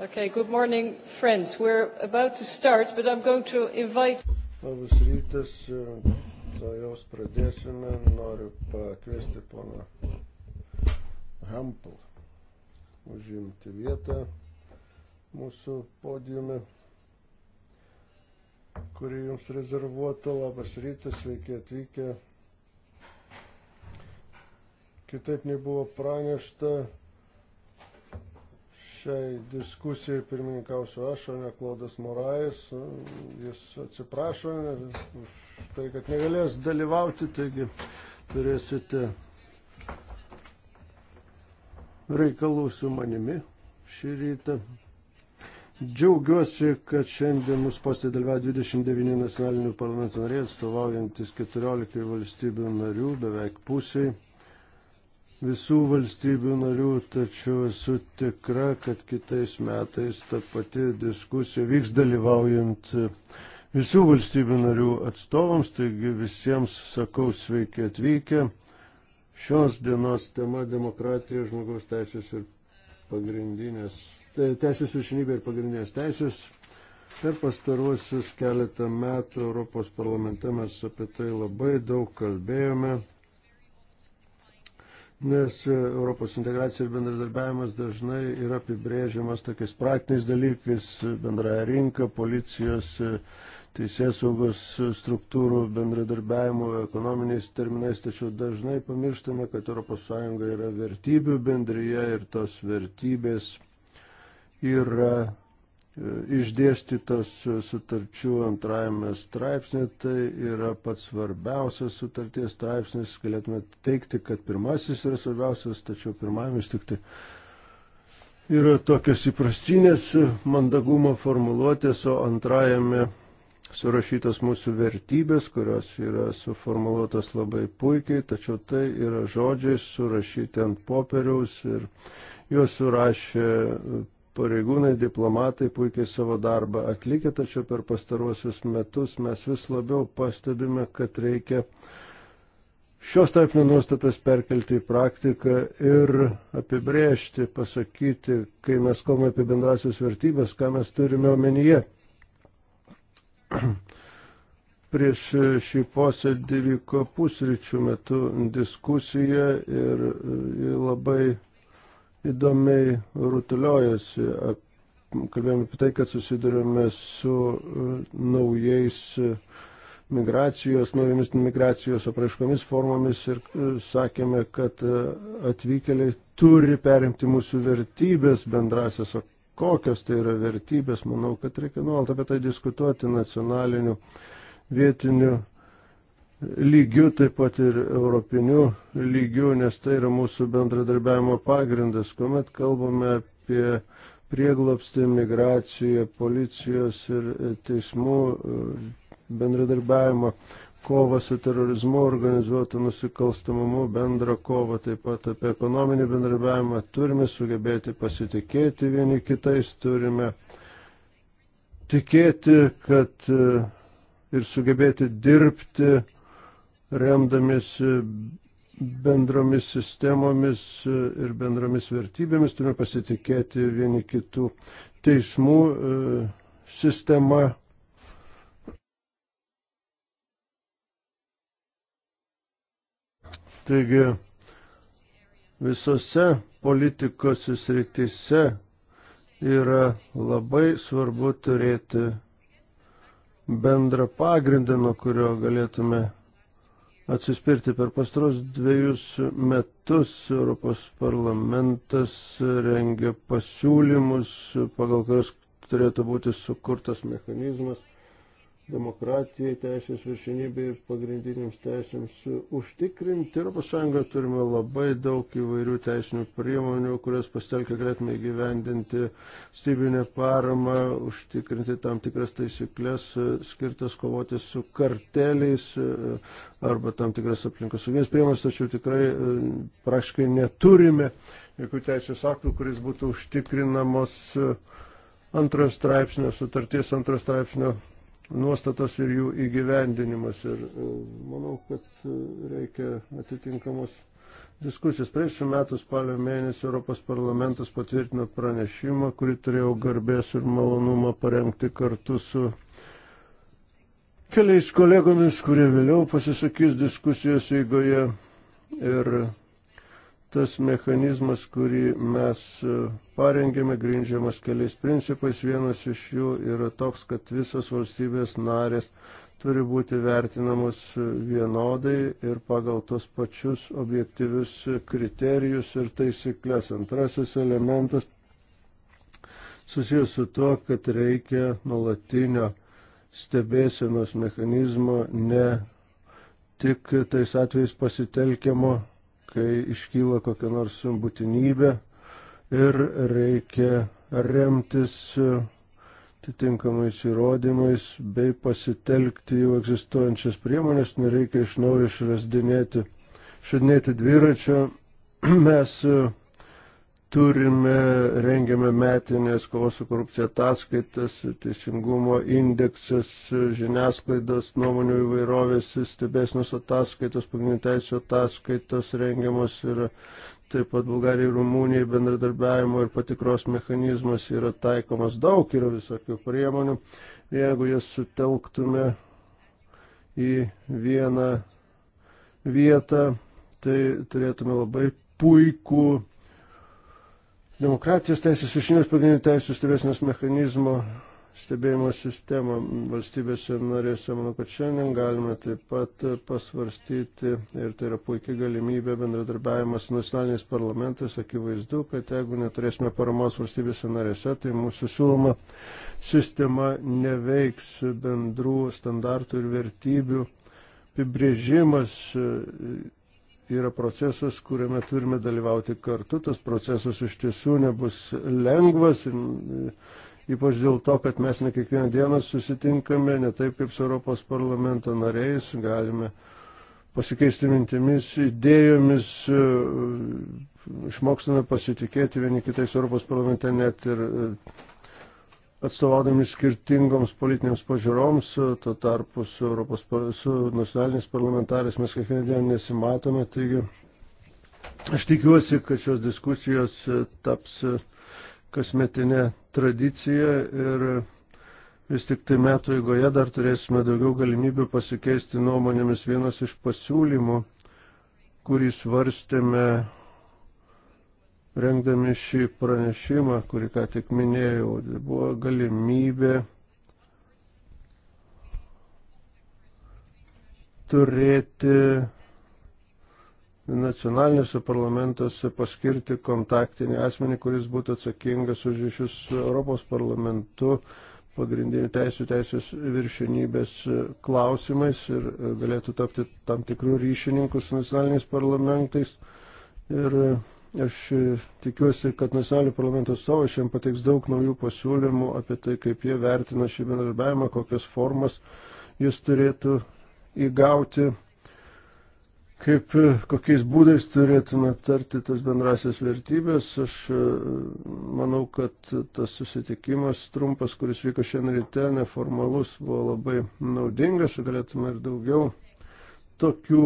Okay, good morning, friends. We're about to start, but I'm going to invite. Labas rytas, tuojaus e, pradėsime. Noriu pakviesti poną Hampel užimti vietą mūsų podiume, kuri jums rezervuota. Labas rytas, sveiki atvykę. Kitaip nei buvo pranešta, šiai diskusijai pirmininkausiu aš, o ne Klaudas Morais. Jis atsiprašo už tai, kad negalės dalyvauti, taigi turėsite reikalų su manimi šį rytą. Džiaugiuosi, kad šiandien mūsų postė dalyvauja 29 nacionalinių parlamentų nariai, atstovaujantis 14 valstybių narių, beveik pusiai visų valstybių narių, tačiau esu tikra, kad kitais metais ta pati diskusija vyks dalyvaujant visų valstybių narių atstovams, taigi visiems sakau sveiki atvykę. Šios dienos tema demokratija, žmogaus teisės ir pagrindinės, teisės viršinybė ir pagrindinės teisės. Per pastaruosius keletą metų Europos parlamente mes apie tai labai daug kalbėjome nes e, Europos integracija ir bendradarbiavimas dažnai yra apibrėžiamas tokiais praktiniais dalykais, bendraja rinka, policijos, e, teisės saugos e, struktūrų bendradarbiavimu, ekonominiais terminais, tačiau dažnai pamirštame, kad ES yra vertybių bendryje ir tos vertybės yra išdėstytos sutarčių antrajame straipsnė, tai yra pats svarbiausias sutarties straipsnis, galėtume teikti, kad pirmasis yra svarbiausias, tačiau pirmajame vis tik tai yra tokios įprastinės mandagumo formuluotės, o antrajame surašytos mūsų vertybės, kurios yra suformuluotos labai puikiai, tačiau tai yra žodžiai surašyti ant popieriaus ir juos surašė pareigūnai, diplomatai puikiai savo darbą atlikė, tačiau per pastaruosius metus mes vis labiau pastebime, kad reikia šios taipnio nuostatas perkelti į praktiką ir apibrėžti, pasakyti, kai mes kalbame apie bendrasios vertybės, ką mes turime omenyje. Prieš šį posėdį vyko pusryčių metu diskusija ir e, labai įdomiai rutuliojasi. Kalbėjome apie tai, kad susidurime su e, naujais e, migracijos, naujomis migracijos apraiškomis formomis ir e, sakėme, kad atvykėliai turi perimti mūsų vertybės bendrasias, o kokios tai yra vertybės, manau, kad reikia nuolat apie tai diskutuoti nacionaliniu, vietiniu lygių, taip pat ir europinių lygių, nes tai yra mūsų bendradarbiavimo pagrindas, kuomet kalbame apie prieglopstį, migraciją, policijos ir teismų e, bendradarbiavimą, kovą su terorizmu, organizuotų nusikalstamumu, bendrą kovą, taip pat apie ekonominį bendradarbiavimą. Turime sugebėti pasitikėti vieni kitais, turime tikėti, kad e, ir sugebėti dirbti, remdamiesi bendromis sistemomis ir bendromis vertybėmis turime pasitikėti vieni kitų teismų e, sistema. Taigi visose politikos sritise yra labai svarbu turėti bendrą pagrindą, nuo kurio galėtume atsispirti. Per pastaros dviejus metus Europos parlamentas rengia pasiūlymus, pagal kurias turėtų būti sukurtas mechanizmas demokratijai, teisės viršinybei ir pagrindiniams teisėms užtikrinti. Europos Sąjunga turime labai daug įvairių teisinių priemonių, kurias pasitelkę galėtume įgyvendinti stybinę paramą, užtikrinti tam tikras taisyklės e, skirtas kovoti su karteliais e, arba tam tikras aplinkos saugės priemonės, tačiau tikrai e, praškai neturime jokių teisės aktų, kuris būtų užtikrinamos antros straipsnio, sutarties antros straipsnio nuostatos ir jų įgyvendinimas. Ir e, manau, kad e, reikia atitinkamos diskusijos. Praėjusiu metu spalio mėnesį Europos parlamentas patvirtino pranešimą, kurį turėjau garbės ir malonumą parengti kartu su keliais kolegomis, kurie vėliau pasisakys diskusijos eigoje. Ir tas mechanizmas, kurį mes e, parengėme, grindžiamas keliais principais. Vienas iš jų yra toks, kad visos valstybės narės turi būti vertinamos e, vienodai ir pagal tos pačius objektyvius e, kriterijus ir taisyklės. Antrasis elementas susijęs su tuo, kad reikia nuolatinio stebėsenos mechanizmo, ne tik tais atvejais pasitelkiamo kai iškyla kokia nors būtinybė ir reikia remtis atitinkamais įrodymais bei pasitelkti jau egzistuojančias priemonės, nereikia iš naujo išrasdinėti, šadinėti dviračio. Mes turime, rengiame metinės kovos su korupcija ataskaitas, teisingumo indeksas, žiniasklaidos nuomonių įvairovės, stebėsnos ataskaitos, pagrindinių teisų ataskaitos rengiamos ir taip pat Bulgarijai, Rumunijai bendradarbiavimo ir patikros mechanizmas yra taikomas daug, yra visokių priemonių. Jeigu jas sutelktume į vieną vietą, tai turėtume labai puikų demokratijos teisės viršinės pagrindinių teisų stebėsinos mechanizmo stebėjimo sistemą valstybėse norėse, manau, kad šiandien galime taip pat pasvarstyti ir tai yra puikia galimybė bendradarbiavimas su nacionaliniais parlamentais, akivaizdu, kad jeigu neturėsime paramos valstybėse norėse, tai mūsų siūloma sistema neveiks bendrų standartų ir vertybių apibrėžimas yra procesas, kuriame turime dalyvauti kartu. Tas procesas iš tiesų nebus lengvas, e, ypač dėl to, kad mes ne kiekvieną dieną susitinkame, ne taip kaip su Europos parlamento nariais, galime pasikeisti mintimis, idėjomis, e, išmokstame pasitikėti vieni kitais Europos parlamente net ir e, atstovaudami skirtingoms politinėms pažiūroms, tuo tarpu su, Europos, su nacionaliniais parlamentarės mes kiekvieną dieną nesimatome, taigi aš tikiuosi, kad šios diskusijos e, taps e, kasmetinė tradicija ir e, vis tik tai metų eigoje dar turėsime daugiau galimybių pasikeisti nuomonėmis vienas iš pasiūlymų kurį svarstėme rengdami šį pranešimą, kurį ką tik minėjau, buvo galimybė turėti nacionalinėse parlamentuose paskirti kontaktinį asmenį, kuris būtų atsakingas už ryšius su Europos parlamentu pagrindinių teisų teisės viršinybės klausimais ir galėtų tapti tam tikrų ryšininkų su nacionaliniais parlamentais. Ir Aš e, tikiuosi, kad nacionalinių parlamento atstovai šiandien pateiks daug naujų pasiūlymų apie tai, kaip jie vertina šį bendradarbiavimą, kokias formas jis turėtų įgauti, kaip, e, kokiais būdais turėtume tarti tas bendrasias vertybės. Aš e, manau, kad tas susitikimas trumpas, kuris vyko šiandien ryte, neformalus, buvo labai naudingas, galėtume ir daugiau tokių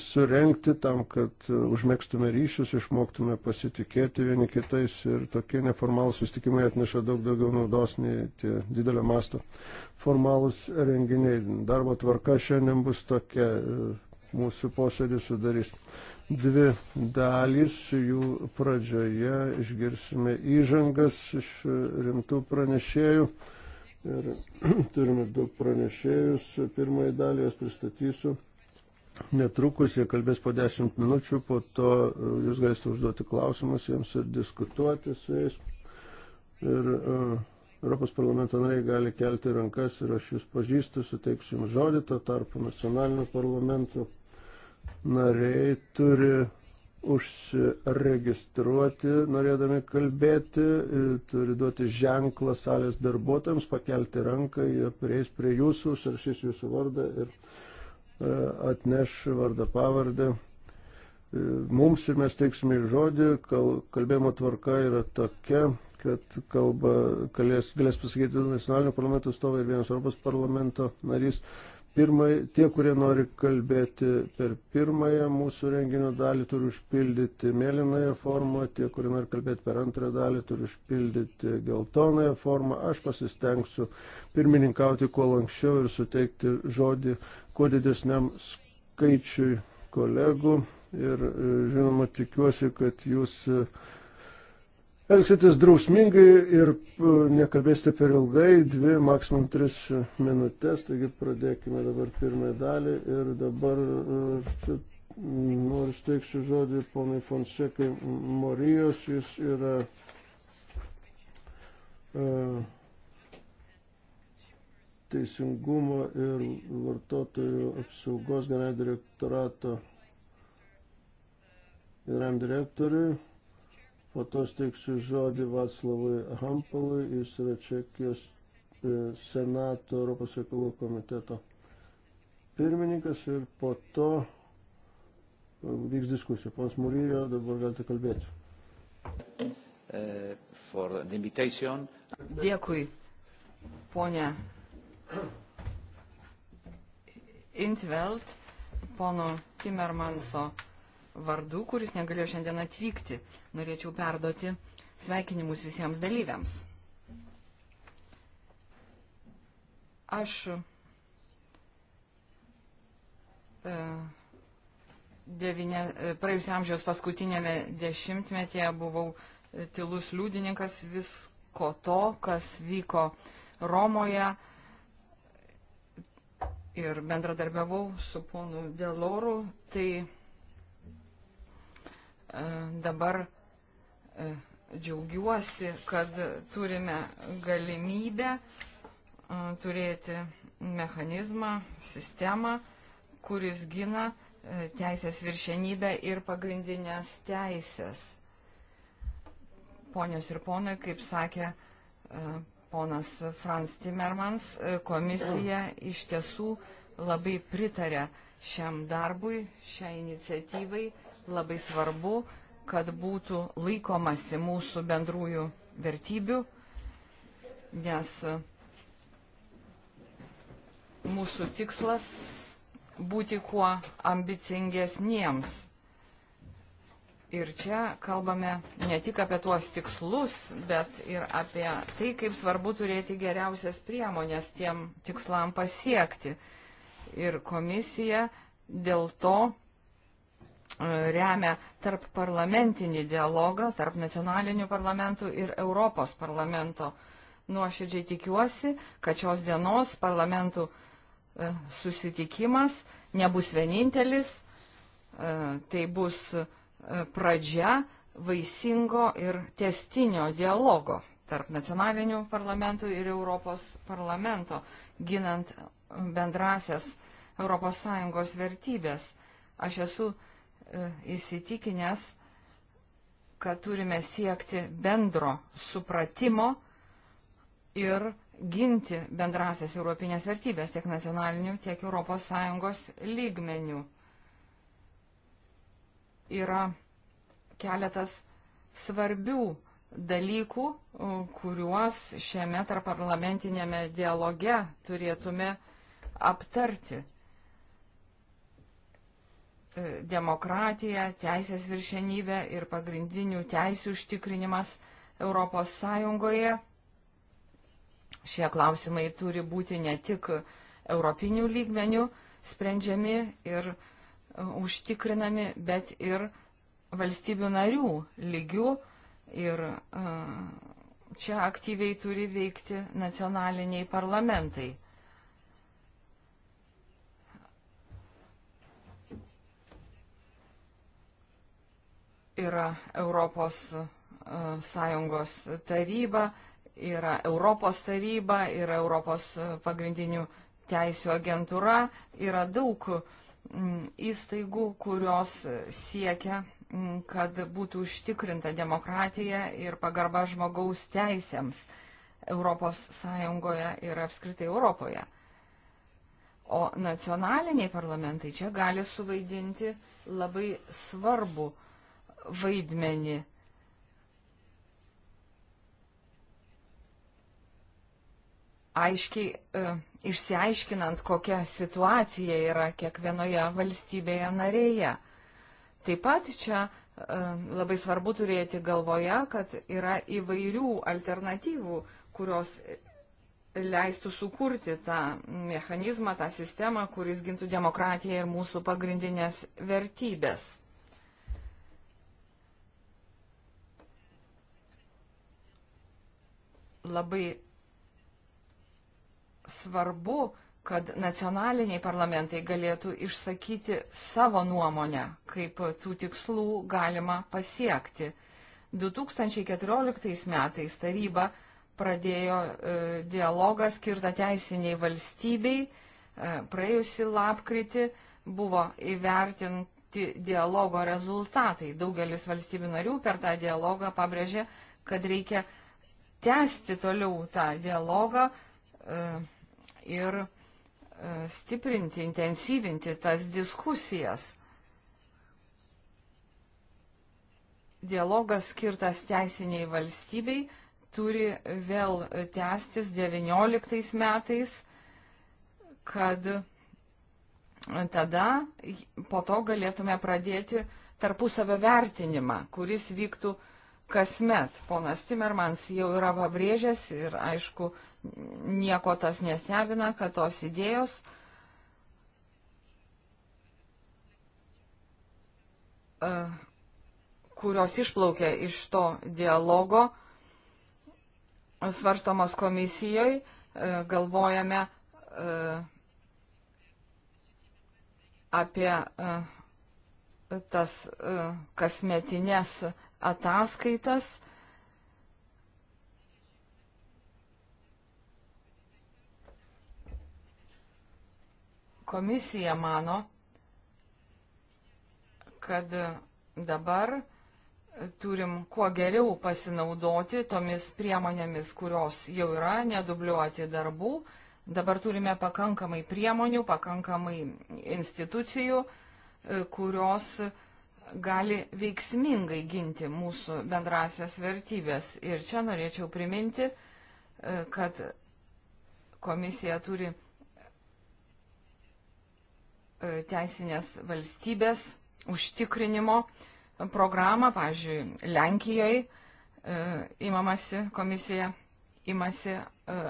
surenkti tam, kad e, užmėgstume ryšius, išmoktume pasitikėti vieni kitais ir tokie neformalūs sustikimai atneša daug daugiau naudos nei tie didelio masto formalūs renginiai. Darbo tvarka šiandien bus tokia, e, mūsų posėdį sudarys dvi dalys, jų pradžioje išgirsime įžangas iš rimtų pranešėjų. Ir turime du pranešėjus. Pirmąją dalį jas pristatysiu netrukus, jie kalbės po 10 minučių, po to e, jūs galėsite užduoti klausimus jiems ir diskutuoti su jais. Ir uh, Europos parlamento nariai gali kelti rankas ir aš jūs pažįstu, suteiksiu jums žodį, to tarpu nacionalinių parlamentų nariai turi užsiregistruoti, norėdami kalbėti, e, turi duoti ženklą salės darbuotojams, pakelti ranką, jie prieis prie jūsų, užsirašys jūsų vardą ir atneš vardą pavardę. E, mums ir mes teiksime žodį, kalbėjimo tvarka yra tokia, kad kalba, galės, galės pasakyti nacionalinio parlamento atstovai ir vienas Europos parlamento narys. Pirmai, tie, kurie nori kalbėti per pirmąją mūsų renginio dalį, turi užpildyti mėlynąją formą, tie, kurie nori kalbėti per antrąją dalį, turi užpildyti geltonąją formą. Aš pasistengsiu pirmininkauti kuo anksčiau ir suteikti žodį kuo didesniam skaičiui kolegų ir e, žinoma tikiuosi, kad jūs e, elgsitės drausmingai ir e, nekalbėsite per ilgai, dvi, maksimum tris minutės, taigi pradėkime dabar pirmąją dalį ir dabar noriu steiksiu žodį ponai Fonsekai Morijos, jis yra uh, teisingumo ir vartotojų apsaugos generalinio direktorato geram direktoriui. Po to steiksiu žodį Vaclavui Hampalui, jis yra Čekijos e, Senato Europos reikalų komiteto pirmininkas ir po to e, vyks diskusija. Pons Mūryjo, dabar galite kalbėti. E, Dėkui, ponė Intveld, pono Timermanso vardu, kuris negalėjo šiandien atvykti. Norėčiau perduoti sveikinimus visiems dalyviams. Aš e, devine, e, praėjusio amžiaus paskutinėme dešimtmetyje buvau tylus liūdininkas visko to, kas vyko Romoje. E, ir bendradarbiavau su ponu Deloru, tai e, dabar e, džiaugiuosi, kad turime galimybę e, turėti mechanizmą, sistemą, kuris gina teisės viršenybę ir pagrindinės teisės. Ponios ir ponai, kaip sakė ponas Franz Timmermans, e, komisija iš tiesų labai pritarė šiam darbui, šiai iniciatyvai. Labai svarbu, kad būtų laikomasi mūsų bendrųjų vertybių, nes e, mūsų tikslas būti kuo ambicingesniems Ir čia kalbame ne tik apie tuos tikslus, bet ir apie tai, kaip svarbu turėti geriausias priemonės tiem tikslam pasiekti. Ir komisija dėl to e, remia tarp parlamentinį dialogą, tarp nacionalinių parlamentų ir Europos parlamento. Nuoširdžiai tikiuosi, kad šios dienos parlamentų e, susitikimas nebus vienintelis, e, tai bus E, pradžia vaisingo ir testinio dialogo tarp nacionalinių parlamentų ir Europos parlamento, ginant bendrasias ES vertybės. Aš esu e, įsitikinęs, kad turime siekti bendro supratimo ir ginti bendrasias europinės vertybės tiek nacionalinių, tiek ES lygmenių yra keletas svarbių dalykų, kuriuos šiame tarparlamentinėme dialoge turėtume aptarti. E, demokratija, teisės viršenybė ir pagrindinių teisų užtikrinimas Europos Sąjungoje. Šie klausimai turi būti ne tik europinių lygmenių sprendžiami ir sprendžiami užtikrinami, bet ir valstybių narių lygių. Ir čia aktyviai turi veikti nacionaliniai parlamentai. Yra Europos Sąjungos taryba, yra Europos taryba, yra Europos pagrindinių teisų agentūra, yra daug uh, Mm, įstaigų, kurios siekia, mm, kad būtų užtikrinta demokratija ir pagarba žmogaus teisėms ES ir apskritai Europoje. O nacionaliniai parlamentai čia gali suvaidinti labai svarbu vaidmenį aiškiai e, išsiaiškinant, kokia situacija yra kiekvienoje valstybėje narėje. Taip pat čia e, labai svarbu turėti galvoje, kad yra įvairių alternatyvų, kurios leistų sukurti tą mechanizmą, tą sistemą, kuris gintų demokratiją ir mūsų pagrindinės vertybės. Labai svarbu, kad nacionaliniai parlamentai galėtų išsakyti savo nuomonę, kaip tų tikslų galima pasiekti. 2014 metais taryba pradėjo e, dialogą skirtą teisiniai valstybei. E, praėjusi lapkritį buvo įvertinti dialogo rezultatai. Daugelis valstybių narių per tą dialogą pabrėžė, kad reikia tęsti toliau tą dialogą. E, ir e, stiprinti, intensyvinti tas diskusijas. Dialogas skirtas teisiniai valstybei turi vėl tęstis 19 metais, kad tada po to galėtume pradėti tarpusavio vertinimą, kuris vyktų kasmet. Ponas Timermans jau yra pabrėžęs ir aišku, nieko tas nestebina, kad tos idėjos e, kurios išplaukia iš to dialogo, svarstomos komisijoje, galvojame e, apie e, tas kasmetinės ataskaitas Komisija mano, kad dabar turim kuo geriau pasinaudoti tomis priemonėmis, kurios jau yra, nedubliuoti darbų. Dabar turime pakankamai priemonių, pakankamai institucijų, e, kurios gali veiksmingai ginti mūsų bendrasias vertybės. Ir čia norėčiau priminti, e, kad komisija turi E, teisinės valstybės užtikrinimo programą, pavyzdžiui, Lenkijoje imamasi komisija, imasi e,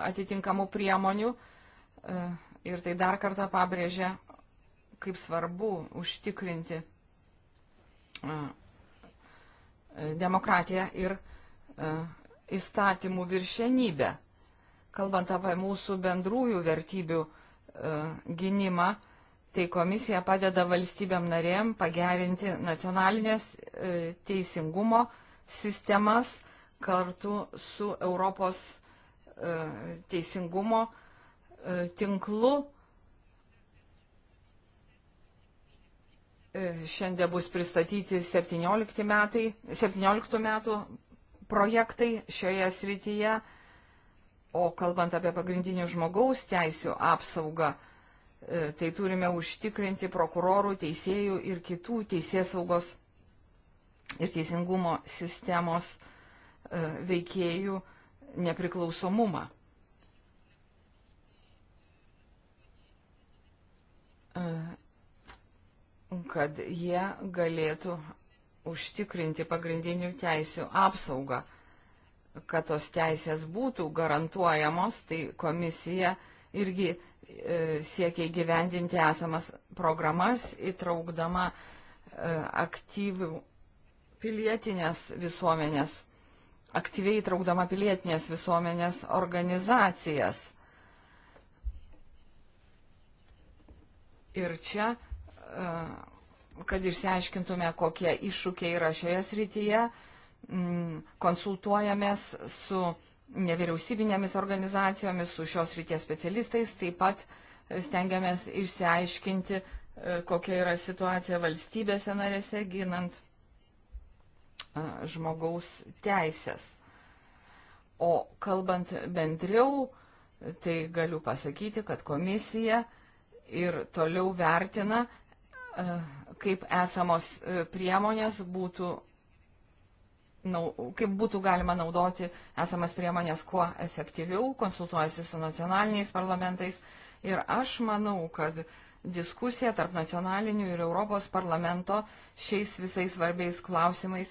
atitinkamų priemonių e, ir tai dar kartą pabrėžia, kaip svarbu užtikrinti demokratiją ir įstatymų viršenybę. Kalbant apie mūsų bendrųjų vertybių gynimą, tai komisija padeda valstybėm narėm pagerinti nacionalinės e, teisingumo sistemas kartu su Europos e, teisingumo e, tinklu. Šiandien bus pristatyti 17, metai, 17 metų projektai šioje srityje, o kalbant apie pagrindinių žmogaus teisų apsaugą, E, tai turime užtikrinti prokurorų, teisėjų ir kitų teisės saugos ir teisingumo sistemos e, veikėjų nepriklausomumą. E, kad jie galėtų užtikrinti pagrindinių teisių apsaugą, kad tos teisės būtų garantuojamos, tai komisija irgi E, siekia įgyvendinti esamas programas, įtraukdama e, aktyvių pilietinės visuomenės, aktyviai įtraukdama pilietinės visuomenės organizacijas. Ir čia, e, kad išsiaiškintume, kokie iššūkiai yra šioje srityje, konsultuojamės su nevyriausybinėmis organizacijomis, su šios ryties specialistais, taip pat stengiamės išsiaiškinti, e, kokia yra situacija valstybėse narėse ginant e, žmogaus teisės. O kalbant bendriau, tai galiu pasakyti, kad komisija ir toliau vertina, e, kaip esamos priemonės būtų nau, kaip būtų galima naudoti esamas priemonės kuo efektyviau, konsultuojasi su nacionaliniais parlamentais. Ir aš manau, kad diskusija tarp nacionalinių ir Europos parlamento šiais visais svarbiais klausimais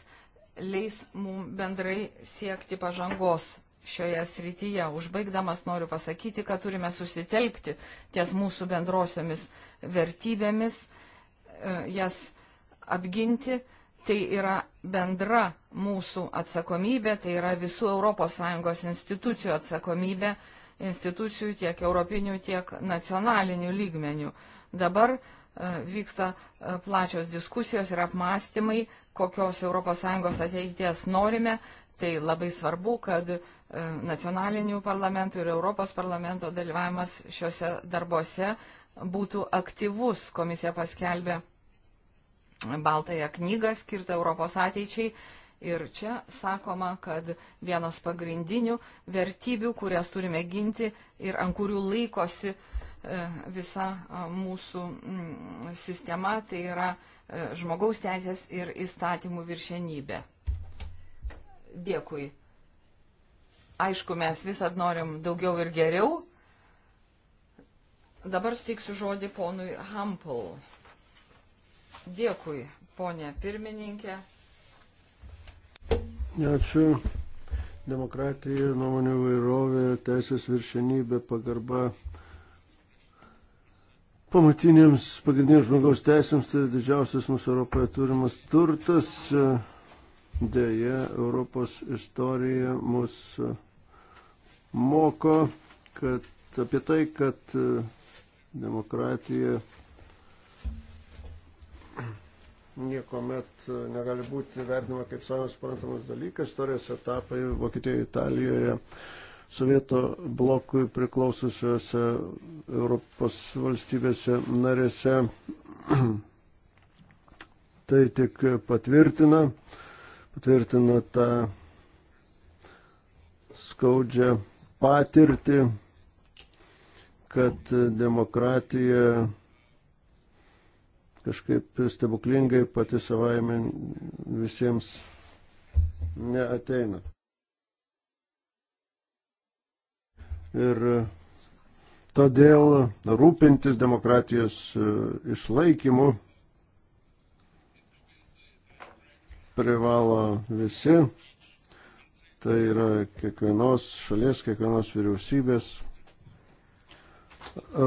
leis mums bendrai siekti pažangos šioje srityje. Užbaigdamas noriu pasakyti, kad turime susitelkti ties mūsų bendrosiomis vertybėmis, e, jas apginti Tai yra bendra mūsų atsakomybė, tai yra visų ES institucijų atsakomybė, institucijų tiek europinių, tiek nacionalinių lygmenių. Dabar e, vyksta e, plačios diskusijos ir apmąstymai, kokios ES ateities norime. Tai labai svarbu, kad e, nacionalinių parlamentų ir Europos parlamento dalyvavimas šiuose darbuose būtų aktyvus. Komisija paskelbė Baltąją knygą skirtą Europos ateičiai. Ir čia sakoma, kad vienos pagrindinių vertybių, kurias turime ginti ir ant kurių laikosi e, visa e, mūsų sistema, tai yra e, žmogaus teisės ir įstatymų viršenybė. Dėkui. Aišku, mes visad norim daugiau ir geriau. Dabar steiksiu žodį ponui Hampel. Dėkui, ponė pirmininkė. Ačiū. Demokratija, nuomonių vairovė, teisės viršenybė, pagarba pamatinėms pagrindinėms žmogaus teisėms, tai didžiausias mūsų Europoje turimas turtas. Deja, Europos istorija mus moko kad, apie tai, kad demokratija niekuomet e, negali būti vertinama kaip savai suprantamas dalykas. Istorijos etapai Vokietijoje, Italijoje, Sovieto blokui priklaususiuose Europos valstybėse narėse. tai tik patvirtina, patvirtina tą skaudžią patirtį, kad demokratija kažkaip stebuklingai pati savaime visiems neateina. Ir todėl rūpintis demokratijos e, išlaikymu privalo visi. Tai yra kiekvienos šalies, kiekvienos vyriausybės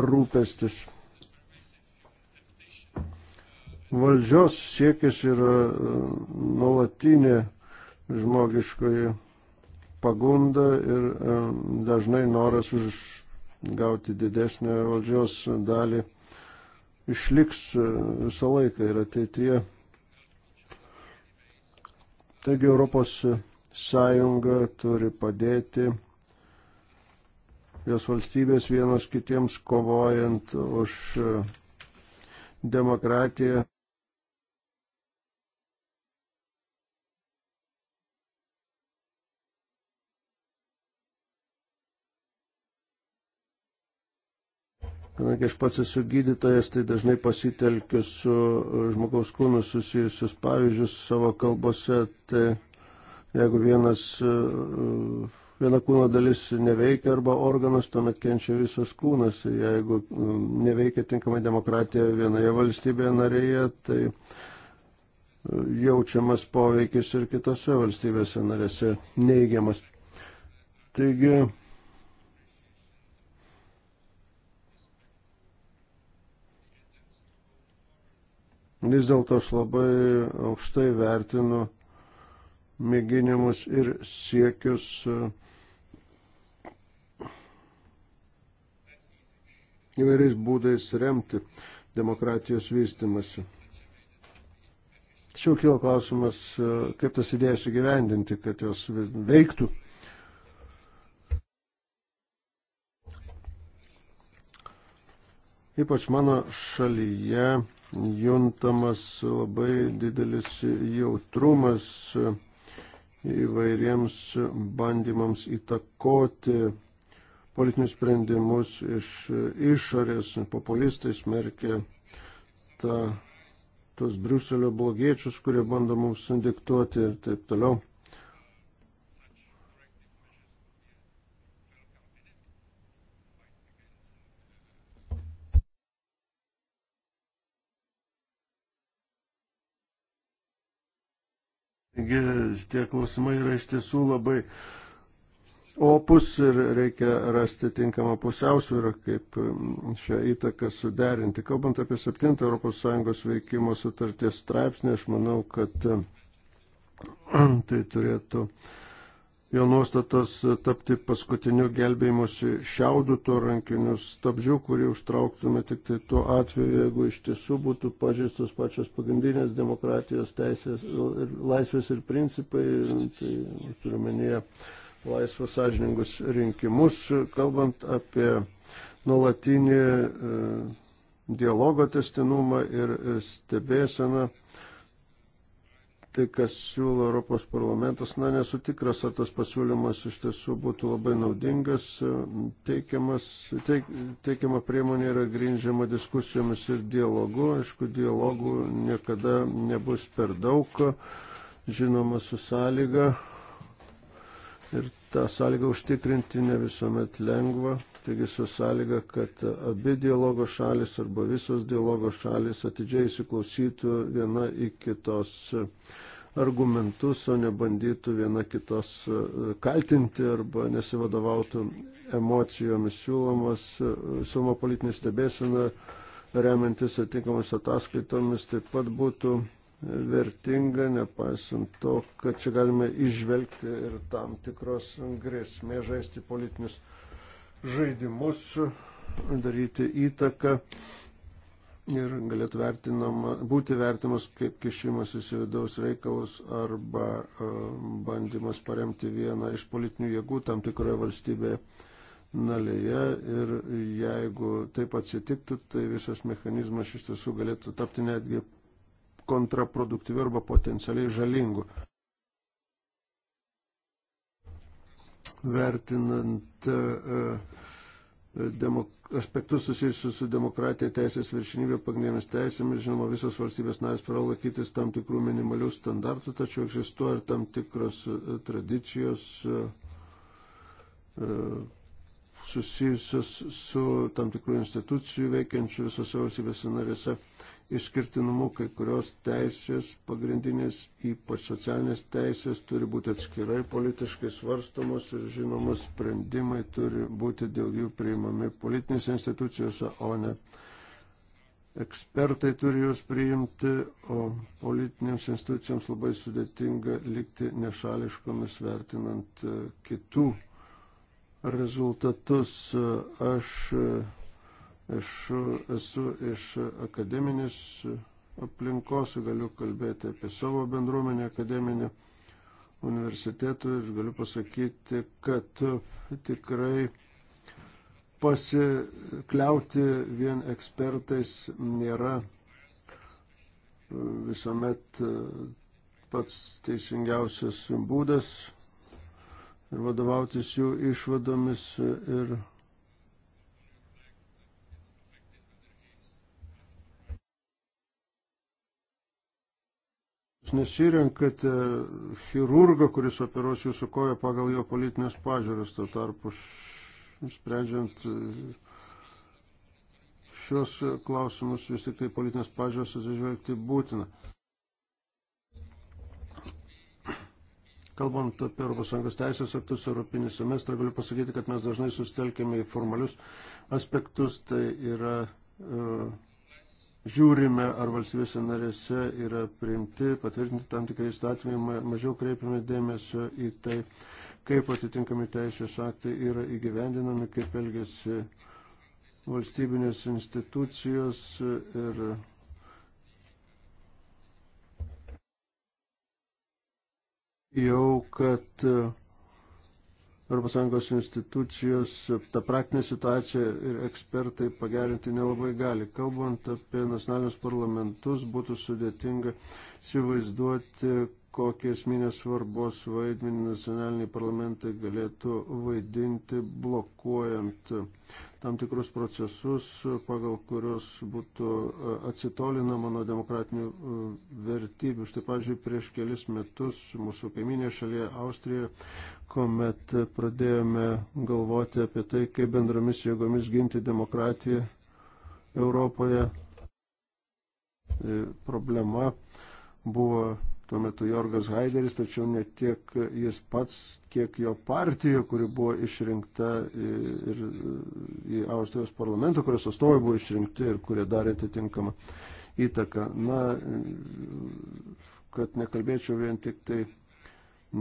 rūpestis valdžios siekis yra e, nuolatinė žmogiškoji pagunda ir e, dažnai noras užgauti didesnę valdžios dalį išliks e, visą laiką ir ateityje. Taigi Europos Sąjunga turi padėti jos valstybės vienos kitiems kovojant už demokratiją. Kadangi aš pats esu gydytojas, tai dažnai pasitelkiu su e, žmogaus kūnu susijusius pavyzdžius savo kalbose, tai jeigu vienas, e, e, viena kūno dalis neveikia arba organas, tuomet kenčia visas kūnas. Jeigu neveikia tinkamai demokratija vienoje valstybėje narėje, tai jaučiamas poveikis ir kitose valstybėse narėse neigiamas. Taigi, Vis dėlto aš labai aukštai vertinu mėginimus ir siekius e, įvairiais būdais remti demokratijos vystimasi. Tačiau kilo klausimas, e, kaip tas idėjas įgyvendinti, kad jos veiktų. Ypač mano šalyje juntamas labai didelis jautrumas įvairiems bandymams įtakoti politinius sprendimus iš išorės. Populistai smerkia ta, tos Briuselio blogiečius, kurie bando mums diktuoti ir taip toliau. Taigi tie klausimai yra iš tiesų labai opus ir reikia rasti tinkamą pusiausvyrą, kaip mm, šią įtaką suderinti. Kalbant apie 7 ES veikimo sutarties straipsnį, aš manau, kad mm, tai turėtų uh, jo nuostatas tapti paskutiniu gelbėjimuose šiaudų to rankiniu stabdžiu, kurį užtrauktume tik tai tuo atveju, jeigu iš tiesų būtų pažįstos pačios pagrindinės demokratijos teisės ir laisvės ir principai, tai turiuomenyje laisvos sąžiningus rinkimus, kalbant apie nuolatinį e, dialogo testinumą ir stebėseną tai, kas siūlo Europos parlamentas, na nesu tikras, ar tas pasiūlymas iš tiesų būtų labai naudingas. Teikiamas, teik, teikiama priemonė yra grindžiama diskusijomis ir dialogu. Aišku, dialogų niekada nebus per daug, žinoma, su sąlyga. Ir tą sąlygą užtikrinti ne visuomet lengva taigi su sąlyga, kad abi dialogo šalis arba visos dialogo šalis atidžiai įsiklausytų viena į kitos argumentus, o nebandytų viena kitos e, kaltinti arba nesivadovautų emocijomis siūlomas, e, siūloma politinė stebėsena, remiantis atitinkamomis ataskaitomis, taip pat būtų vertinga, nepaisant to, kad čia galime išvelgti ir tam tikros grėsmės žaisti politinius žaidimus, daryti įtaką ir galėtų vertinama, būti vertinamas kaip kišimasis į vidaus reikalus arba e, bandymas paremti vieną iš politinių jėgų tam tikroje valstybėje nalėje ir jeigu taip atsitiktų, tai visas mechanizmas iš tiesų galėtų tapti netgi kontraproduktyviu arba potencialiai žalingu. vertinant e, e, aspektus susijusius su demokratija, teisės viršinybė, pagrindinėmis teisėmis, žinoma, visos valstybės narės privalo laikytis tam tikrų minimalių standartų, tačiau egzistuoja ir tam tikros e, tradicijos susijusios su tam tikrų institucijų veikiančių visose valstybėse narėse išskirtinumu, kai kurios teisės pagrindinės, ypač socialinės teisės, turi būti atskirai politiškai svarstamos ir žinomos sprendimai turi būti dėl jų priimami politinėse institucijose, o ne ekspertai turi juos priimti, o politinėms institucijoms labai sudėtinga likti nešališkomis vertinant e, kitų rezultatus. Aš e, Aš esu iš akademinės aplinkos, galiu kalbėti apie savo bendruomenę akademinę universitetų ir galiu pasakyti, kad tikrai pasikliauti vien ekspertais nėra visuomet pats teisingiausias būdas ir vadovautis jų išvadomis ir Jūs nesirenkate chirurgą, kuris operuos jūsų koją pagal jo politinės pažiūras, tuo tarpu sprendžiant e, šios klausimus vis tik tai politinės pažiūros atsižvelgti būtina. Kalbant apie ES teisės aktus, Europinį semestrą, galiu pasakyti, kad mes dažnai sustelkėme į formalius aspektus, tai yra uh, žiūrime, ar valstybėse narėse yra priimti, patvirtinti tam tikrai įstatymai, mažiau kreipiame dėmesio į tai, kaip atitinkami teisės aktai yra įgyvendinami, kaip elgesi valstybinės institucijos ir jau, kad ES institucijos tą praktinę situaciją ir ekspertai pagerinti nelabai gali. Kalbant apie nacionalinius parlamentus, būtų sudėtinga įsivaizduoti, kokį esminės svarbos vaidmenį nacionaliniai parlamentai galėtų vaidinti blokuojant tam tikrus procesus, pagal kurios būtų e, atsitolinama nuo demokratinių e, vertybių. Štai, pavyzdžiui, prieš kelis metus mūsų kaiminė šalyje Austrija, kuomet pradėjome galvoti apie tai, kaip bendromis jėgomis ginti demokratiją Europoje, e, problema buvo tuo metu Jorgas Haideris, tačiau ne tiek jis pats, kiek jo partija, kuri buvo išrinkta ir į Austrijos parlamentą, kurios atstovai buvo išrinkti ir kurie darė atitinkamą įtaką. Na, kad nekalbėčiau vien tik tai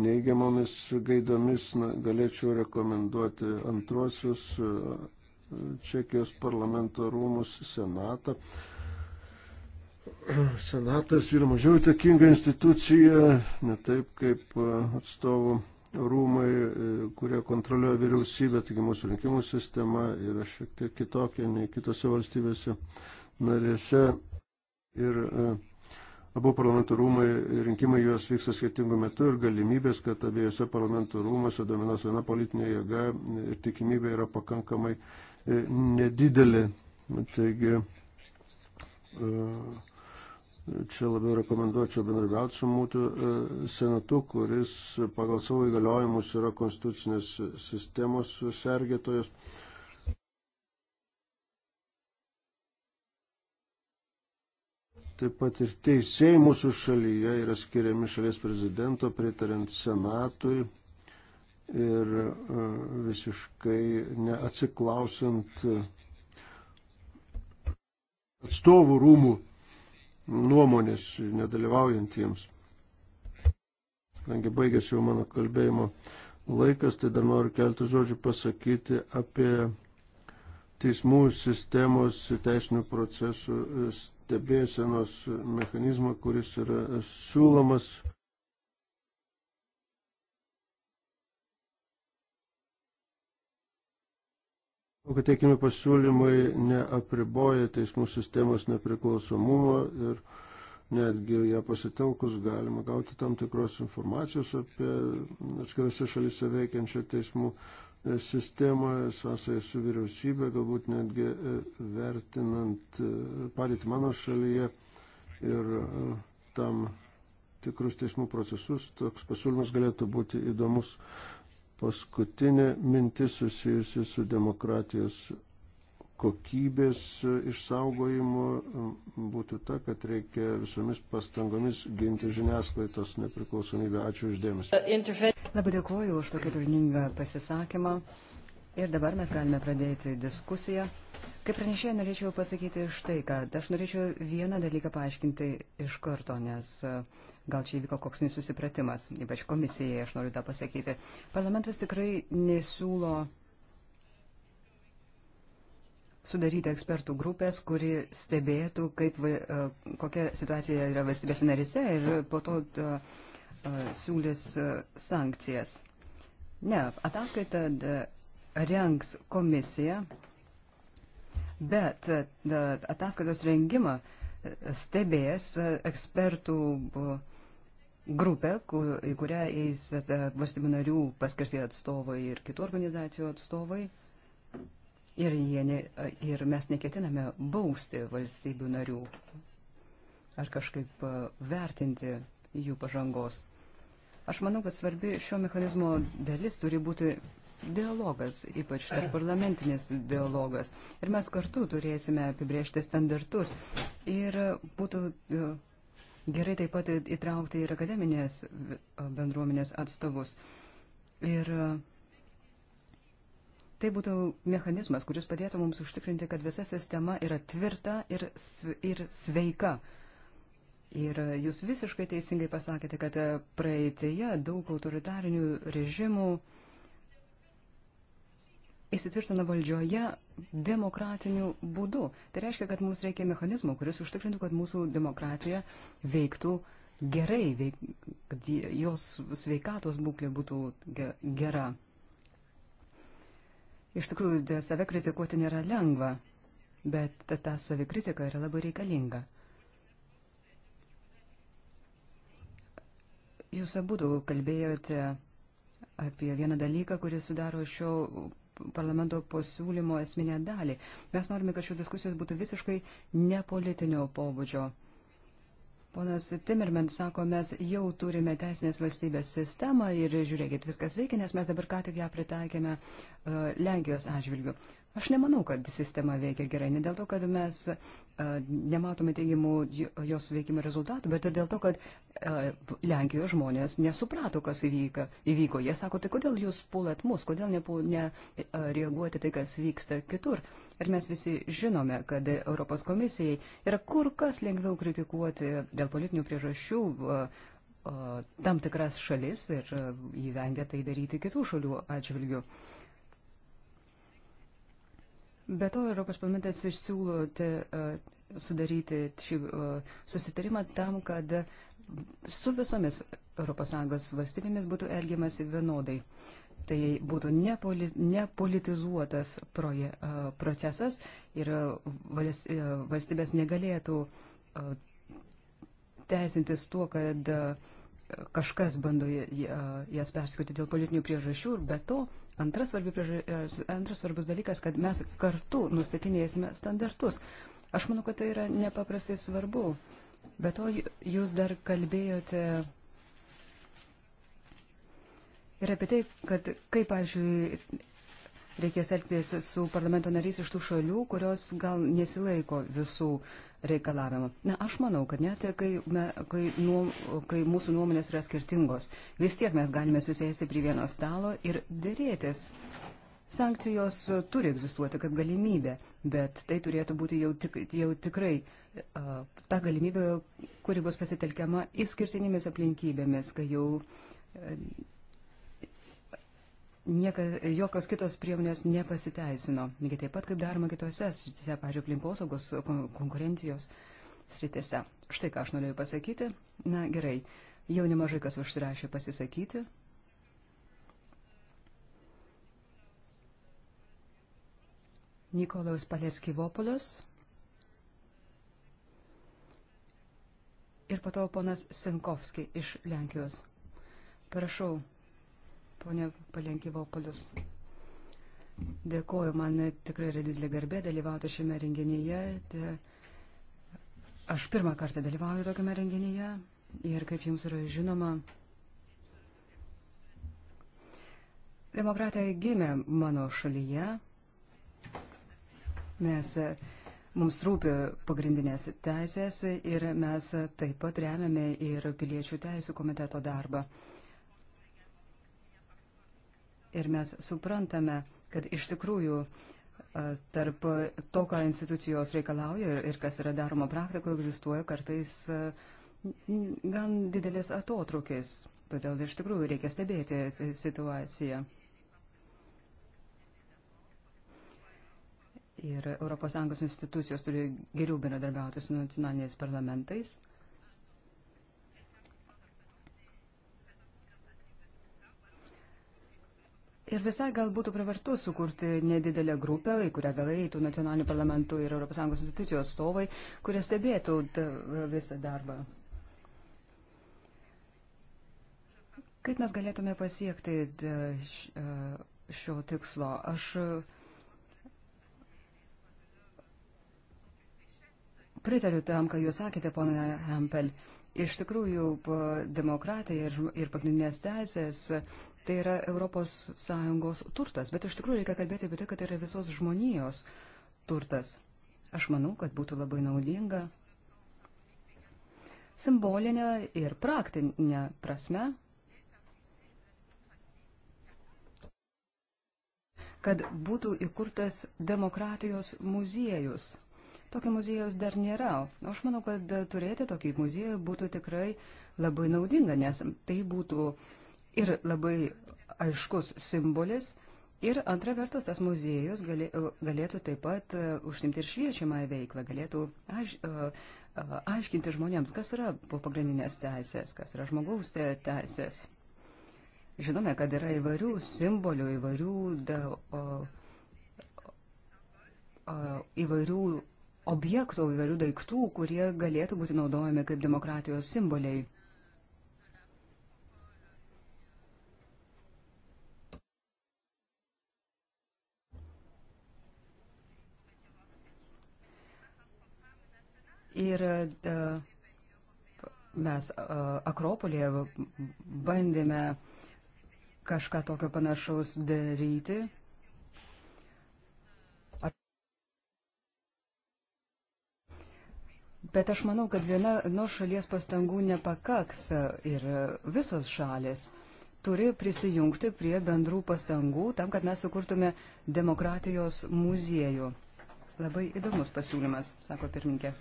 neigiamomis gaidomis, na, galėčiau rekomenduoti antrosius e, Čekijos parlamento rūmus senatą Senatas yra mažiau įtakinga institucija, ne taip kaip e, atstovų rūmai, e, kurie kontroliuoja vyriausybę, taigi mūsų rinkimų sistema yra šiek tiek kitokia nei kitose valstybėse narėse. Ir e, abu parlamentų rūmai, rinkimai juos vyksta skirtingų metų ir galimybės, kad abiejose parlamentų rūmose dominuos viena politinė jėga ir tikimybė yra pakankamai nedidelė. Taigi, uh, Čia labiau rekomenduočiau bendrabiauti su mūtų e, senatu, kuris pagal savo įgaliojimus yra konstitucinės sistemos sergėtojas. Taip pat ir teisėjai mūsų šalyje yra skiriami šalies prezidento, pritariant senatui ir e, visiškai neatsiklausiant atstovų rūmų nuomonės nedalyvaujantiems. Kadangi baigėsi jau mano kalbėjimo laikas, tai dar noriu keltų žodžių pasakyti apie teismų sistemos teisinių procesų stebėsenos mechanizmą, kuris yra siūlomas kad teikimi pasiūlymai neapriboja teismų sistemos nepriklausomumo ir netgi ją pasitelkus galima gauti tam tikros informacijos apie atskirose šalyse veikiančią teismų e, sistemą, sąsąją su vyriausybė, galbūt netgi e, vertinant e, padėtį mano šalyje ir tam tikrus teismų procesus. Toks pasiūlymas galėtų būti įdomus paskutinė mintis susijusi su demokratijos kokybės išsaugojimu būtų ta, kad reikia visomis pastangomis ginti žiniasklaidos nepriklausomybę. Ačiū uždėmesi. Uh, Labai dėkuoju už tokį turiningą pasisakymą. Ir dabar mes galime pradėti diskusiją. Kaip pranešėja, norėčiau pasakyti štai, kad aš norėčiau vieną dalyką paaiškinti iš karto, nes uh, Gal čia įvyko koks nesusipratimas, ypač komisijai, aš noriu tą pasakyti. Parlamentas tikrai nesiūlo sudaryti ekspertų grupės, kuri stebėtų, kaip, e, kokia situacija yra valstybės narise ir po to e, e, siūlės sankcijas. Ne, ataskaita rengs komisija, bet ataskaitos rengimą stebės ekspertų grupę, kur, į kurią eis e, valstybių narių paskirti atstovai ir kitų organizacijų atstovai. Ir, ne, e, ir mes neketiname bausti valstybių narių ar kažkaip e, vertinti jų pažangos. Aš manau, kad svarbi šio mechanizmo dalis turi būti dialogas, ypač tarp parlamentinis dialogas. Ir mes kartu turėsime apibriežti standartus. Ir būtų Gerai taip pat įtraukti ir akademinės bendruomenės atstovus. Ir e, tai būtų mechanizmas, kuris padėtų mums užtikrinti, kad visa sistema yra tvirta ir, ir sveika. Ir e, jūs visiškai teisingai pasakėte, kad praeitėje daug autoritarinių režimų uh, įsitvirtino valdžioje demokratiniu būdu. Tai reiškia, kad mums reikia mechanizmų, kuris užtikrintų, kad mūsų demokratija veiktų gerai, veik, kad jos sveikatos būklė būtų gera. Iš tikrųjų, save kritikuoti nėra lengva, bet ta savikritika yra labai reikalinga. Jūs abu kalbėjote apie vieną dalyką, kuris sudaro šio parlamento pasiūlymo esminę dalį. Mes norime, kad šių diskusijos būtų visiškai nepolitinio pobūdžio. Ponas Timerman sako, mes jau turime teisinės valstybės sistemą ir žiūrėkit, viskas veikia, nes mes dabar ką tik ją pritaikėme uh, Lenkijos atžvilgiu. Aš nemanau, kad sistema veikia gerai, ne dėl to, kad mes a, nematome teigiamų jos veikimo rezultatų, bet ir dėl to, kad a, Lenkijoje žmonės nesuprato, kas įvyka, įvyko. Jie sako, tai kodėl jūs pulat mus, kodėl nereaguoti ne, tai, kas vyksta kitur. Ir mes visi žinome, kad Europos komisijai yra kur kas lengviau kritikuoti dėl politinių priežasčių. A, tam tikras šalis ir įvengia tai daryti kitų šalių atžvilgių. Uh, Be to, Europos parlamentas išsiūlo e, sudaryti šį e, susitarimą tam, kad su visomis ES valstybėmis būtų elgiamasi vienodai. Tai būtų nepoli, nepolitizuotas proje, e, procesas ir valstybės negalėtų teisintis tuo, kad kažkas bando jas persikoti dėl politinių priežasčių ir be to Antras, svarbi, e, antras svarbus dalykas, kad mes kartu nustatinėsime standartus. Aš manau, kad tai yra nepaprastai svarbu. Be to, jūs dar kalbėjote ir apie tai, kad kaip, pavyzdžiui, reikės elgtis su parlamento nariais iš tų šalių, kurios gal nesilaiko visų reikalavimų. Na, aš manau, kad net kai, me, kai, nu, kai mūsų nuomonės yra skirtingos, vis tiek mes galime susėsti prie vieno stalo ir dėrėtis. Sankcijos turi egzistuoti kaip galimybė, bet tai turėtų būti jau, tik, jau tikrai uh, ta galimybė, kuri bus pasitelkiama įskirtinėmis aplinkybėmis, kai jau uh, niekas, jokios kitos priemonės nepasiteisino. Lygiai taip pat kaip daroma kitose srityse, pažiūrėjau, aplinkosaugos konkurencijos srityse. Štai ką aš norėjau pasakyti. Na gerai, jau nemažai kas užsirašė pasisakyti. Nikolaus Paleskyvopolis. Ir po to ponas Sinkovski iš Lenkijos. Prašau, ponė Palenkivopolius. Dėkoju, man tikrai yra didelė garbė dalyvauti šiame renginyje. De... Aš pirmą kartą dalyvauju tokiame renginyje ir kaip jums yra žinoma, demokratija gimė mano šalyje. Mes, mums rūpi pagrindinės teisės ir mes taip pat remiame ir piliečių teisų komiteto darbą. Ir mes suprantame, kad iš tikrųjų tarp to, ką institucijos reikalauja ir, ir kas yra daroma praktikoje, egzistuoja kartais gan didelis atotrukis. Todėl iš tikrųjų reikia stebėti situaciją. Ir ES institucijos turi geriau bendradarbiauti su nacionaliniais parlamentais. Ir visai gal būtų privartu sukurti nedidelę grupę, į kurią gal eitų nacionalinių parlamentų ir ES institucijų atstovai, kurie stebėtų visą darbą. Kaip mes galėtume pasiekti e, šio tikslo? Aš pritariu tam, ką jūs sakėte, ponai Hempel. Iš tikrųjų, demokratija ir, ir pagrindinės teisės tai yra ES turtas, bet iš tikrųjų reikia kalbėti apie tai, kad tai yra visos žmonijos turtas. Aš manau, kad būtų labai naudinga simbolinė ir praktinė prasme, kad būtų įkurtas demokratijos muziejus. Tokio muziejaus dar nėra. Aš manau, kad turėti tokį muziejų būtų tikrai labai naudinga, nes tai būtų uh, ir labai aiškus simbolis. Ir antra vertus, tas muziejus galė, e, galėtų taip pat e, užsimti ir šviečiamąją veiklą, galėtų aiš, e, aiškinti žmonėms, kas yra pagrindinės teisės, kas yra žmogaus teisės. Žinome, kad yra įvairių simbolių, įvairių, da, o, o, įvairių objektų, įvairių daiktų, kurie galėtų būti naudojami kaip demokratijos simboliai. Ir e, mes e, Akropolėje bandėme kažką tokio panašaus daryti. Bet aš manau, kad viena nuo šalies pastangų nepakaks ir visos šalis turi prisijungti prie bendrų pastangų tam, kad mes sukurtume demokratijos muziejų. Labai įdomus pasiūlymas, sako pirminkė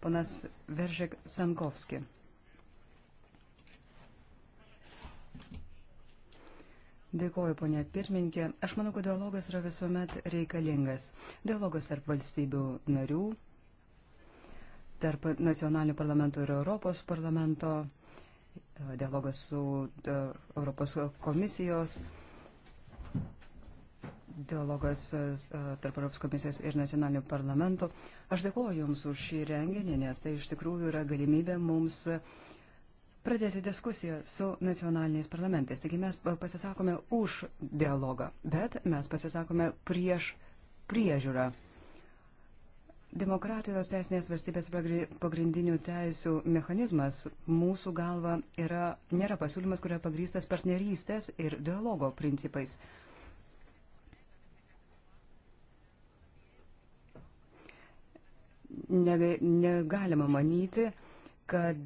ponas Veržek Sankovski. Dėkoju, ponė pirmininkė. Aš manau, kad dialogas yra visuomet reikalingas. Dialogas tarp valstybių narių, tarp nacionalinių parlamentų ir Europos parlamento, dialogas su e, Europos komisijos, dialogas e, tarp Europos komisijos ir nacionalinių parlamentų. Aš dėkuoju Jums už šį renginį, nes tai iš tikrųjų yra galimybė mums pradėti diskusiją su nacionaliniais parlamentais. Taigi mes pasisakome už dialogą, bet mes pasisakome prieš priežiūrą. Demokratijos teisinės valstybės pagrindinių teisų mechanizmas mūsų galva yra, nėra pasiūlymas, kurio pagrystas partnerystės ir dialogo principais. negalima manyti, kad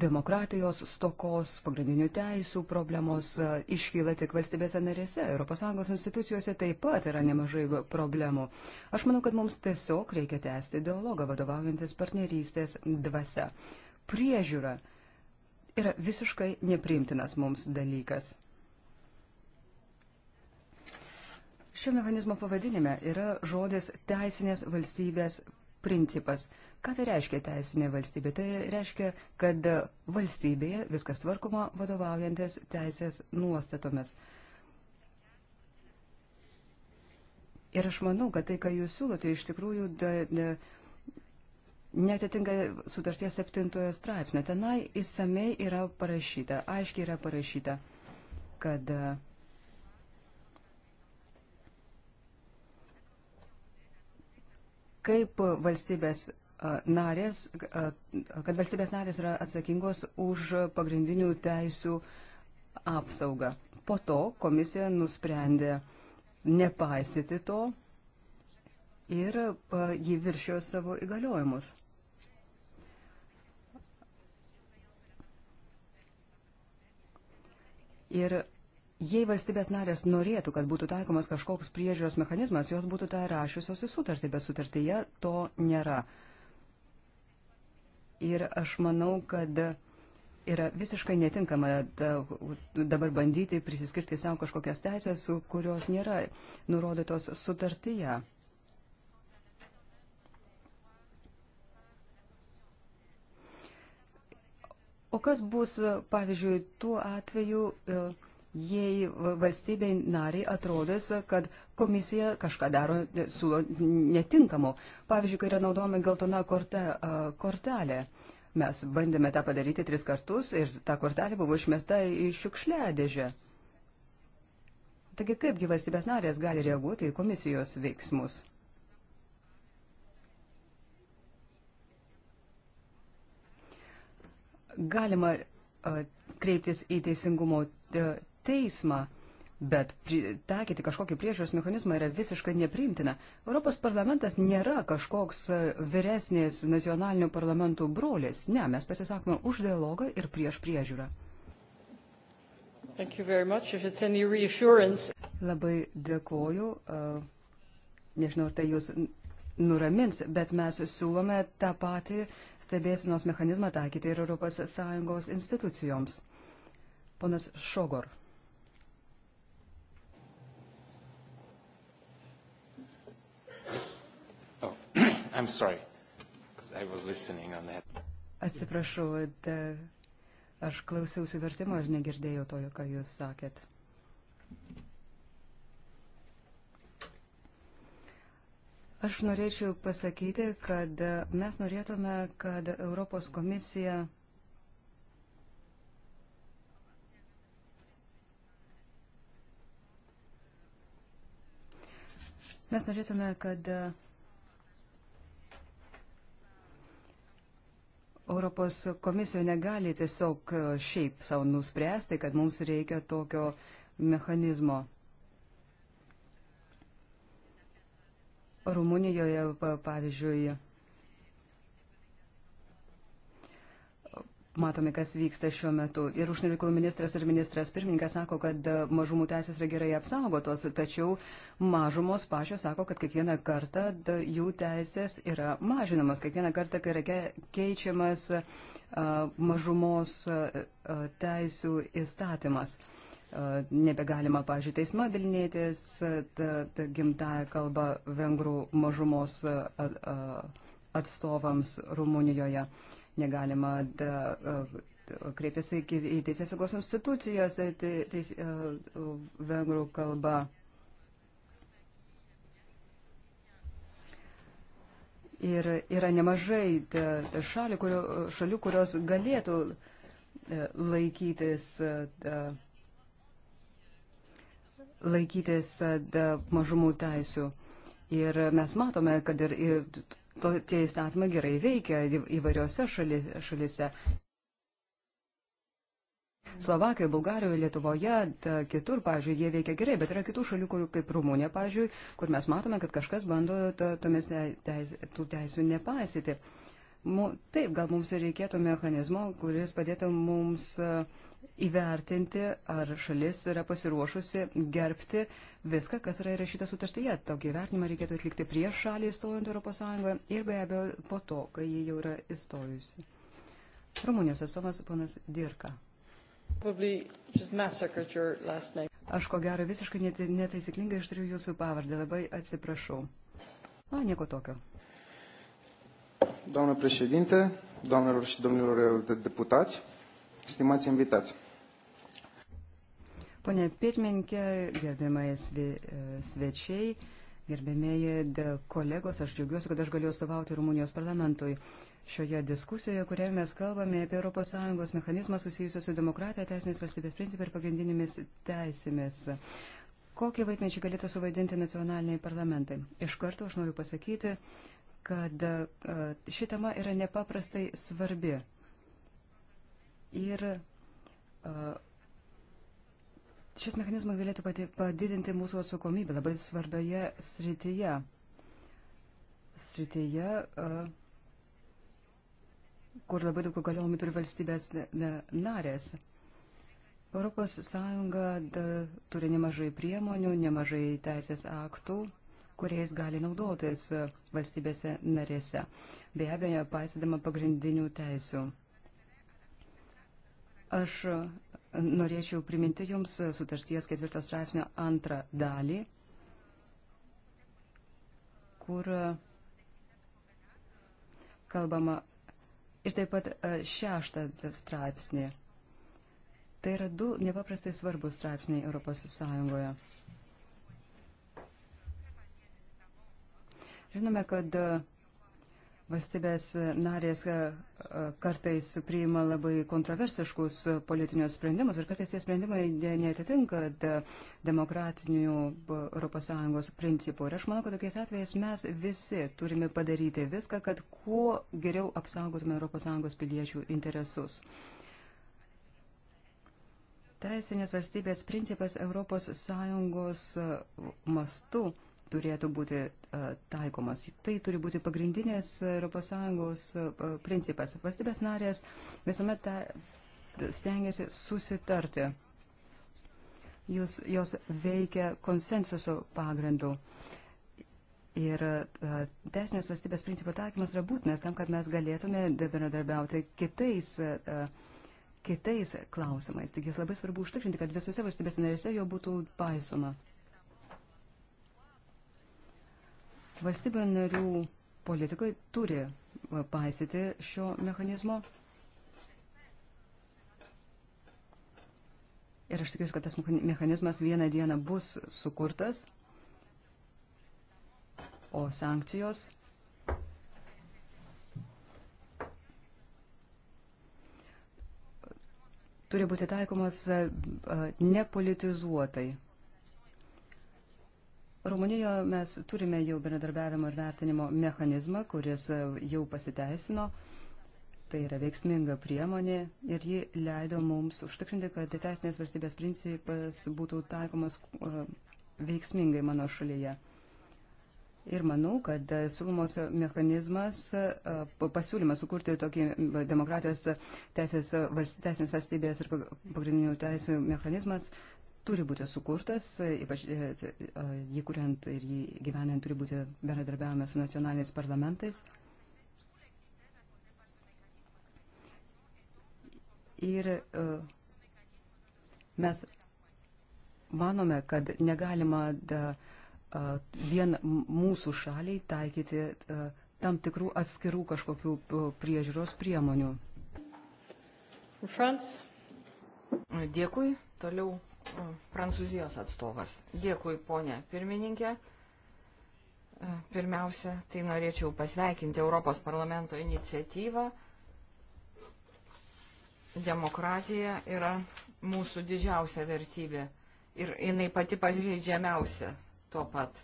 demokratijos stokos, pagrindinių teisų problemos iškyla tik valstybėse narėse. ES institucijose taip pat yra nemažai problemų. Aš manau, kad mums tiesiog reikia tęsti dialogą vadovaujantis partnerystės dvasia. Priežiūra yra visiškai nepriimtinas mums dalykas. Šio mechanizmo pavadinime yra žodis teisinės valstybės principas. Ką tai reiškia teisinė valstybė? Tai reiškia, kad valstybėje viskas tvarkoma vadovaujantis teisės nuostatomis. Ir aš manau, kad tai, ką jūs siūlote, iš tikrųjų da, da, netitinka sutarties septintojo straipsnio. Tenai įsamei yra parašyta, aiškiai yra parašyta, kad uh, kaip valstybės narės, kad valstybės narės yra atsakingos už pagrindinių teisių apsaugą. Po to komisija nusprendė nepaisyti to ir jį viršijo savo įgaliojimus. Ir Jei valstybės narės norėtų, kad būtų taikomas kažkoks priežiūros mechanizmas, jos būtų tą rašiusios į sutartį, bet sutartyje to nėra. Ir aš manau, kad yra visiškai netinkama dabar bandyti prisiskirti savo kažkokias teisės, kurios nėra nurodytos sutartyje. O kas bus, pavyzdžiui, tuo atveju, e, jei valstybei nariai atrodys, kad komisija kažką daro, siūlo netinkamo. Pavyzdžiui, kai yra naudojama geltona korte, kortelė. Mes bandėme tą padaryti tris kartus ir ta kortelė buvo išmesta į šiukšlę dėžę. Taigi kaipgi valstybės narės gali reaguoti į komisijos veiksmus? Galima kreiptis į teisingumo teismą. Bet taikyti kažkokį priežiūros mechanizmą yra visiškai nepriimtina. Europos parlamentas nėra kažkoks e, vyresnės nacionalinių parlamentų brolis. Ne, mes pasisakome už dialogą ir prieš priežiūrą. Labai dėkoju. E, nežinau, ar tai jūs nuramins, bet mes siūlome tą patį stebėsinos mechanizmą taikyti ir ES institucijoms. Ponas Šogor. I'm sorry, because I was listening on that. Atsiprašau, aš klausiausi vertimo ir negirdėjau to, ką jūs sakėt. Aš norėčiau pasakyti, kad mes norėtume, kad Europos komisija Mes norėtume, kad Europos komisija negali tiesiog e, šiaip savo nuspręsti, kad mums reikia tokio mechanizmo. Rumunijoje, pavyzdžiui, matome, kas vyksta šiuo metu. Ir užsienio reikalų ministras ir ministras pirmininkas sako, kad e, mažumų teisės yra gerai apsaugotos, tačiau mažumos pačios sako, kad kiekvieną kartą jų teisės yra mažinamos, kiekvieną kartą, kai yra keičiamas e, mažumos e, teisų įstatymas. Nebegalima, pažiūrėjau, teisma vilnėtis gimtają kalbą vengrų mažumos atstovams Rumunijoje. Uh, negalima da, kreiptis į, į teisės saugos institucijas te, tai, tai, teis, vengrų kalba. Ir yra nemažai šalių, kurio, šalių kurios galėtų e, laikytis, da, laikytis da, mažumų teisų. Ir mes matome, kad ir, ir to, tie įstatymai gerai veikia įvairiose šali, šalise. Slovakijoje, Bulgarijoje, Lietuvoje, ta, kitur, pavyzdžiui, jie veikia gerai, bet yra kitų šalių, kur, kaip Rumunija, pavyzdžiui, kur mes matome, kad kažkas bando ta, tomis teis, tų teisų nepaisyti. Mu, taip, gal mums reikėtų mechanizmo, kuris padėtų mums uh, įvertinti, ar šalis yra pasiruošusi gerbti viską, kas yra įrašyta sutartyje. Tokį vertinimą reikėtų atlikti prieš šalį įstojant Europos Sąjungoje ir be abejo po to, kai jie jau yra įstojusi. Rumunijos atstovas ponas Dirka. Aš ko gero visiškai net, netaisyklingai ištariu jūsų pavardę, labai atsiprašau. O, nieko tokio. Doamnă președinte, doamnelor și domnilor deputați, stimați invitați. Pone pirmininkė, gerbiamai e, svečiai, gerbėmėji kolegos, aš džiaugiuosi, kad aš galiu atstovauti Rumunijos parlamentui. Šioje diskusijoje, kurioje mes kalbame apie ES mechanizmą susijusios su demokratija, teisinės valstybės principai ir pagrindinėmis teisėmis. Kokį vaidmenį galėtų suvaidinti nacionaliniai parlamentai? Iš karto aš noriu pasakyti, kad e, ši tema yra nepaprastai svarbi Ir šis mechanizmas galėtų padidinti mūsų atsakomybę labai svarbioje srityje. Srityje, kur labai daug galiojimų turi valstybės narės. Europos Sąjunga da, turi nemažai priemonių, nemažai teisės aktų, kuriais gali naudotis valstybėse narėse, be abejo, paisydama pagrindinių teisių. Aš e, norėčiau priminti Jums e, sutarties ketvirtas straipsnio antrą dalį, kur e, kalbama ir taip pat šeštą straipsnį. Tai yra du nepaprastai svarbus straipsniai Europos Sąjungoje. Žinome, kad Valstybės narės e, e, kartais priima labai kontroversiškus politinius sprendimus ir kartais tie sprendimai netitinka demokratinių ES principų. Ir aš manau, kad tokiais atvejais mes visi turime padaryti viską, kad kuo geriau apsaugotume ES piliečių interesus. Teisinės valstybės principas ES e, mastu turėtų būti e, taikomas. Tai turi būti pagrindinės ES e, principas. Valstybės narės visuomet ta, stengiasi susitarti. Jūs, jos veikia konsensuso pagrindu. Ir e, teisinės valstybės principų taikymas yra būtinas tam, kad mes galėtume bendradarbiauti kitais. A, kitais klausimais. Taigi labai svarbu užtikrinti, kad visose valstybės narėse jo būtų paisoma. Valstybė narių politikai turi paisyti šio mechanizmo. Ir aš tikiuosi, kad tas mechanizmas vieną dieną bus sukurtas, o sankcijos turi būti taikomas nepolitizuotai. Rumunijoje mes turime jau bendradarbiavimo ir vertinimo mechanizmą, kuris jau pasiteisino. Tai yra veiksminga priemonė ir ji leido mums užtikrinti, kad teisinės valstybės principas būtų taikomas e, veiksmingai mano šalyje. Ir manau, kad siūlomos mechanizmas, e, pasiūlymas sukurti tokį demokratijos teisės, teisinės valstybės ir pagrindinių teisų mechanizmas turi būti sukurtas, ypač e, e, jį kuriant ir jį gyvenant turi būti bendradarbiavime su nacionaliniais parlamentais. Ir e, mes manome, kad negalima da, vien mūsų šaliai taikyti tam tikrų atskirų kažkokių priežiūros priemonių. France. Dėkui. Toliau Prancūzijos atstovas. Dėkui, ponė pirmininkė. E, pirmiausia, tai norėčiau pasveikinti Europos parlamento iniciatyvą. Demokratija yra mūsų didžiausia vertybė ir jinai pati pažeidžiamiausia tuo pat.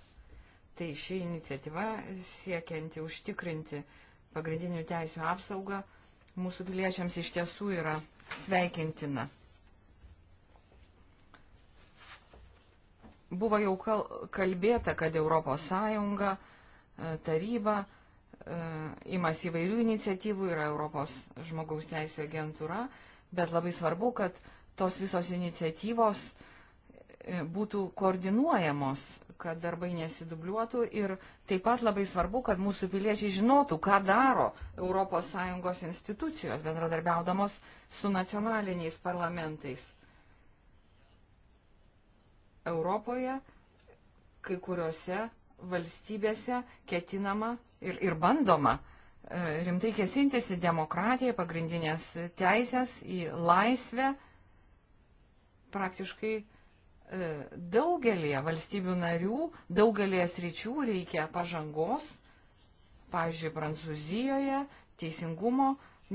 Tai ši iniciatyva siekianti užtikrinti pagrindinių teisų apsaugą mūsų piliečiams iš tiesų yra sveikintina. Buvo jau kalbėta, kad ES, e, taryba e, imasi įvairių iniciatyvų, yra Europos žmogaus teisų agentūra, bet labai svarbu, kad tos visos iniciatyvos e, būtų koordinuojamos, kad darbai nesidubliuotų ir taip pat labai svarbu, kad mūsų piliečiai žinotų, ką daro ES institucijos bendradarbiaudamos su nacionaliniais parlamentais. Europoje, kai kuriuose valstybėse ketinama ir, ir bandoma e, rimtai kėsintis į demokratiją, pagrindinės teisės, į laisvę. Praktiškai e, daugelie valstybių narių, daugelie sričių reikia pažangos. Pavyzdžiui, Prancūzijoje teisingumo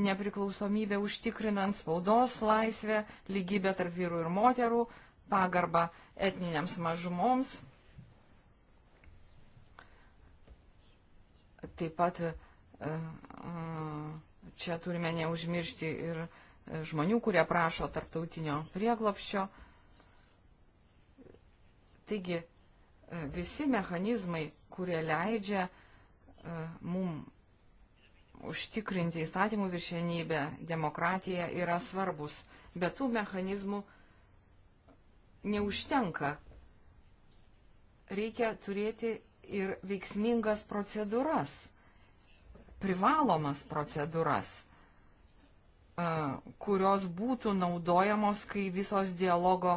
nepriklausomybė užtikrinant spaudos laisvę, lygybę tarp vyrų ir moterų, pagarbą etniniams mažumoms. Taip pat e, mm, čia turime neužmiršti ir e, žmonių, kurie prašo tarptautinio prieglopščio. Taigi e, visi mechanizmai, kurie leidžia mum užtikrinti įstatymų viršienybę, demokratiją yra svarbus. Be tų mechanizmų neužtenka. Reikia turėti ir veiksmingas procedūras, privalomas procedūras, kurios būtų naudojamos, kai visos dialogo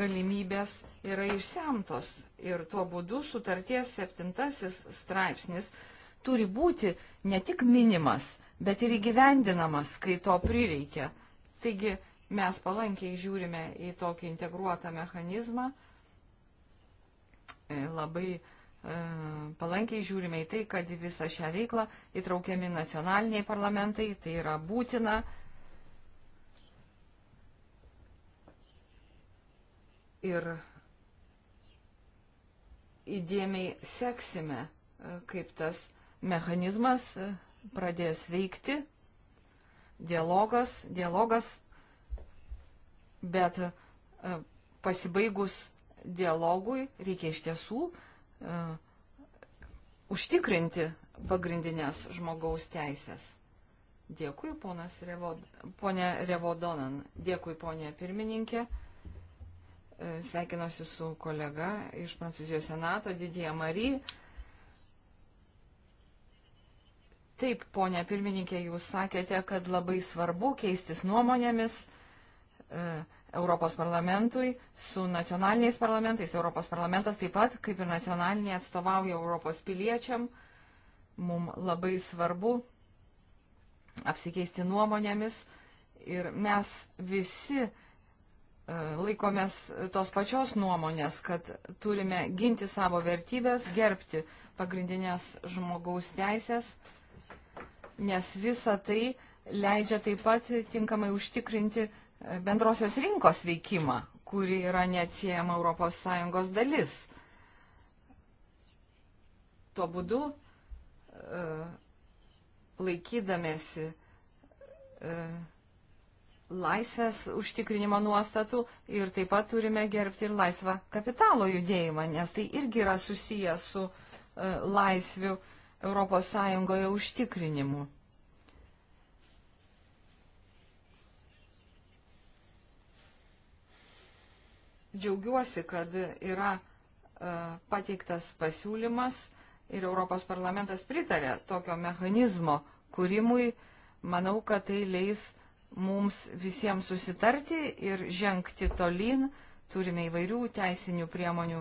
galimybės yra išsemtos. Ir tuo būdu sutarties septintasis straipsnis turi būti ne tik minimas, bet ir įgyvendinamas, kai to prireikia. Taigi, mes palankiai žiūrime į tokį integruotą mechanizmą, e, labai e, palankiai žiūrime į tai, kad į visą šią veiklą įtraukiami nacionaliniai parlamentai, tai yra būtina. Ir įdėmiai seksime, e, kaip tas mechanizmas pradės veikti. Dialogas, dialogas bet e, pasibaigus dialogui reikia iš tiesų uh, užtikrinti pagrindinės žmogaus teisės. Dėkui, ponas Revod, ponė Revodonan. Dėkui, ponė pirmininkė. E, sveikinuosi su kolega iš Prancūzijos Senato, Didija Mary. Taip, ponė pirmininkė, jūs sakėte, kad labai svarbu keistis nuomonėmis E, Europos parlamentui su nacionaliniais parlamentais. Europos parlamentas taip pat, kaip ir nacionaliniai, atstovauja Europos piliečiam. Mums labai svarbu apsikeisti nuomonėmis ir mes visi e, laikomės tos pačios nuomonės, kad turime ginti savo vertybės, gerbti pagrindinės žmogaus teisės, nes visa tai leidžia taip pat tinkamai užtikrinti bendrosios rinkos veikimą, kuri yra neatsiejama ES dalis. Tuo būdu e, laikydamėsi e, laisvės užtikrinimo nuostatų ir taip pat turime gerbti ir laisvą kapitalo judėjimą, nes tai irgi yra susiję su e, laisvių ES užtikrinimu. Džiaugiuosi, kad yra e, pateiktas pasiūlymas ir Europos parlamentas pritarė tokio mechanizmo kūrimui. Manau, kad tai leis mums visiems susitarti ir žengti tolyn. Turime įvairių teisinių priemonių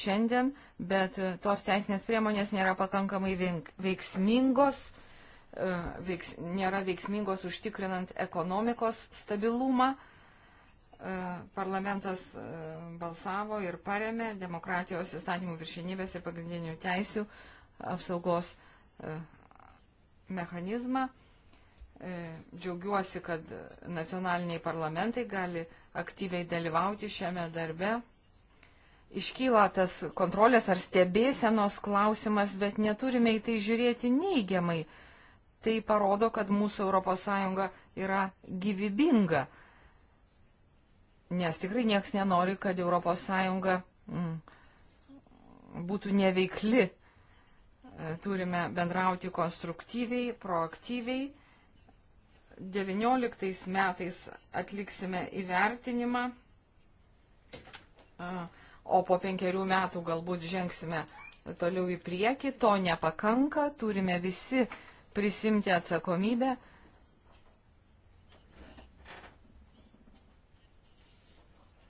šiandien, bet tos teisinės priemonės nėra pakankamai veiksmingos, e, veiks, nėra veiksmingos užtikrinant ekonomikos stabilumą. E, parlamentas e, balsavo ir paremė demokratijos įstatymų viršinybės ir pagrindinių teisių apsaugos e, mechanizmą. Džiaugiuosi, kad nacionaliniai parlamentai gali aktyviai dalyvauti šiame darbe. Iškyla tas kontrolės ar stebėsenos klausimas, bet neturime į tai žiūrėti neigiamai. Tai parodo, kad mūsų ES yra gyvybinga Nes tikrai niekas nenori, kad ES mm, būtų neveikli. E, turime bendrauti konstruktyviai, proaktyviai. 19 metais atliksime įvertinimą, e, o po penkerių metų galbūt žengsime toliau į priekį. To nepakanka, turime visi prisimti atsakomybę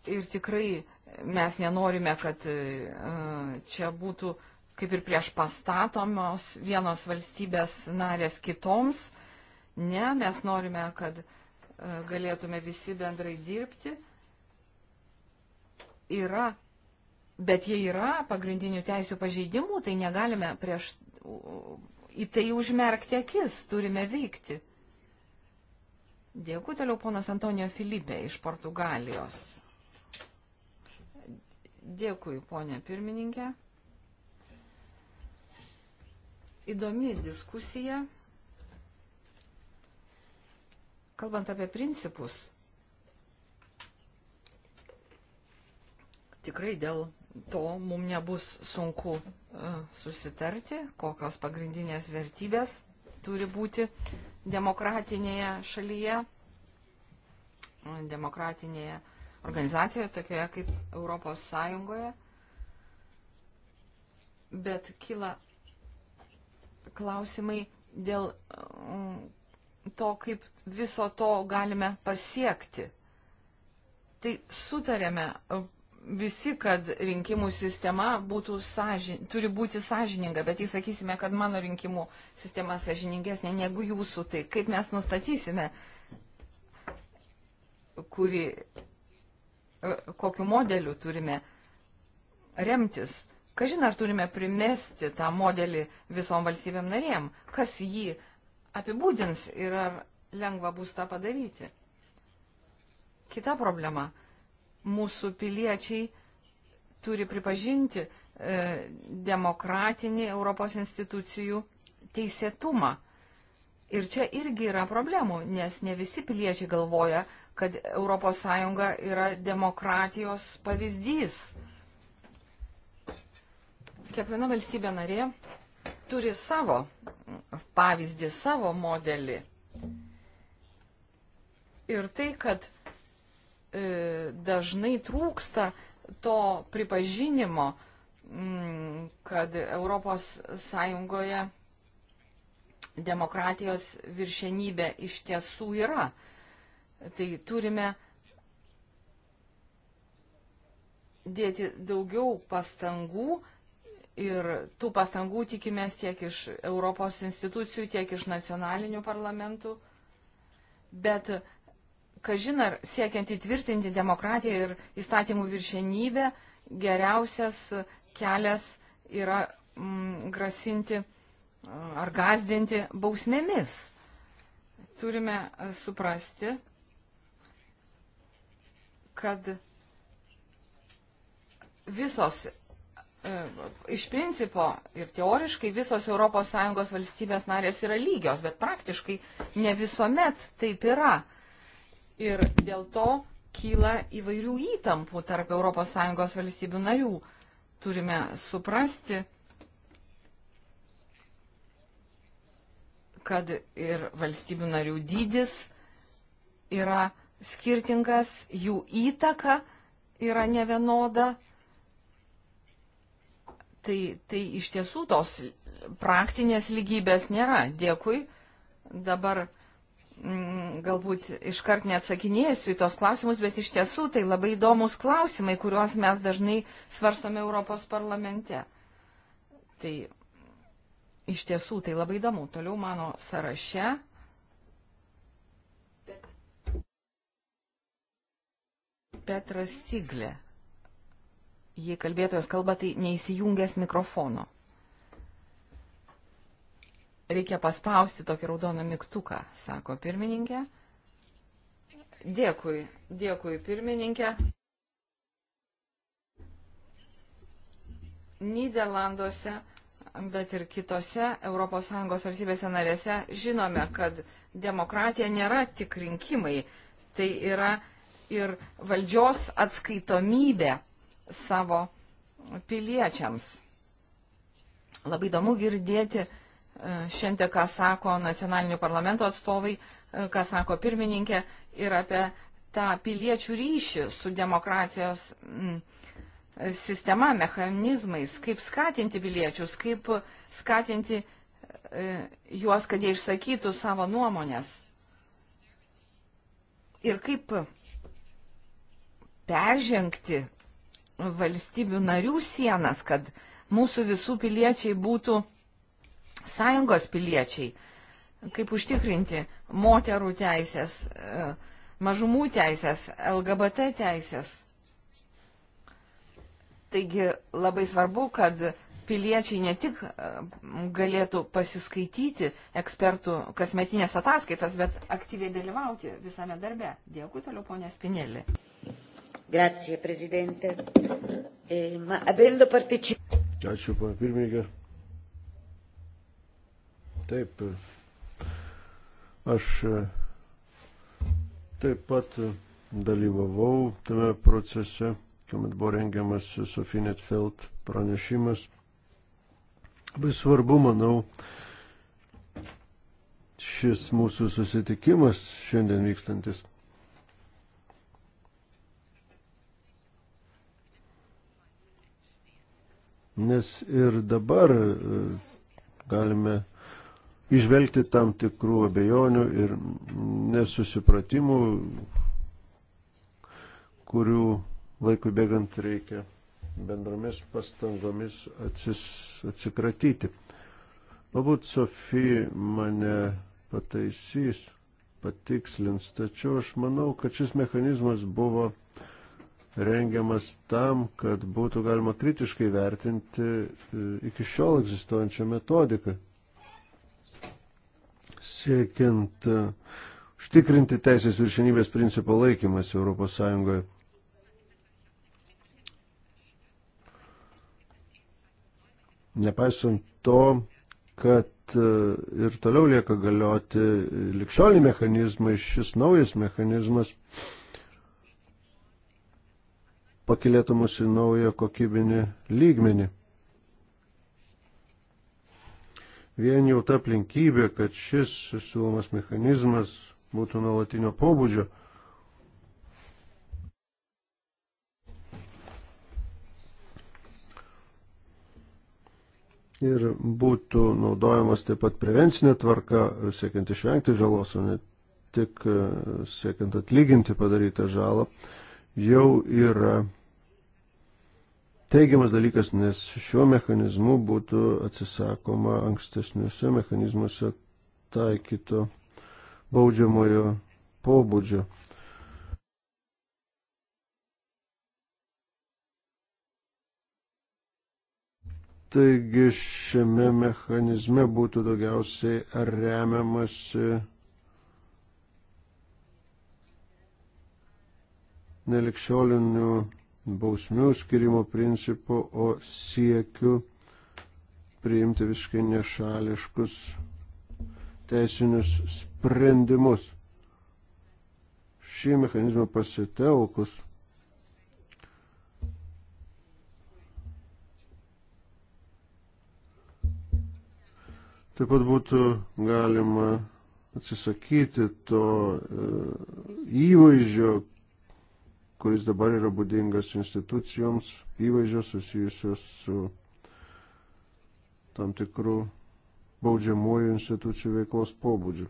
Ir tikrai mes nenorime, kad e, čia būtų kaip ir prieš pastatomos vienos valstybės narės kitoms. Ne, mes norime, kad e, galėtume visi bendrai dirbti. Yra, bet jei yra pagrindinių teisų pažeidimų, tai negalime prieš, į tai užmerkti akis, turime veikti. Dėkui toliau ponas Antonijo Filipė iš Portugalijos. Dėkui, ponė pirmininkė. Įdomi diskusija. Kalbant apie principus, tikrai dėl to mum nebus sunku e, susitarti, kokios pagrindinės vertybės turi būti demokratinėje šalyje, demokratinėje šalyje organizacijoje, tokioje kaip Europos Sąjungoje, bet kyla klausimai dėl mm, to, kaip viso to galime pasiekti. Tai sutarėme e, visi, kad rinkimų sistema būtų sąžin, turi būti sąžininga, bet jei sakysime, kad mano rinkimų sistema sąžiningesnė negu jūsų, tai kaip mes nustatysime, kuri E, kokiu modeliu turime remtis. Kažin ar turime primesti tą modelį visom valstybėm narėm, kas jį apibūdins ir ar lengva bus tą padaryti. Kita problema. Mūsų piliečiai turi pripažinti e, demokratinį Europos institucijų teisėtumą. Ir čia irgi yra problemų, nes ne visi piliečiai galvoja, kad ES yra demokratijos pavyzdys. Kiekviena valstybė narė turi savo pavyzdį, savo modelį. Ir tai, kad e, dažnai trūksta to pripažinimo, m, mm, kad ES demokratijos viršenybė iš tiesų yra. E, Tai turime dėti daugiau pastangų ir tų pastangų tikimės tiek iš Europos institucijų, tiek iš nacionalinių parlamentų. Bet, kažin ar siekiant įtvirtinti demokratiją ir įstatymų viršenybę, geriausias kelias yra mm, grasinti ar gazdinti bausmėmis. Turime e, suprasti, kad visos, e, iš principo ir teoriškai visos ES valstybės narės yra lygios, bet praktiškai ne visuomet taip yra. Ir dėl to kyla įvairių įtampų tarp ES valstybių narių. Turime suprasti, kad ir valstybių narių dydis yra skirtingas, jų įtaka yra nevienoda. Tai, tai iš tiesų tos praktinės lygybės nėra. Dėkui. Dabar m, mm, galbūt iškart neatsakinėsiu į tos klausimus, bet iš tiesų tai labai įdomus klausimai, kuriuos mes dažnai svarstome Europos parlamente. Tai iš tiesų tai labai įdomu. Toliau mano sąraše Petras Siglė. Jei kalbėtojas kalba, tai neįsijungęs mikrofono. Reikia paspausti tokį raudoną mygtuką, sako pirmininkė. Dėkui, dėkui pirmininkė. Niderlanduose, bet ir kitose ES valstybėse narėse žinome, kad demokratija nėra tik rinkimai, tai yra ir valdžios atskaitomybę savo piliečiams. Labai įdomu girdėti e, šiandien, ką sako nacionalinių parlamento atstovai, e, ką sako pirmininkė ir apie tą piliečių ryšį su demokratijos sistema, mechanizmais, kaip skatinti piliečius, kaip skatinti e, juos, kad jie išsakytų savo nuomonės. Ir kaip peržengti valstybių narių sienas, kad mūsų visų piliečiai būtų sąjungos piliečiai, kaip užtikrinti moterų teisės, e, mažumų teisės, LGBT teisės. Taigi labai svarbu, kad piliečiai ne tik e, galėtų pasiskaityti ekspertų kasmetinės ataskaitas, bet aktyviai dalyvauti visame darbe. Dėkui toliau, ponė Spinėlė. Grazie, Presidente. E, ma avendo partecipato. Ačiū, pana pirmininkė. Taip, aš e, taip pat dalyvavau tame procese, kuomet buvo rengiamas Sofinet Feld pranešimas. Labai svarbu, manau, šis mūsų susitikimas šiandien vykstantis. nes ir dabar e, galime išvelgti tam tikrų abejonių ir nesusipratimų, kurių laikui bėgant reikia bendromis pastangomis atsis, atsikratyti. Galbūt Sofija mane pataisys, patikslins, tačiau aš manau, kad šis mechanizmas buvo rengiamas tam, kad būtų galima kritiškai vertinti e, iki šiol egzistuojančią metodiką, siekiant e, užtikrinti teisės viršinybės principo laikymas Europos Sąjungoje. Nepaisant to, kad e, ir toliau lieka galioti likščiolį mechanizmai, šis naujas mechanizmas uh, pakilėtų mūsų į naują kokybinį lygmenį. Vien jau ta aplinkybė, kad šis siūlomas mechanizmas būtų nuolatinio pobūdžio, ir būtų naudojamas taip pat prevencinė tvarka, siekiant išvengti žalos, o ne tik e, siekiant atlyginti padarytą žalą, jau yra teigiamas dalykas, nes šiuo mechanizmu būtų atsisakoma ankstesniuose mechanizmuose taikyto baudžiamojo pobūdžio. Taigi šiame mechanizme būtų daugiausiai remiamasi nelikščiolinių bausmių skirimo principu, o siekiu priimti visiškai nešališkus teisinius sprendimus. Šį mechanizmą pasitelkus Taip pat būtų galima atsisakyti to e, įvaizdžio, kuris dabar yra būdingas institucijoms, įvaizdžio susijusios su tam tikrų baudžiamųjų institucijų veiklos pobūdžių.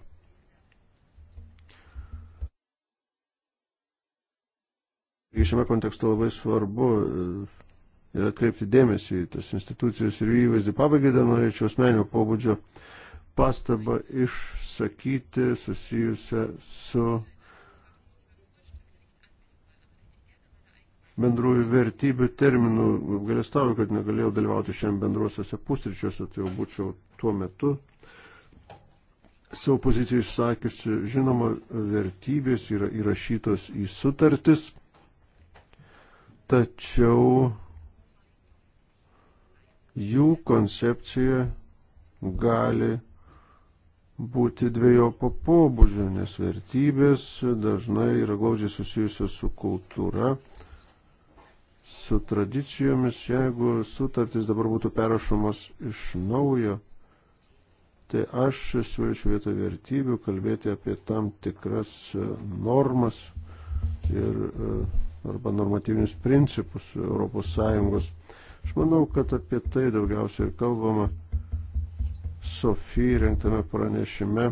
Ir šiame kontekste labai svarbu e, ir atkreipti dėmesį į tas institucijos ir įvaizdį. Pabaigai dar norėčiau asmenio pobūdžio pastabą išsakyti susijusią su bendrųjų vertybių terminų. Galėstauju, kad negalėjau dalyvauti šiandien bendruosiuose pusryčiuose, tai jau būčiau tuo metu savo poziciją išsakiusi. Žinoma, vertybės yra įrašytos į sutartis, tačiau jų koncepcija gali būti dviejopo pobūdžio, nes vertybės dažnai yra glaudžiai susijusios su kultūra su tradicijomis, jeigu sutartys dabar būtų perrašomos iš naujo, tai aš siūlyčiau vietoj vertybių kalbėti apie tam tikras e, normas ir, e, arba normatyvinius principus ES. Aš manau, kad apie tai daugiausiai ir kalbama Sofija renktame pranešime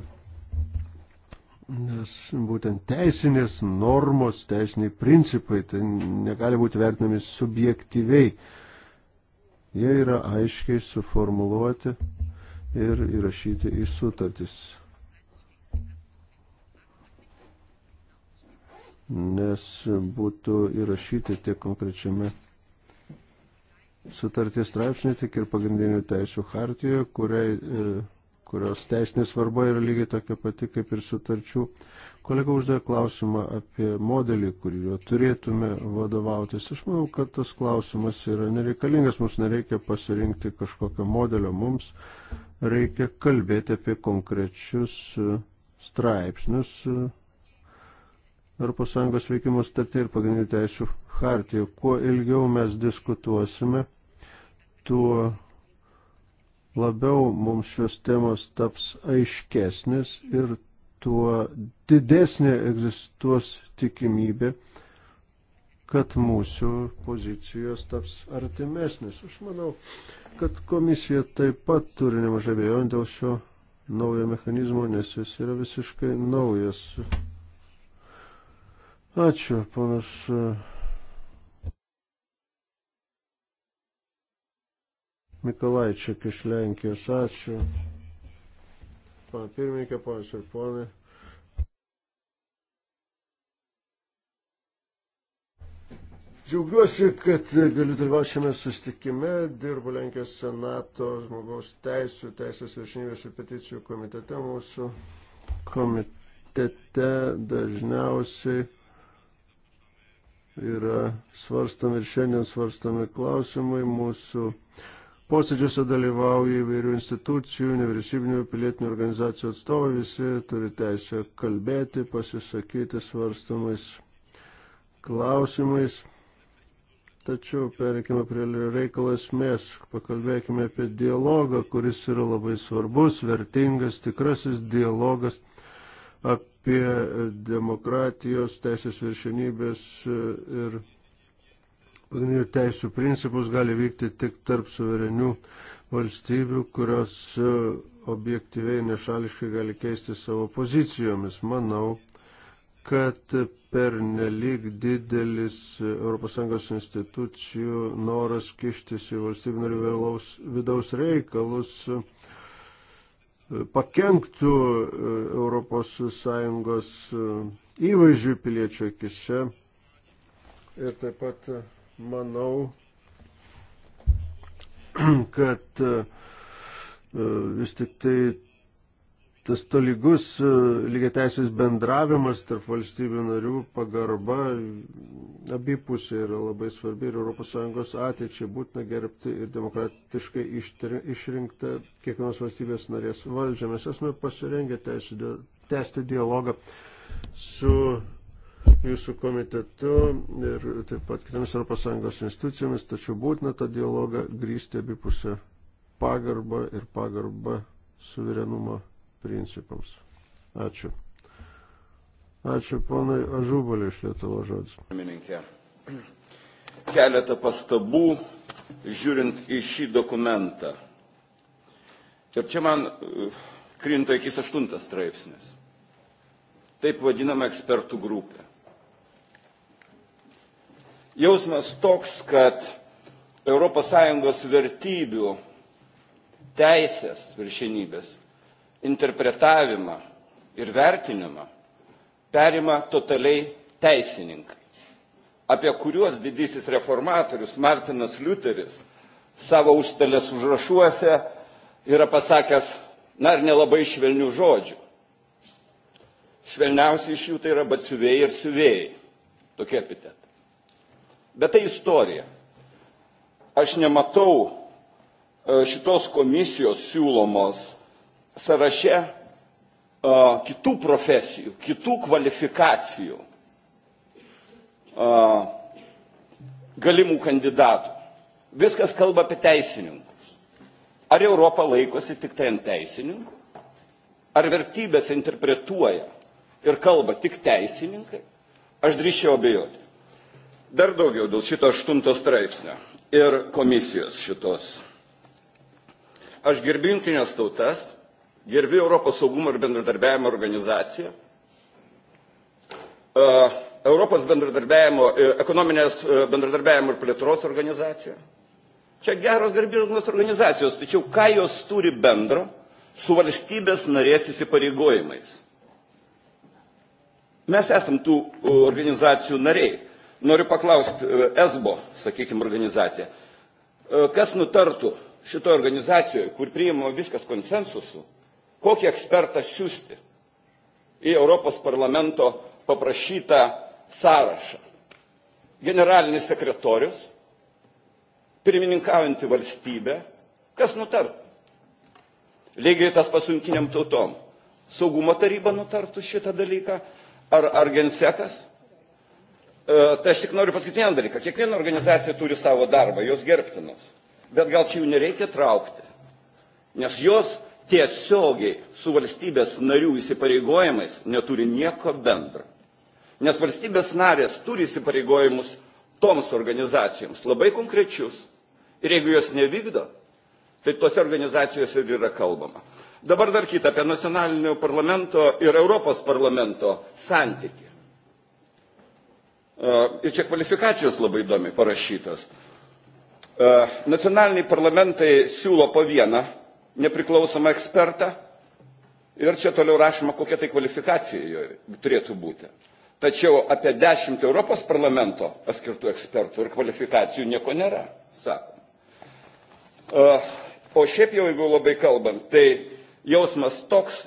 Nes būtent teisinės normos, teisiniai principai, tai negali būti vertinami subjektyviai. Jie yra aiškiai suformuluoti ir įrašyti į sutartis. Nes būtų įrašyti tiek konkrečiame sutarties straipsnė, tiek ir pagrindinių teisų hartijoje, kuriai e, kurios teisinė svarba yra lygiai tokia pati kaip ir sutarčių. Kolega uždavė klausimą apie modelį, kuriuo turėtume vadovautis. Aš manau, kad tas klausimas yra nereikalingas, mums nereikia pasirinkti kažkokio modelio, mums reikia kalbėti apie konkrečius e, straipsnius ES veikimo statį ir pagrindinių teisų hartiją. Kuo ilgiau mes diskutuosime, tuo labiau mums šios temos taps aiškesnis ir tuo didesnė egzistuos tikimybė, kad mūsų pozicijos taps artimesnis. Aš manau, kad komisija taip pat turi nemažai bejonių dėl šio naujo mechanizmo, nes jis yra visiškai naujas. Ačiū, panas. Uh, Mikolaičiak iš Lenkijos. Ačiū. Pana pirmininkė, ponas ir ponai. Džiaugiuosi, kad galiu dalyvauti šiame sustikime, dirbu Lenkijos Senato žmogaus teisų, teisės viršinybės ir peticijų komitete. Mūsų komitete dažniausiai yra svarstami ir šiandien svarstami klausimai mūsų uh, Posėdžiuose dalyvauja įvairių institucijų, nevyriausybinių pilietinių organizacijų atstovai, visi turi teisę kalbėti, pasisakyti svarstamais klausimais. Tačiau pereikime prie reikalo esmės, pakalbėkime apie dialogą, kuris yra labai svarbus, vertingas, tikrasis dialogas apie demokratijos, teisės viršenybės ir pagrindinių teisų principus gali vykti tik tarp suverenių valstybių, kurios e, objektyviai nešališkai gali keisti savo pozicijomis. Manau, kad per nelik didelis ES institucijų noras kištis į valstybių narių vidaus reikalus e, pakenktų ES e, įvaizdžių piliečių akise ir taip pat manau, kad e, e, vis tik tai tas tolygus e, lygiateisės bendravimas tarp valstybių narių, pagarba abipusė yra labai svarbi ir ES ateičiai būtina gerbti ir demokratiškai išrinktą kiekvienos valstybės narės valdžią. Mes esame pasirengę tęsti dialogą su jūsų komitetu ir taip pat kitomis ES institucijomis, tačiau būtina tą dialogą grįsti abipusę pagarbą ir pagarbą suverenumo principams. Ačiū. Ačiū ponai Ažubalį iš Lietuvo žodis. Pirmininkė, keletą pastabų žiūrint į šį dokumentą. Ir čia man uh, krinta iki aštuntas straipsnis. Taip vadinama ekspertų grupė jausmas toks, kad ES vertybių teisės viršenybės interpretavimą ir vertinimą perima totaliai teisininkai, apie kuriuos didysis reformatorius Martinas Liuteris savo užstalės užrašuose yra pasakęs, na ir nelabai švelnių žodžių. Švelniausi iš jų tai yra batsiuvėjai ir siuvėjai. Tokie epitetai. Bet tai istorija. Aš nematau e, šitos komisijos siūlomos sąraše e, kitų profesijų, kitų kvalifikacijų e, galimų kandidatų. Viskas kalba apie teisininkus. Ar Europa laikosi tik tai ant teisininkų? Ar vertybės interpretuoja ir kalba tik teisininkai? Aš drįščiau abejoti. Dar daugiau dėl šito aštunto straipsnio ir komisijos šitos. Aš gerbiu jungtinės tautas, gerbiu Europos saugumo ir bendradarbiavimo organizaciją, e, Europos bendradarbiavimo, e, ekonominės e, bendradarbiavimo ir plėtros organizaciją. Čia geros garbingos organizacijos, tačiau ką jos turi bendro su valstybės narės įsipareigojimais? Mes esam tų organizacijų nariai. Noriu paklausti e, ESBO, sakykime, organizaciją. E, kas nutartų šitoje organizacijoje, kur priimama viskas konsensusu, kokį ekspertą siūsti į Europos parlamento paprašytą sąrašą? Generalinis sekretorius, pirmininkaujantį valstybę, kas nutartų? Lygiai tas pasunkiniam tautom. Saugumo taryba nutartų šitą dalyką, ar, ar gensekas? E, tai aš tik noriu pasakyti vieną dalyką. Kiekviena organizacija turi savo darbą, jos gerbtinos. Bet gal čia jų nereikia traukti. Nes jos tiesiogiai su valstybės narių įsipareigojimais neturi nieko bendro. Nes valstybės narės turi įsipareigojimus toms organizacijoms labai konkrečius. Ir jeigu jos nevykdo, tai tose organizacijose ir yra kalbama. Dabar dar kita apie nacionalinio parlamento ir Europos parlamento santykį. Ir čia kvalifikacijos labai įdomi parašytas. Nacionaliniai parlamentai siūlo po vieną nepriklausomą ekspertą ir čia toliau rašoma, kokia tai kvalifikacija jo turėtų būti. Tačiau apie dešimt Europos parlamento paskirtų ekspertų ir kvalifikacijų nieko nėra, sakom. O šiaip jau, jeigu labai kalbam, tai jausmas toks,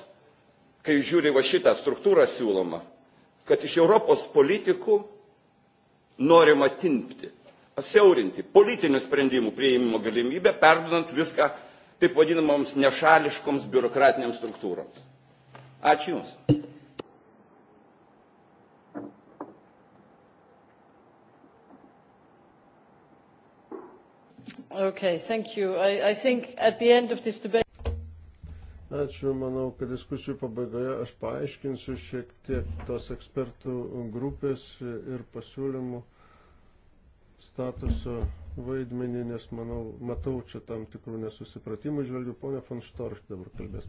kai žiūri va šitą struktūrą siūloma, kad iš Europos politikų norima tinpti, siaurinti politinių sprendimų prieimimo galimybę, perdodant viską taip vadinamoms nešališkoms biurokratiniams struktūroms. Ačiū Jums. Okay, thank you. I, I think at the end of this debate. Ačiū, manau, kad diskusijų pabaigoje aš paaiškinsiu šiek tiek tos ekspertų grupės ir pasiūlymų statuso vaidmenį, nes manau, matau čia tam tikrų nesusipratimų, žvelgiu, ponė von Storch dabar kalbės.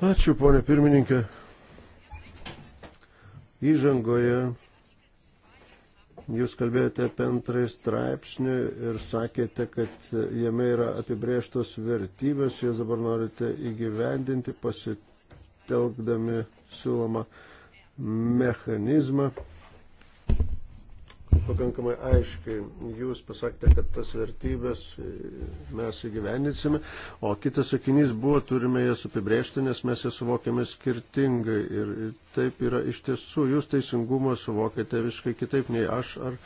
Ačiū, ponė pirmininkė. Įžangoje Jūs kalbėjote apie antrąjį straipsnį ir sakėte, kad jame yra apibrėžtos vertybės, jas dabar norite įgyvendinti pasitelkdami siūlomą mechanizmą pakankamai aiškiai. Jūs pasakėte, kad tas vertybės e, mes įgyvendysime, o kitas sakinys buvo, turime jas apibrėžti, nes mes jas suvokiame skirtingai. Ir taip yra iš tiesų, jūs teisingumą suvokite visiškai kitaip nei aš ar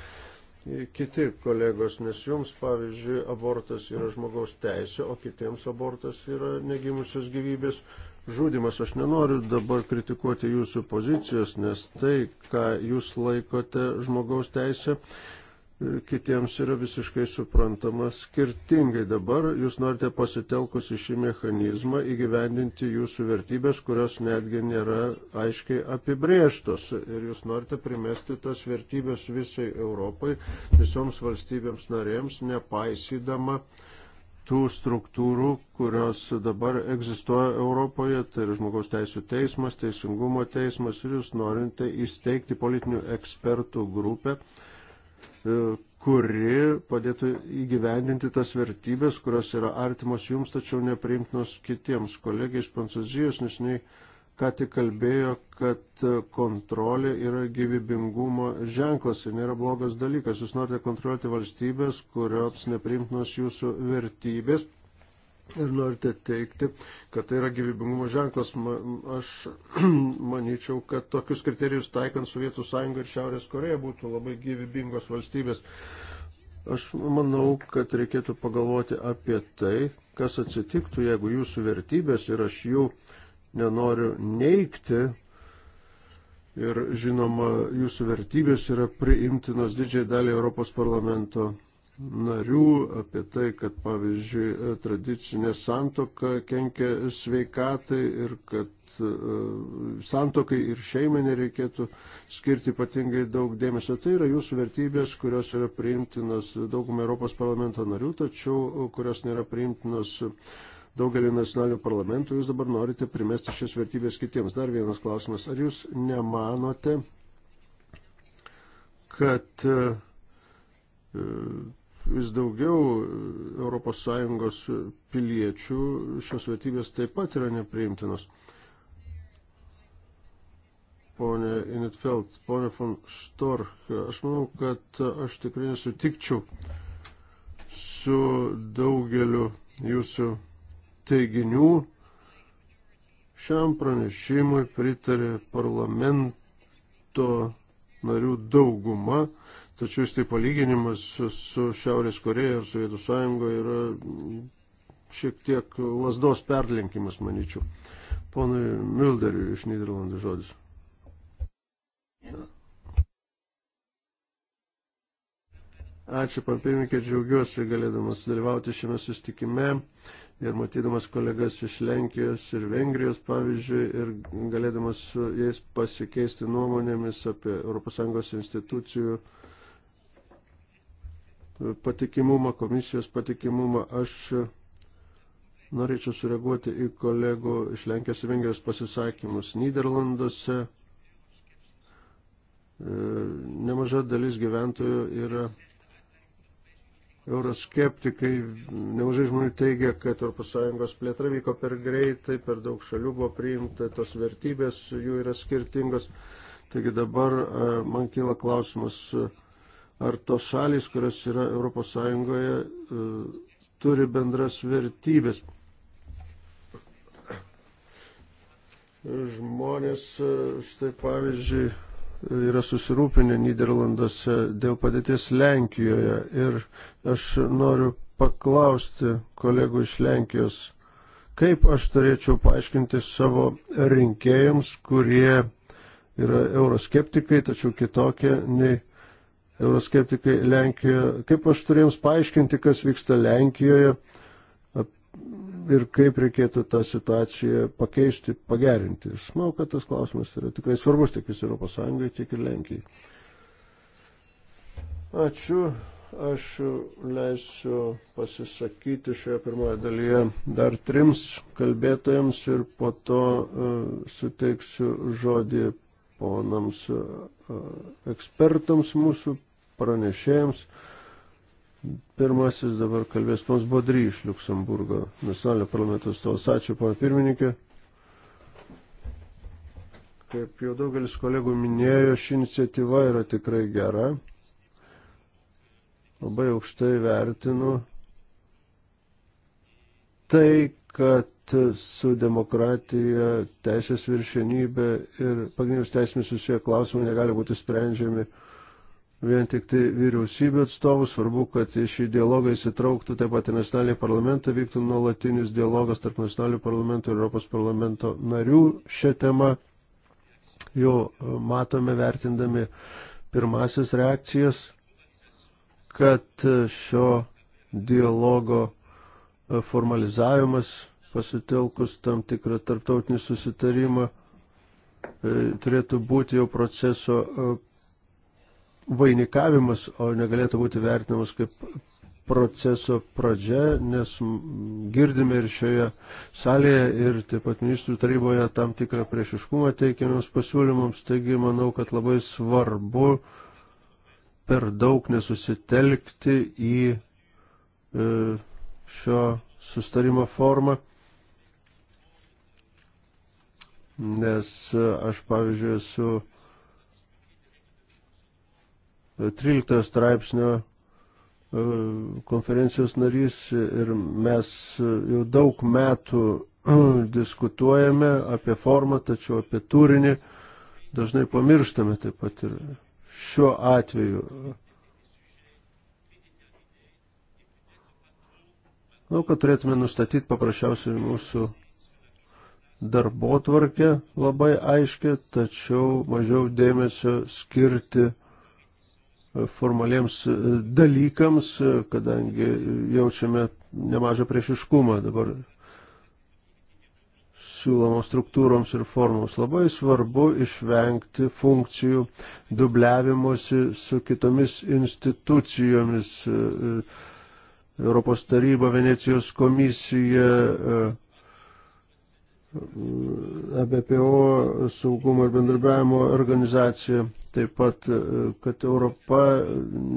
kiti kolegos, nes jums, pavyzdžiui, abortas yra žmogaus teisė, o kitiems abortas yra negimusios gyvybės žudimas. Aš nenoriu dabar kritikuoti jūsų pozicijos, nes tai, ką jūs laikote žmogaus teisė, e, kitiems yra visiškai suprantama skirtingai. Dabar jūs norite pasitelkus į šį mechanizmą įgyvendinti jūsų vertybės, kurios netgi nėra aiškiai apibrėžtos. Ir jūs norite primesti tas vertybės visai Europai, visoms valstybėms narėms, nepaisydama uh, tų struktūrų, kurios dabar egzistuoja Europoje, tai yra žmogaus teisų teismas, teisingumo teismas ir jūs norite įsteigti politinių ekspertų grupę, e, kuri padėtų įgyvendinti tas vertybės, kurios yra artimos jums, tačiau nepriimtinos kitiems. Kolegė iš Prancūzijos nesiniai ką tik kalbėjo, kad kontrolė yra gyvybingumo ženklas ir nėra blogas dalykas. Jūs norite kontroliuoti valstybės, kurioms neprimtinos jūsų vertybės ir norite teikti, kad tai yra gyvybingumo ženklas. Aš manyčiau, kad tokius kriterijus taikant Sovietų Sąjungą ir Šiaurės Koreja būtų labai gyvybingos valstybės. Aš manau, kad reikėtų pagalvoti apie tai, kas atsitiktų, jeigu jūsų vertybės ir aš jų jau nenoriu neikti. Ir žinoma, jūsų vertybės yra priimtinos didžiai daliai Europos parlamento narių apie tai, kad pavyzdžiui tradicinė santoka kenkia sveikatai ir kad e, santokai ir šeimai nereikėtų skirti ypatingai daug dėmesio. Tai yra jūsų vertybės, kurios yra priimtinos daugumai Europos parlamento narių, tačiau kurios nėra priimtinos daugelį nacionalinių parlamentų, jūs dabar norite primesti šias vertybės kitiems. Dar vienas klausimas. Ar jūs nemanote, kad e, e, vis daugiau ES piliečių šios vertybės taip pat yra nepriimtinos? Pone Inetfeld, pone von Storch, aš manau, kad aš tikrai sutikčiau su daugeliu jūsų teiginių šiam pranešimui pritarė parlamento narių dauguma, tačiau štai palyginimas su Šiaurės Koreja ir Sovietų Sąjunga yra šiek tiek lasdos perlenkimas, manyčiau. Ponui Mülderiui iš Niderlandų žodis. Ačiū, papirminkė, džiaugiuosi galėdamas dalyvauti šiame sustikime ir matydamas kolegas iš Lenkijos ir Vengrijos pavyzdžiui ir galėdamas su jais pasikeisti nuomonėmis apie ES institucijų patikimumą, komisijos patikimumą, aš norėčiau sureaguoti į kolegų iš Lenkijos ir Vengrijos pasisakymus Niderlanduose. E, nemaža dalis gyventojų yra euroskeptikai, nemažai žmonių teigia, kad ES plėtra vyko per greitai, per daug šalių buvo priimta, tos vertybės jų yra skirtingos. Taigi dabar e, man kyla klausimas, e, ar tos šalys, kurios yra ES, e, turi bendras vertybės. Žmonės, štai pavyzdžiui, yra susirūpinę Niderlanduose dėl padėties Lenkijoje. Ir aš noriu paklausti kolegų iš Lenkijos, kaip aš turėčiau paaiškinti savo rinkėjams, kurie yra euroskeptikai, tačiau kitokie nei euroskeptikai Lenkijoje. Kaip aš turėjams paaiškinti, kas vyksta Lenkijoje ir kaip reikėtų tą situaciją pakeisti, pagerinti. Aš manau, kad tas klausimas yra tikrai svarbus tiek visai Europos Sąjungai, tiek ir Lenkijai. Ačiū. Aš leisiu pasisakyti šioje pirmoje dalyje dar trims kalbėtojams ir po to uh, suteiksiu žodį ponams uh, ekspertams mūsų pranešėjams. Uh, Pirmasis dabar kalbės mums Bodry iš Luksemburgo nacionalinio parlamento stovas. Ačiū, pana pirmininkė. Kaip jau daugelis kolegų minėjo, ši iniciatyva yra tikrai gera. Labai aukštai vertinu tai, kad su demokratija, teisės viršenybė ir pagrindinius teisėmis susiję klausimai negali būti sprendžiami uh, vien tik tai vyriausybių atstovų, svarbu, kad į šį dialogą įsitrauktų taip pat ir nacionaliniai parlamentai, vyktų nuolatinis dialogas tarp nacionalinių parlamentų ir Europos parlamento narių šią temą. Jau e, matome vertindami pirmasis reakcijas, kad e, šio dialogo e, formalizavimas pasitelkus tam tikrą tarptautinį susitarimą turėtų būti jau proceso vainikavimas, o negalėtų būti vertinamas kaip proceso pradžia, nes girdime ir šioje salėje ir taip pat ministrų taryboje tam tikrą priešiškumą teikiamiams pasiūlymams, taigi manau, kad labai svarbu per daug nesusitelkti į e, šio sustarimo formą, nes e, aš pavyzdžiui esu 13 straipsnio e, konferencijos narys ir mes jau daug metų diskutuojame apie formą, tačiau apie turinį dažnai pamirštame taip pat ir šiuo atveju. Manau, kad turėtume nustatyti paprasčiausiai mūsų darbo tvarkę labai aiškiai, tačiau mažiau dėmesio skirti formaliems e, dalykams, e, kadangi jaučiame nemažą priešiškumą dabar siūlomoms struktūroms ir formoms. Labai svarbu išvengti funkcijų dubliavimuose su kitomis institucijomis. E, Europos taryba, Venecijos komisija, ABPO saugumo ir bendradarbiavimo organizacija Taip pat, e, kad Europa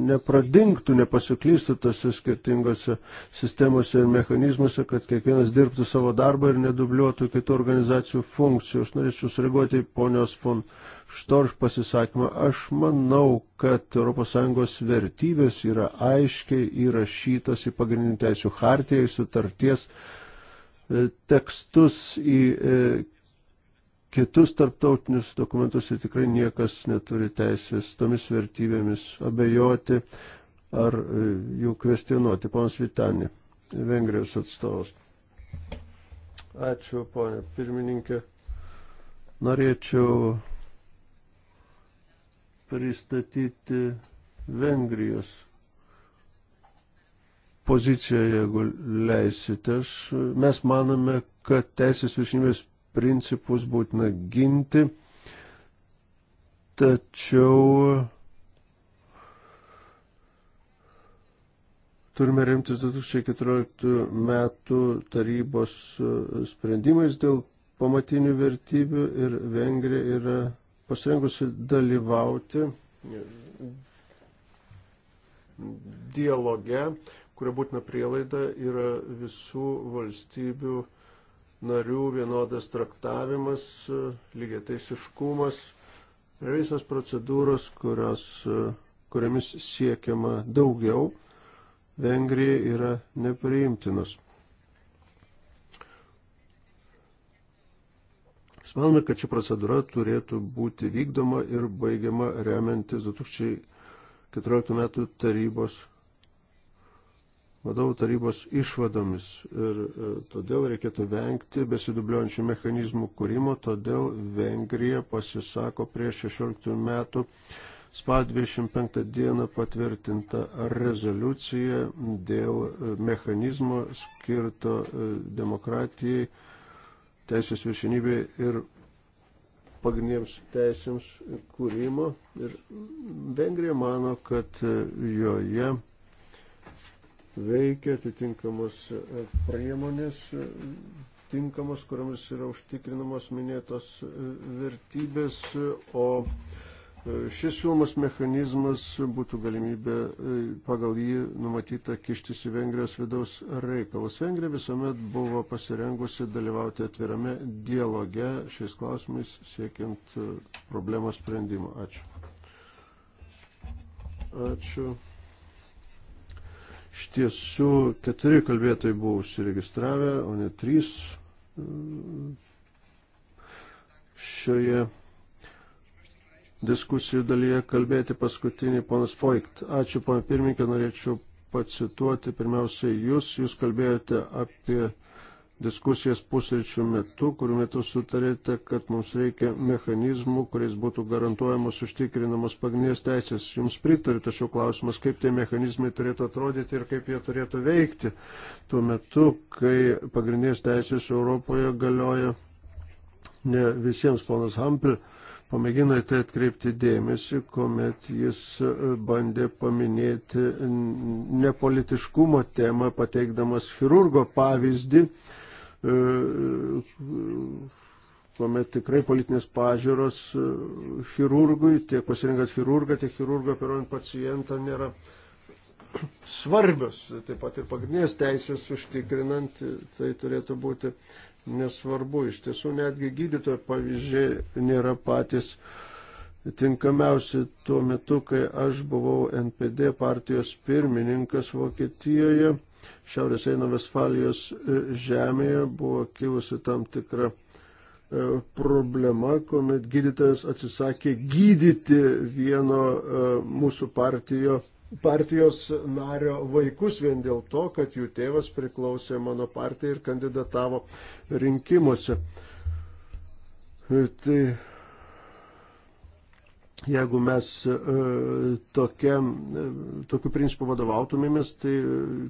nepradinktų, nepasiklystų tose skirtingose sistemose ir mechanizmuose, kad kiekvienas dirbtų savo darbą ir nedubliuotų kitų organizacijų funkcijų. Aš norėčiau sureaguoti į ponios von Štorch pasisakymą. Aš manau, kad ES vertybės yra aiškiai įrašytos į pagrindinį teisų hartiją, į sutarties e, tekstus, į e, kitus tarptautinius dokumentus ir tikrai niekas neturi teisės tomis vertybėmis abejoti ar e, jų kvestionuoti. Ponas Vitani, Vengrijos atstovas. Ačiū, ponė pirmininkė. Norėčiau pristatyti Vengrijos poziciją, jeigu leisite. Aš, mes manome, kad teisės viršinybės principus būtina ginti, tačiau turime remtis 2014 metų tarybos sprendimais dėl pamatinių vertybių ir Vengrija yra pasirengusi dalyvauti dialoge, kurio būtina prielaida yra visų valstybių narių vienodas traktavimas, e, lygiai teisiškumas ir visas procedūros, kurios, e, kuriamis siekiama daugiau, Vengrija yra nepriimtinas. Mes manome, kad ši procedūra turėtų būti vykdoma ir baigiama remiantis 2014 metų tarybos vadovų tarybos išvadomis ir e, todėl reikėtų vengti besidubliuojančių mechanizmų kūrimo, todėl Vengrija pasisako prieš 16 metų spa 25 dieną patvirtinta rezoliucija dėl e, mechanizmo skirto e, demokratijai, teisės viršinybė ir pagrindiniams teisėms kūrimo. Ir Vengrija mano, kad joje veikia atitinkamos e, priemonės, e, tinkamos, kuriamis yra užtikrinamos minėtos e, vertybės, o šis siūlomas mechanizmas būtų galimybė pagal jį numatyta kištis į Vengrijos vidaus reikalus. Vengrija visuomet buvo pasirengusi dalyvauti atvirame dialoge šiais klausimais siekiant problemos sprendimo. Ačiū. Ačiū. Iš tiesų keturi kalbėtojai buvo užsiregistravę, o ne trys mm, šioje diskusijų dalyje kalbėti paskutinį ponas Foikt. Ačiū, pana pirmininkė, norėčiau pacituoti pirmiausiai jūs. Jūs kalbėjote apie diskusijas pusryčių metu, kurių metu sutarėte, kad mums reikia mechanizmų, kuriais būtų garantuojamos užtikrinamos pagrindinės teisės. Jums pritariu, tačiau klausimas, kaip tie mechanizmai turėtų atrodyti ir kaip jie turėtų veikti tuo metu, kai pagrindinės teisės Europoje galioja ne visiems, ponas Hampel. Pamėgino į tai atkreipti dėmesį, kuomet jis bandė paminėti nepolitiškumo temą, pateikdamas chirurgo pavyzdį, E, kuomet tikrai politinės pažiūros e, chirurgui, tiek pasirinkant chirurgą, tiek chirurgą operuojant pacientą nėra svarbios. Taip pat ir pagrindinės teisės užtikrinant, tai turėtų būti nesvarbu. Iš tiesų netgi gydytojo pavyzdžiai nėra patys tinkamiausi tuo metu, kai aš buvau NPD partijos pirmininkas Vokietijoje Šiaurės Eino Vesfalijos e, žemėje buvo kilusi tam tikra e, problema, kuomet gydytojas atsisakė gydyti vieno e, mūsų partijo, partijos nario vaikus vien dėl to, kad jų tėvas priklausė mano partijai ir kandidatavo rinkimuose. Tai Jeigu mes e, tokia, e, tokiu principu vadovautumėmės, tai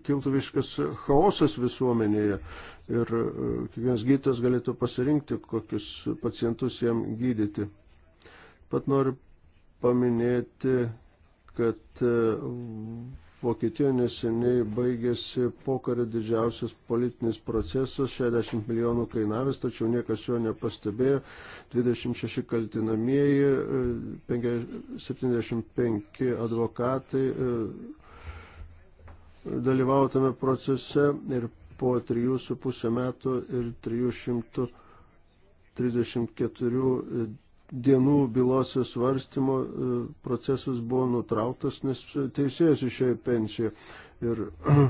kiltų viskas chaosas visuomenėje ir e, kiekvienas gydytojas galėtų pasirinkti, kokius pacientus jam gydyti. Pat noriu paminėti, kad Vokietijoje neseniai baigėsi pokario didžiausias politinis procesas, 60 milijonų kainavęs, tačiau niekas jo nepastebėjo, 26 kaltinamieji, 75 advokatai e, dalyvavo tame procese ir po 3,5 metų ir 334 dienų bylos svarstymo e, procesas buvo nutrauktas, nes teisėjas išėjo pensiją. Ir e,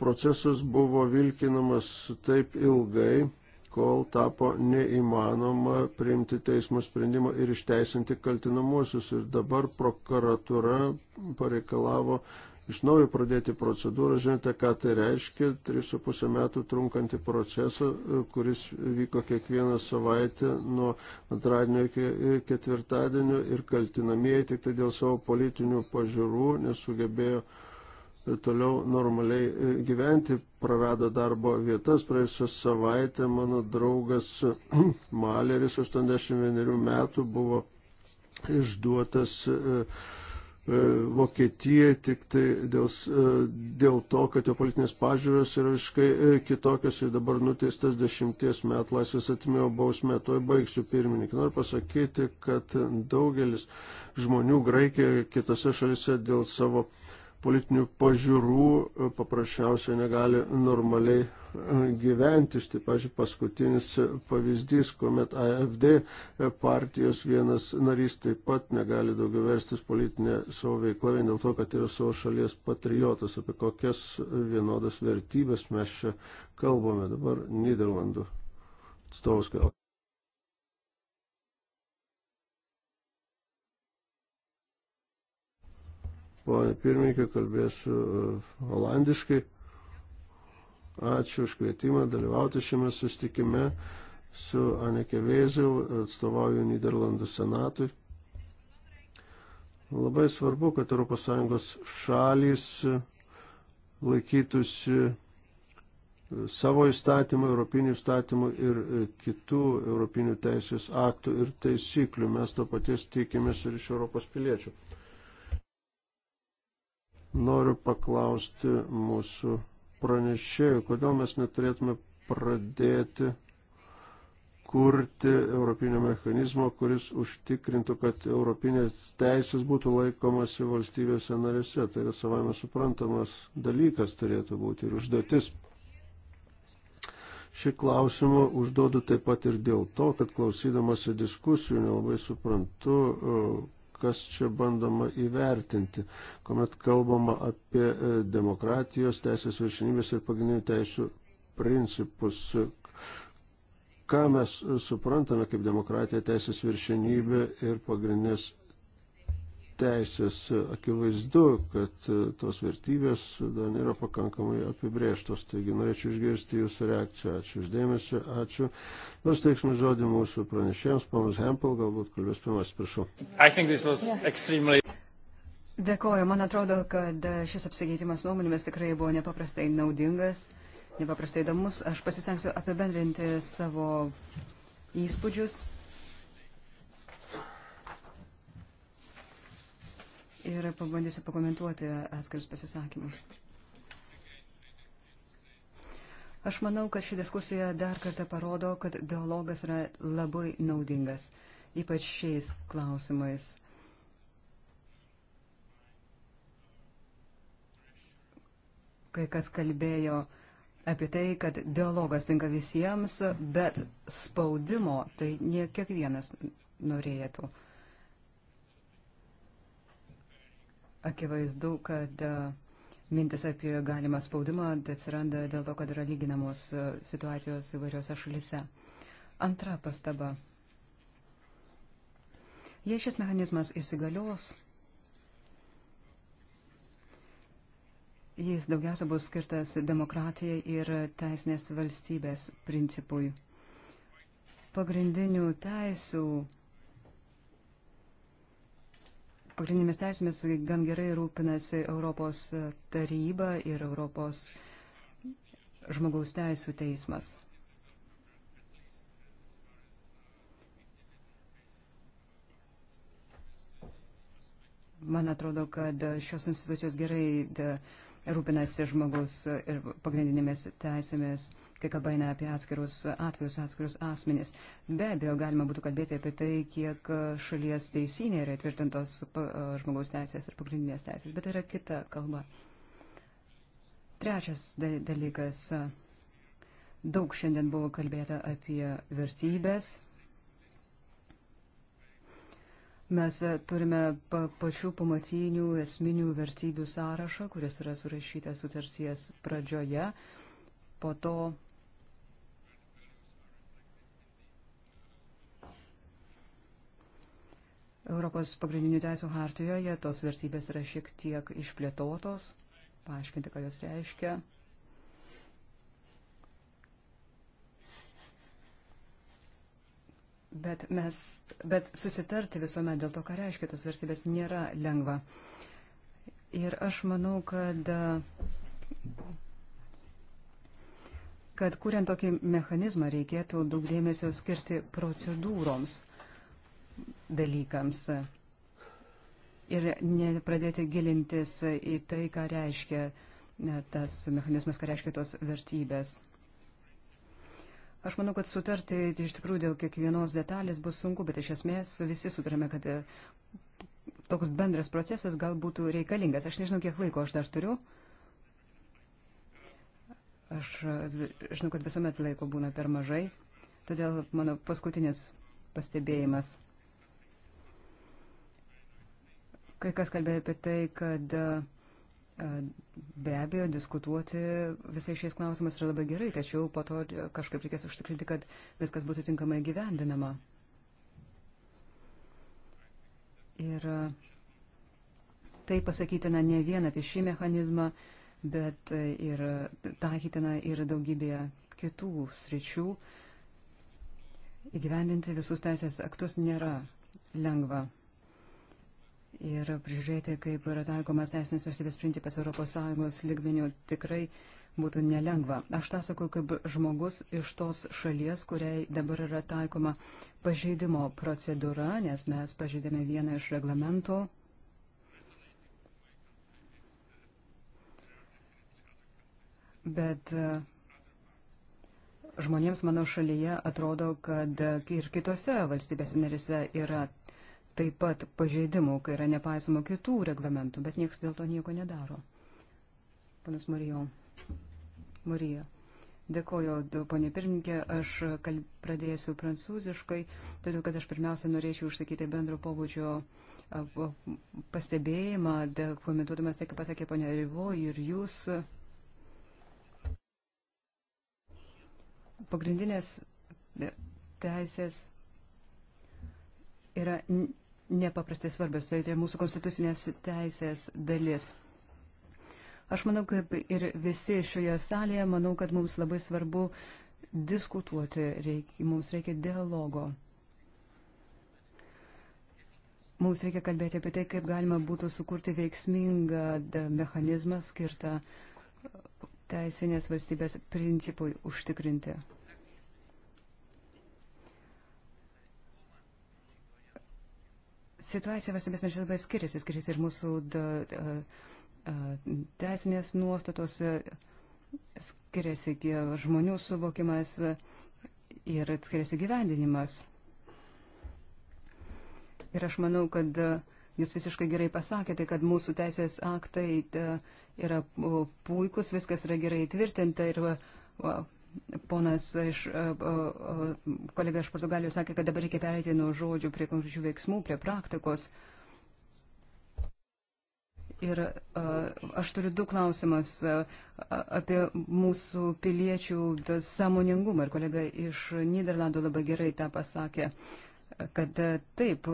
procesas buvo vilkinamas taip ilgai, kol tapo neįmanoma priimti teismo sprendimą ir išteisinti kaltinamosius. Ir dabar prokuratura pareikalavo iš naujo pradėti procedūrą. Žinote, ką tai reiškia, 3,5 metų trunkantį procesą, e, kuris vyko kiekvieną savaitę nuo antradienio iki e, ketvirtadienio ir kaltinamieji tik tai dėl savo politinių pažiūrų nesugebėjo e, toliau normaliai gyventi, prarado darbo vietas. Praėjusią savaitę mano draugas Maleris, 81 metų, buvo išduotas E, Vokietija tik tai dėl, e, dėl to, kad jo politinės pažiūros yra visiškai e, kitokios ir dabar nuteistas dešimties metų laisvės atimėjo bausmė. Toj baigsiu pirmininkai. Noriu pasakyti, kad daugelis žmonių Graikijoje kitose šalise dėl savo politinių pažiūrų e, paprasčiausiai negali normaliai e, gyventi. Štai, pažiūrėjau, paskutinis pavyzdys, kuomet AFD e, partijos vienas narys taip pat negali daugiau verstis politinė savo veikla vien dėl to, kad yra savo šalies patriotas. Apie kokias vienodas vertybės mes čia kalbame dabar Niderlandų atstovus. ponė pirmininkė, kalbėsiu e, olandiškai. Ačiū už kvietimą dalyvauti šiame sustikime su Aneke Vėzil, atstovauju Niderlandų senatui. Labai svarbu, kad ES šalys laikytųsi savo įstatymų, europinių įstatymų ir kitų europinių teisės aktų ir taisyklių. Mes to paties tikimės ir iš Europos piliečių. Noriu paklausti mūsų pranešėjų, kodėl mes neturėtume pradėti kurti Europinio mechanizmo, kuris užtikrintų, kad Europinės teisės būtų laikomasi valstybėse narėse. Tai yra savame suprantamas dalykas turėtų būti ir užduotis. Šį klausimą užduodu taip pat ir dėl to, kad klausydamasi diskusijų nelabai suprantu, kas čia bandoma įvertinti, kuomet kalbama apie e, demokratijos, teisės viršinybės ir pagrindinių teisų principus. Ką mes suprantame kaip demokratija, teisės viršinybė ir pagrindinės teisės. Akivaizdu, kad e, tos vertybės dar nėra pakankamai apibrėžtos. Taigi norėčiau išgirsti jūsų reakciją. Ačiū uždėmesi, ačiū. Nors teiksime žodį mūsų pranešėjams, panas Hempel, galbūt kalbės pirmasis, prašau. Extremely... Dėkoju, man atrodo, kad šis apsikeitimas nuomonėmis tikrai buvo nepaprastai naudingas, nepaprastai įdomus. Aš pasistengsiu apibendrinti savo įspūdžius ir pabandysiu pakomentuoti atskirius pasisakymus. Aš manau, kad ši diskusija dar kartą parodo, kad dialogas yra labai naudingas, ypač šiais klausimais. Kai kas kalbėjo apie tai, kad dialogas tinka visiems, bet spaudimo tai ne kiekvienas norėtų. akivaizdu, kad e, mintis apie galimą spaudimą atsiranda dėl to, kad yra lyginamos e, situacijos įvairiose šalise. Antra pastaba. Jei šis mechanizmas įsigalios, jis daugiausia bus skirtas demokratijai ir teisinės valstybės principui. Pagrindinių teisų pagrindinėmis teisėmis gan gerai rūpinasi Europos taryba ir Europos žmogaus teisų teismas. Man atrodo, kad šios institucijos gerai rūpinasi žmogaus ir pagrindinėmis teisėmis kai kalba eina apie atskirus atvejus, atskirus asmenis. Be abejo, galima būtų kalbėti apie tai, kiek šalies teisinė yra įtvirtintos žmogaus teisės ir pagrindinės teisės, bet tai yra kita kalba. Trečias dalykas. Daug šiandien buvo kalbėta apie versybės, Mes turime pa, pačių pamatinių esminių vertybių sąrašą, kuris yra surašytas sutarties pradžioje. Po to Europos pagrindinių teisų hartijoje tos vertybės yra šiek tiek išplėtotos, paaiškinti, ką jos reiškia. Bet, mes, bet susitarti visuomet dėl to, ką reiškia tos vertybės, nėra lengva. Ir aš manau, kad, kad kuriant tokį mechanizmą reikėtų daug dėmesio skirti procedūroms dalykams ir nepradėti gilintis į tai, ką reiškia tas mechanizmas, ką reiškia tos vertybės. Aš manau, kad sutarti iš tikrųjų dėl kiekvienos detalės bus sunku, bet iš esmės visi sutarėme, kad e, toks bendras procesas gal būtų reikalingas. Aš nežinau, kiek laiko aš dar turiu. Aš žinau, kad visuomet laiko būna per mažai. Todėl mano paskutinis pastebėjimas. Kai kas kalbėjo apie tai, kad e, be abejo diskutuoti visais šiais klausimais yra labai gerai, tačiau po to kažkaip reikės užtikrinti, kad viskas būtų tinkamai gyvendinama. Ir e, tai pasakytina ne vien apie šį mechanizmą, bet e, ir taikytina ir daugybėje kitų sričių. Įgyvendinti visus teisės aktus nėra lengva ir prižiūrėti, kaip yra taikomas teisinės valstybės principas ES lygmenių tikrai būtų nelengva. Aš tą sakau kaip žmogus iš tos šalies, kuriai dabar yra taikoma pažeidimo procedūra, nes mes pažeidėme vieną iš reglamentų. Bet žmonėms mano šalyje atrodo, kad ir kitose valstybėse narise yra taip pat pažeidimų, kai yra nepaisoma kitų reglamentų, bet niekas dėl to nieko nedaro. Panas Marijo. Marija. Dėkoju, ponė pirmininkė, aš kalb... pradėsiu prancūziškai, todėl kad aš pirmiausia norėčiau užsakyti bendro pobūdžio pastebėjimą, komentuodamas tai, ką pasakė ponė Rivo ir jūs. Pagrindinės teisės yra nepaprastai svarbios, tai yra mūsų konstitucinės teisės dalis. Aš manau, kaip ir visi šioje salėje, manau, kad mums labai svarbu diskutuoti, reikia, mums reikia dialogo. Mums reikia kalbėti apie tai, kaip galima būtų sukurti veiksmingą mechanizmą skirtą teisinės valstybės principui užtikrinti. situacija valstybės narės labai skiriasi, skiriasi ir mūsų teisinės nuostatos, skiriasi žmonių suvokimas ir skiriasi gyvendinimas. Ir aš manau, kad Jūs visiškai gerai pasakėte, kad mūsų teisės aktai yra puikus, viskas yra gerai įtvirtinta ir ponas iš, e, e, e, kolega iš Portugalijos sakė, kad dabar reikia pereiti nuo žodžių prie konkrečių veiksmų, prie praktikos. Ir aš turiu du klausimus apie mūsų piliečių samoningumą. Ir kolega iš Niderlandų labai gerai tą pasakė, kad taip,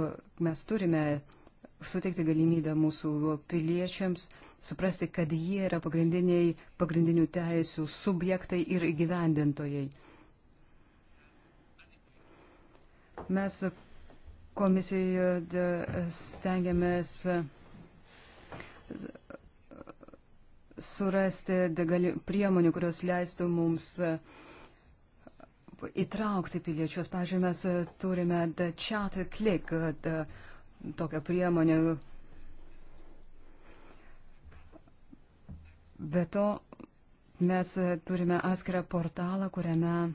mes turime suteikti galimybę mūsų piliečiams uh, suprasti, kad jie yra pagrindiniai pagrindinių teisų subjektai ir įgyvendintojai. Mes komisijoje stengiamės surasti priemonių, kurios leistų mums įtraukti piliečius. Pavyzdžiui, mes turime The Chat Click tokią priemonę, Be to, mes turime atskirą portalą, kuriame,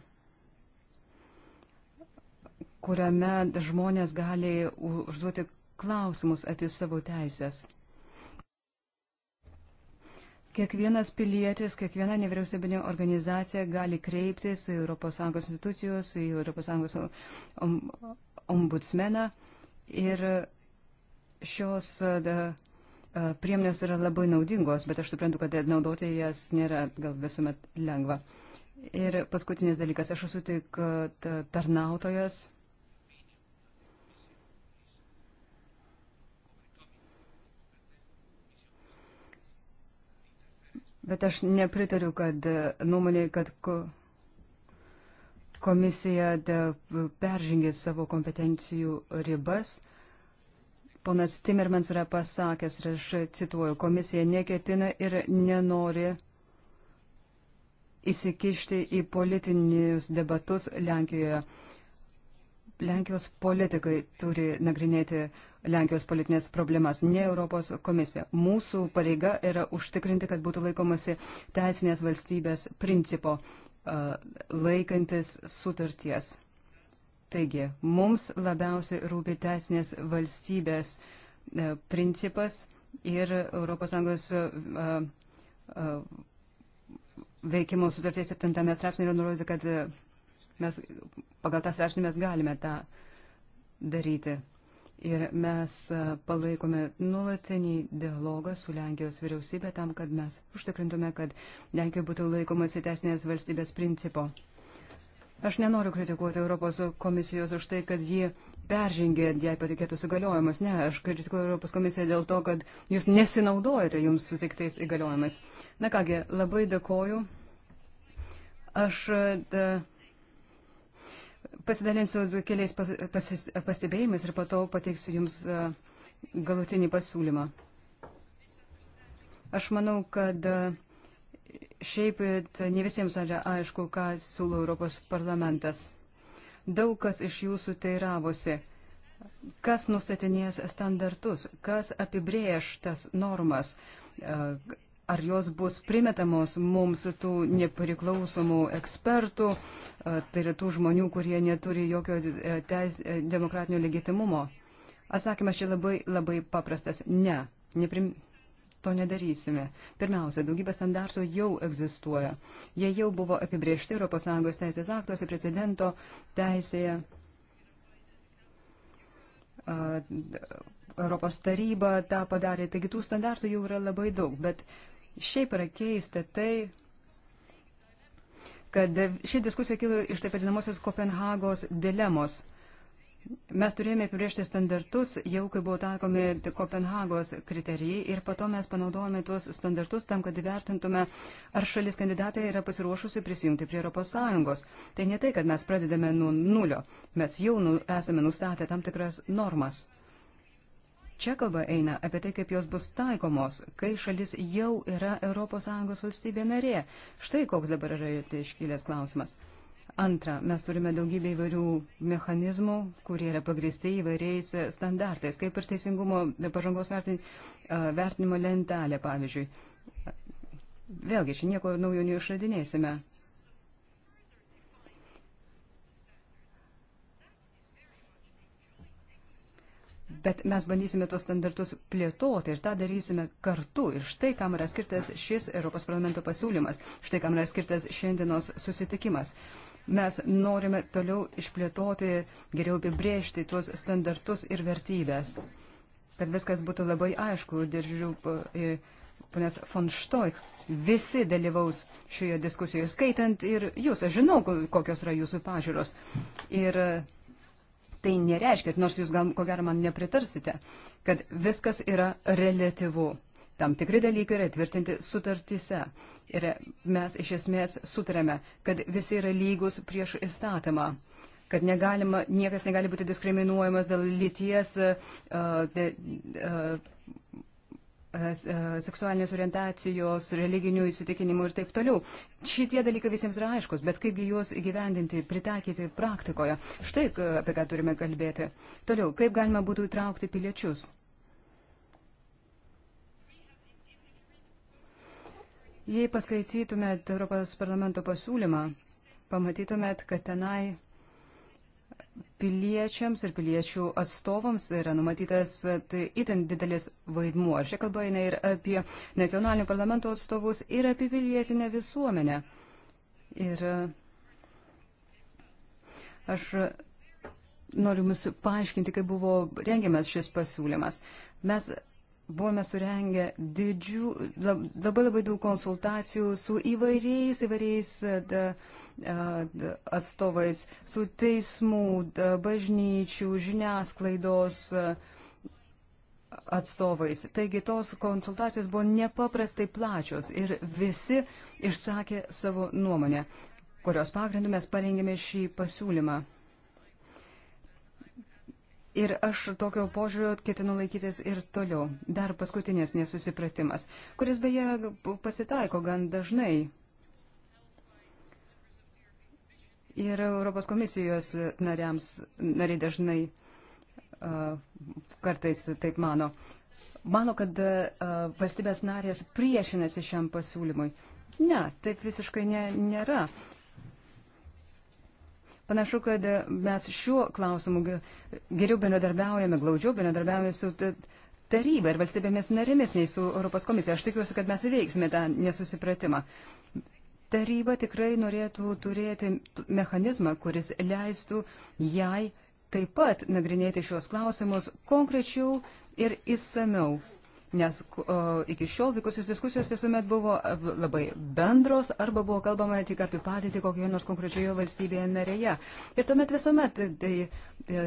kuriame žmonės gali užduoti klausimus apie savo teisės. Kiekvienas pilietis, kiekviena nevyriausybinė organizacija gali kreiptis į ES institucijos, į ES ombudsmeną ir šios priemonės yra labai naudingos, bet aš suprantu, kad naudoti jas nėra gal visuomet lengva. Ir paskutinis dalykas, aš esu tik tarnautojas. Bet aš nepritariu, kad nuomonė, kad komisija peržingė savo kompetencijų ribas. Uh, Ponas Timmermans yra pasakęs, ir aš cituoju, komisija neketina ir nenori įsikišti į politinius debatus Lenkijoje. Lenkijos politikai turi nagrinėti Lenkijos politinės problemas, ne Europos komisija. Mūsų pareiga yra užtikrinti, kad būtų laikomasi teisinės valstybės principo laikantis sutarties. Taigi, mums labiausiai rūpi teisinės valstybės e, principas ir ES e, e, veikimo sutarties 7 straipsnė yra nurodyta, kad mes pagal tą straipsnį mes galime tą daryti. Ir mes palaikome nulatinį dialogą su Lenkijos vyriausybė tam, kad mes užtikrintume, kad Lenkijoje būtų laikomasi teisinės valstybės principo. Aš nenoriu kritikuoti Europos komisijos už tai, kad ji peržengė jai patikėtus įgaliojimus. Ne, aš kritikuoju Europos komisiją dėl to, kad jūs nesinaudojate jums suteiktais įgaliojimais. Na kągi, labai dėkoju. Aš da, e, pasidalinsiu keliais pas, pas, pastebėjimais ir pato pateiksiu jums e, galutinį pasiūlymą. Aš manau, kad. A, e, Šiaip e, ne visiems yra aišku, ką siūlo Europos parlamentas. Daug kas iš jūsų teiravosi, kas nustatinės standartus, kas apibrėž tas normas, e, ar jos bus primetamos mums tų nepriklausomų ekspertų, e, tai yra tų žmonių, kurie neturi jokio teis, demokratinio legitimumo. Atsakymas čia labai, labai paprastas. Ne. Neprim, to nedarysime. Pirmiausia, daugybė standartų jau egzistuoja. Jie jau buvo apibriežti ES teisės aktuose, precedento teisėje. Europos taryba tą padarė, taigi tų standartų jau yra labai daug, bet šiaip yra keista tai, kad ši diskusija kilo iš taip vadinamosios Kopenhagos dilemos. Mes turėjome apibriežti standartus jau, kai buvo taikomi Kopenhagos kriterijai ir po to mes panaudojame tuos standartus tam, kad įvertintume, ar šalis kandidatai yra pasiruošusi prisijungti prie ES. Tai ne tai, kad mes pradedame nuo nulio, mes jau nu, esame nustatę tam tikras normas. Čia kalba eina apie tai, kaip jos bus taikomos, kai šalis jau yra ES valstybė narė. Štai koks dabar yra iškilęs klausimas. Antra, mes turime daugybę įvairių mechanizmų, kurie yra pagristi įvairiais standartais, kaip ir teisingumo pažangos vertinimo lentelė, pavyzdžiui. Vėlgi, čia nieko naujo neišradinėsime. Bet mes bandysime tos standartus plėtoti ir tą darysime kartu. Ir štai kam yra skirtas šis Europos parlamento pasiūlymas, štai kam yra skirtas šiandienos susitikimas. Uh, Mes norime toliau išplėtoti, geriau apibriežti tuos standartus ir vertybės, kad viskas būtų labai aišku. Ir žiūriu, e, ponas von Štoik, visi dalyvaus šioje diskusijoje, skaitant ir jūs. Aš žinau, kokios yra jūsų pažiūros. Ir e, tai nereiškia, nors jūs gal, ko gero man nepritarsite, kad viskas yra relativu. Tam tikri dalykai yra tvirtinti sutartyse. Ir mes iš esmės sutarėme, kad visi yra lygus prieš įstatymą kad negalima, niekas negali būti diskriminuojamas dėl lyties, e, e, de, de, e, seksualinės orientacijos, religinių įsitikinimų ir taip toliau. Šitie dalykai visiems yra aiškus, bet kaipgi juos įgyvendinti, pritaikyti praktikoje. Štai apie ką turime kalbėti. Toliau, kaip galima būtų įtraukti piliečius. Jei paskaitytumėt Europos parlamento pasiūlymą, pamatytumėt, kad tenai piliečiams ir piliečių atstovams yra numatytas tai itin didelis vaidmuo. Aš čia kalbu eina ir apie nacionalinių parlamento atstovus, ir apie pilietinę visuomenę. Ir aš noriu jums paaiškinti, kaip buvo rengiamas šis pasiūlymas. Mes buvome surengę didžių, labai labai daug konsultacijų su įvairiais, įvairiais e, da, e, da, atstovais, su teismų, da, bažnyčių, žiniasklaidos e, atstovais. Taigi tos konsultacijos buvo nepaprastai plačios ir visi išsakė savo nuomonę, kurios pagrindu mes parengėme šį pasiūlymą. Ir aš tokio požiūrio ketinu laikytis ir toliau. Dar paskutinis nesusipratimas, kuris beje pasitaiko gan dažnai. Ir Europos komisijos nariams, nariai dažnai uh, kartais taip mano. Mano, kad uh, valstybės narės priešinasi šiam pasiūlymui. Ne, taip visiškai ne, nėra. Uh, Panašu, kad mes šiuo klausimu geriau bendradarbiaujame, glaudžiau bendradarbiaujame su taryba ir valstybėmis narėmis nei su Europos komisija. Aš tikiuosi, kad mes įveiksime tą nesusipratimą. Taryba tikrai norėtų turėti mechanizmą, kuris leistų jai taip pat nagrinėti šios klausimus konkrečiau ir įsameu nes o, iki šiol vykusios diskusijos visuomet buvo labai bendros arba buvo kalbama tik apie padėtį kokioje nors konkrečioje valstybėje narėje. Ir tuomet visuomet tai, tai,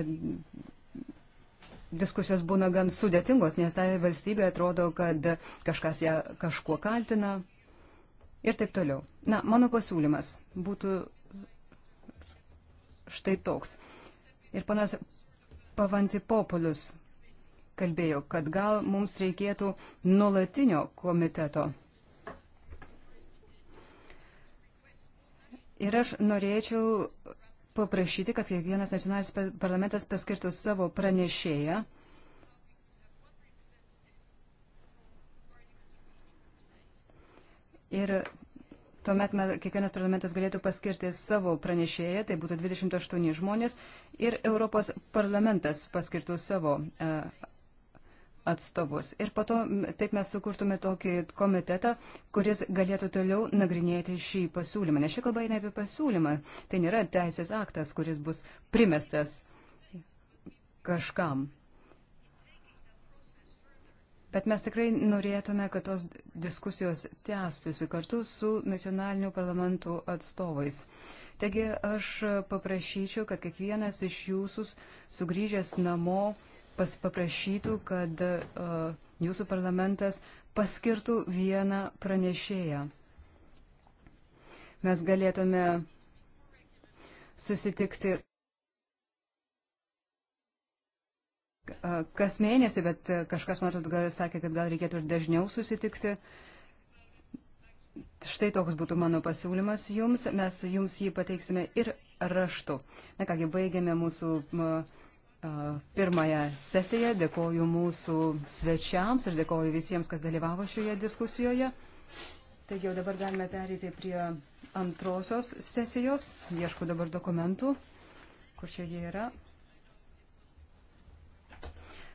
diskusijos būna gan sudėtingos, nes tai valstybė atrodo, kad kažkas ją kažkuo kaltina ir taip toliau. Na, mano pasiūlymas būtų štai toks. Ir panas Pavantipopolius kalbėjo, kad gal mums reikėtų nuolatinio komiteto. Ir aš norėčiau paprašyti, kad kiekvienas nacionalinis parlamentas paskirtų savo pranešėją. Ir tuomet kiekvienas parlamentas galėtų paskirti savo pranešėją, tai būtų 28 žmonės, ir Europos parlamentas paskirtų savo uh, atstovus. Ir po to taip mes sukurtume tokį komitetą, kuris galėtų toliau nagrinėti šį pasiūlymą. Nes čia kalba eina apie pasiūlymą. Tai nėra teisės aktas, kuris bus primestas kažkam. Bet mes tikrai norėtume, kad tos diskusijos tęstųsi kartu su nacionaliniu parlamentu atstovais. Taigi aš paprašyčiau, kad kiekvienas iš jūsų sugrįžęs namo paprašytų, kad jūsų parlamentas paskirtų vieną pranešėją. Mes galėtume susitikti kas mėnesį, bet kažkas, matot, gal, sakė, kad gal reikėtų ir dažniau susitikti. Štai toks būtų mano pasiūlymas jums, mes jums jį pateiksime ir raštu. Na kągi, baigėme mūsų uh, pirmąją sesiją. Dėkoju mūsų svečiams ir dėkoju visiems, kas dalyvavo šioje diskusijoje. Taigi jau dabar galime perėti prie antrosios sesijos. Ieškau dabar dokumentų, kur čia jie yra.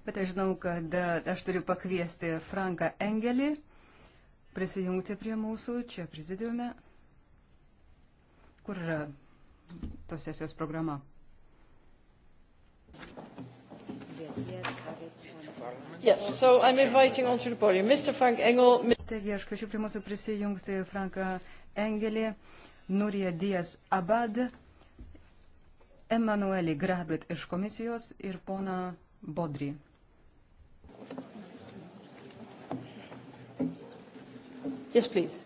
Bet aš žinau, kad aš turiu pakviesti Franką Engelį prisijungti prie mūsų čia prezidiume. Kur yra tos sesijos programa? Yes, so I'm inviting onto the podium Mr. Frank Engel. Taigi aš kviečiu prie mūsų prisijungti Franką Engelį, Nurija Dijas Abad, Emanuelį Grabit iš komisijos ir poną Bodrį. Yes, please.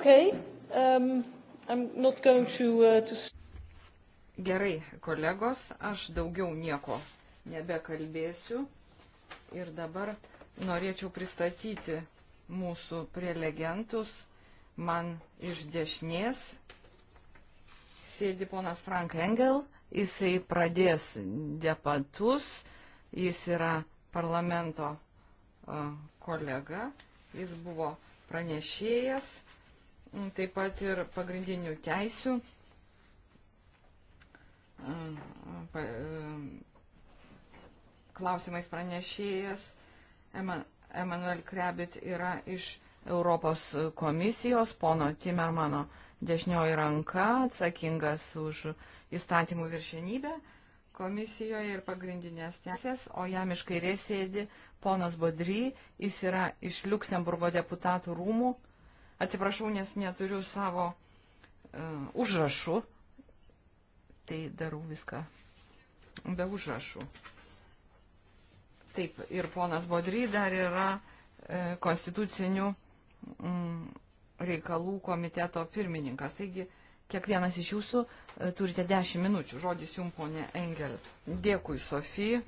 Okay. Um, I'm not going to, uh, to... Gerai, kolegos, aš daugiau nieko nebekalbėsiu. Ir dabar norėčiau pristatyti mūsų prelegentus. Man iš dešinės sėdi ponas Frank Engel, jisai pradės debatus, jis yra parlamento uh, kolega, jis buvo pranešėjas taip pat ir pagrindinių teisių klausimais pranešėjas Emanuel Krebit yra iš Europos komisijos, pono Timermano dešinioji ranka, atsakingas už įstatymų viršenybę komisijoje ir pagrindinės teisės, o jam iš kairės sėdi ponas Bodry, jis yra iš Luksemburgo deputatų rūmų Atsiprašau, nes neturiu savo uh, užrašų. Tai darau viską be užrašų. Taip, ir ponas Bodry dar yra e, konstitucinių m, mm, reikalų komiteto pirmininkas. Taigi, kiekvienas iš jūsų e, turite 10 minučių. Žodis jums, ponė Engel. Dėkui, Sofija.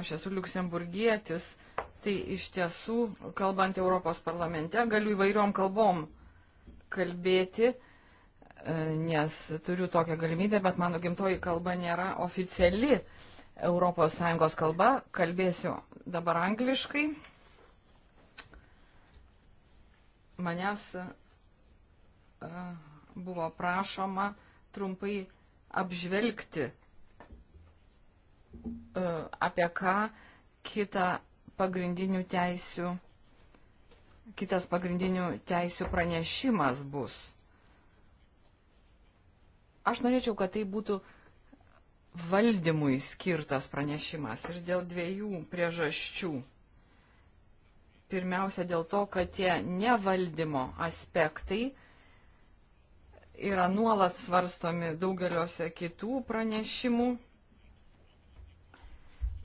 Aš esu liuksemburgietis tai iš tiesų, kalbant Europos parlamente, galiu įvairiom kalbom kalbėti, e, nes turiu tokią galimybę, bet mano gimtoji kalba nėra oficiali ES kalba. Kalbėsiu dabar angliškai. Manęs e, buvo prašoma trumpai apžvelgti, e, apie ką kitą pagrindinių teisių, kitas pagrindinių teisių pranešimas bus. Aš norėčiau, kad tai būtų valdymui skirtas pranešimas ir dėl dviejų priežasčių. Pirmiausia, dėl to, kad tie nevaldymo aspektai yra nuolat svarstomi daugeliuose kitų pranešimų.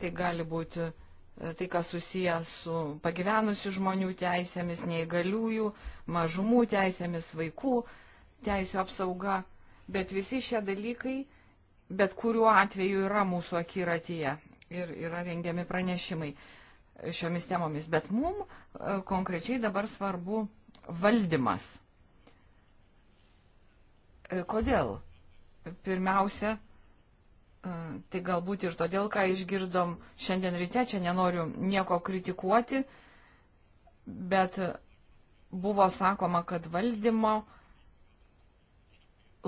Tai gali būti tai, kas susijęs su pagyvenusių žmonių teisėmis, neįgaliųjų, mažumų teisėmis, vaikų teisų apsauga. Bet visi šie dalykai, bet kuriuo atveju yra mūsų akiratyje ir yra rengiami pranešimai šiomis temomis. Bet mum e, konkrečiai dabar svarbu valdymas. E, kodėl? Pirmiausia, E, tai galbūt ir todėl, ką išgirdom šiandien ryte, čia nenoriu nieko kritikuoti, bet buvo sakoma, kad valdymo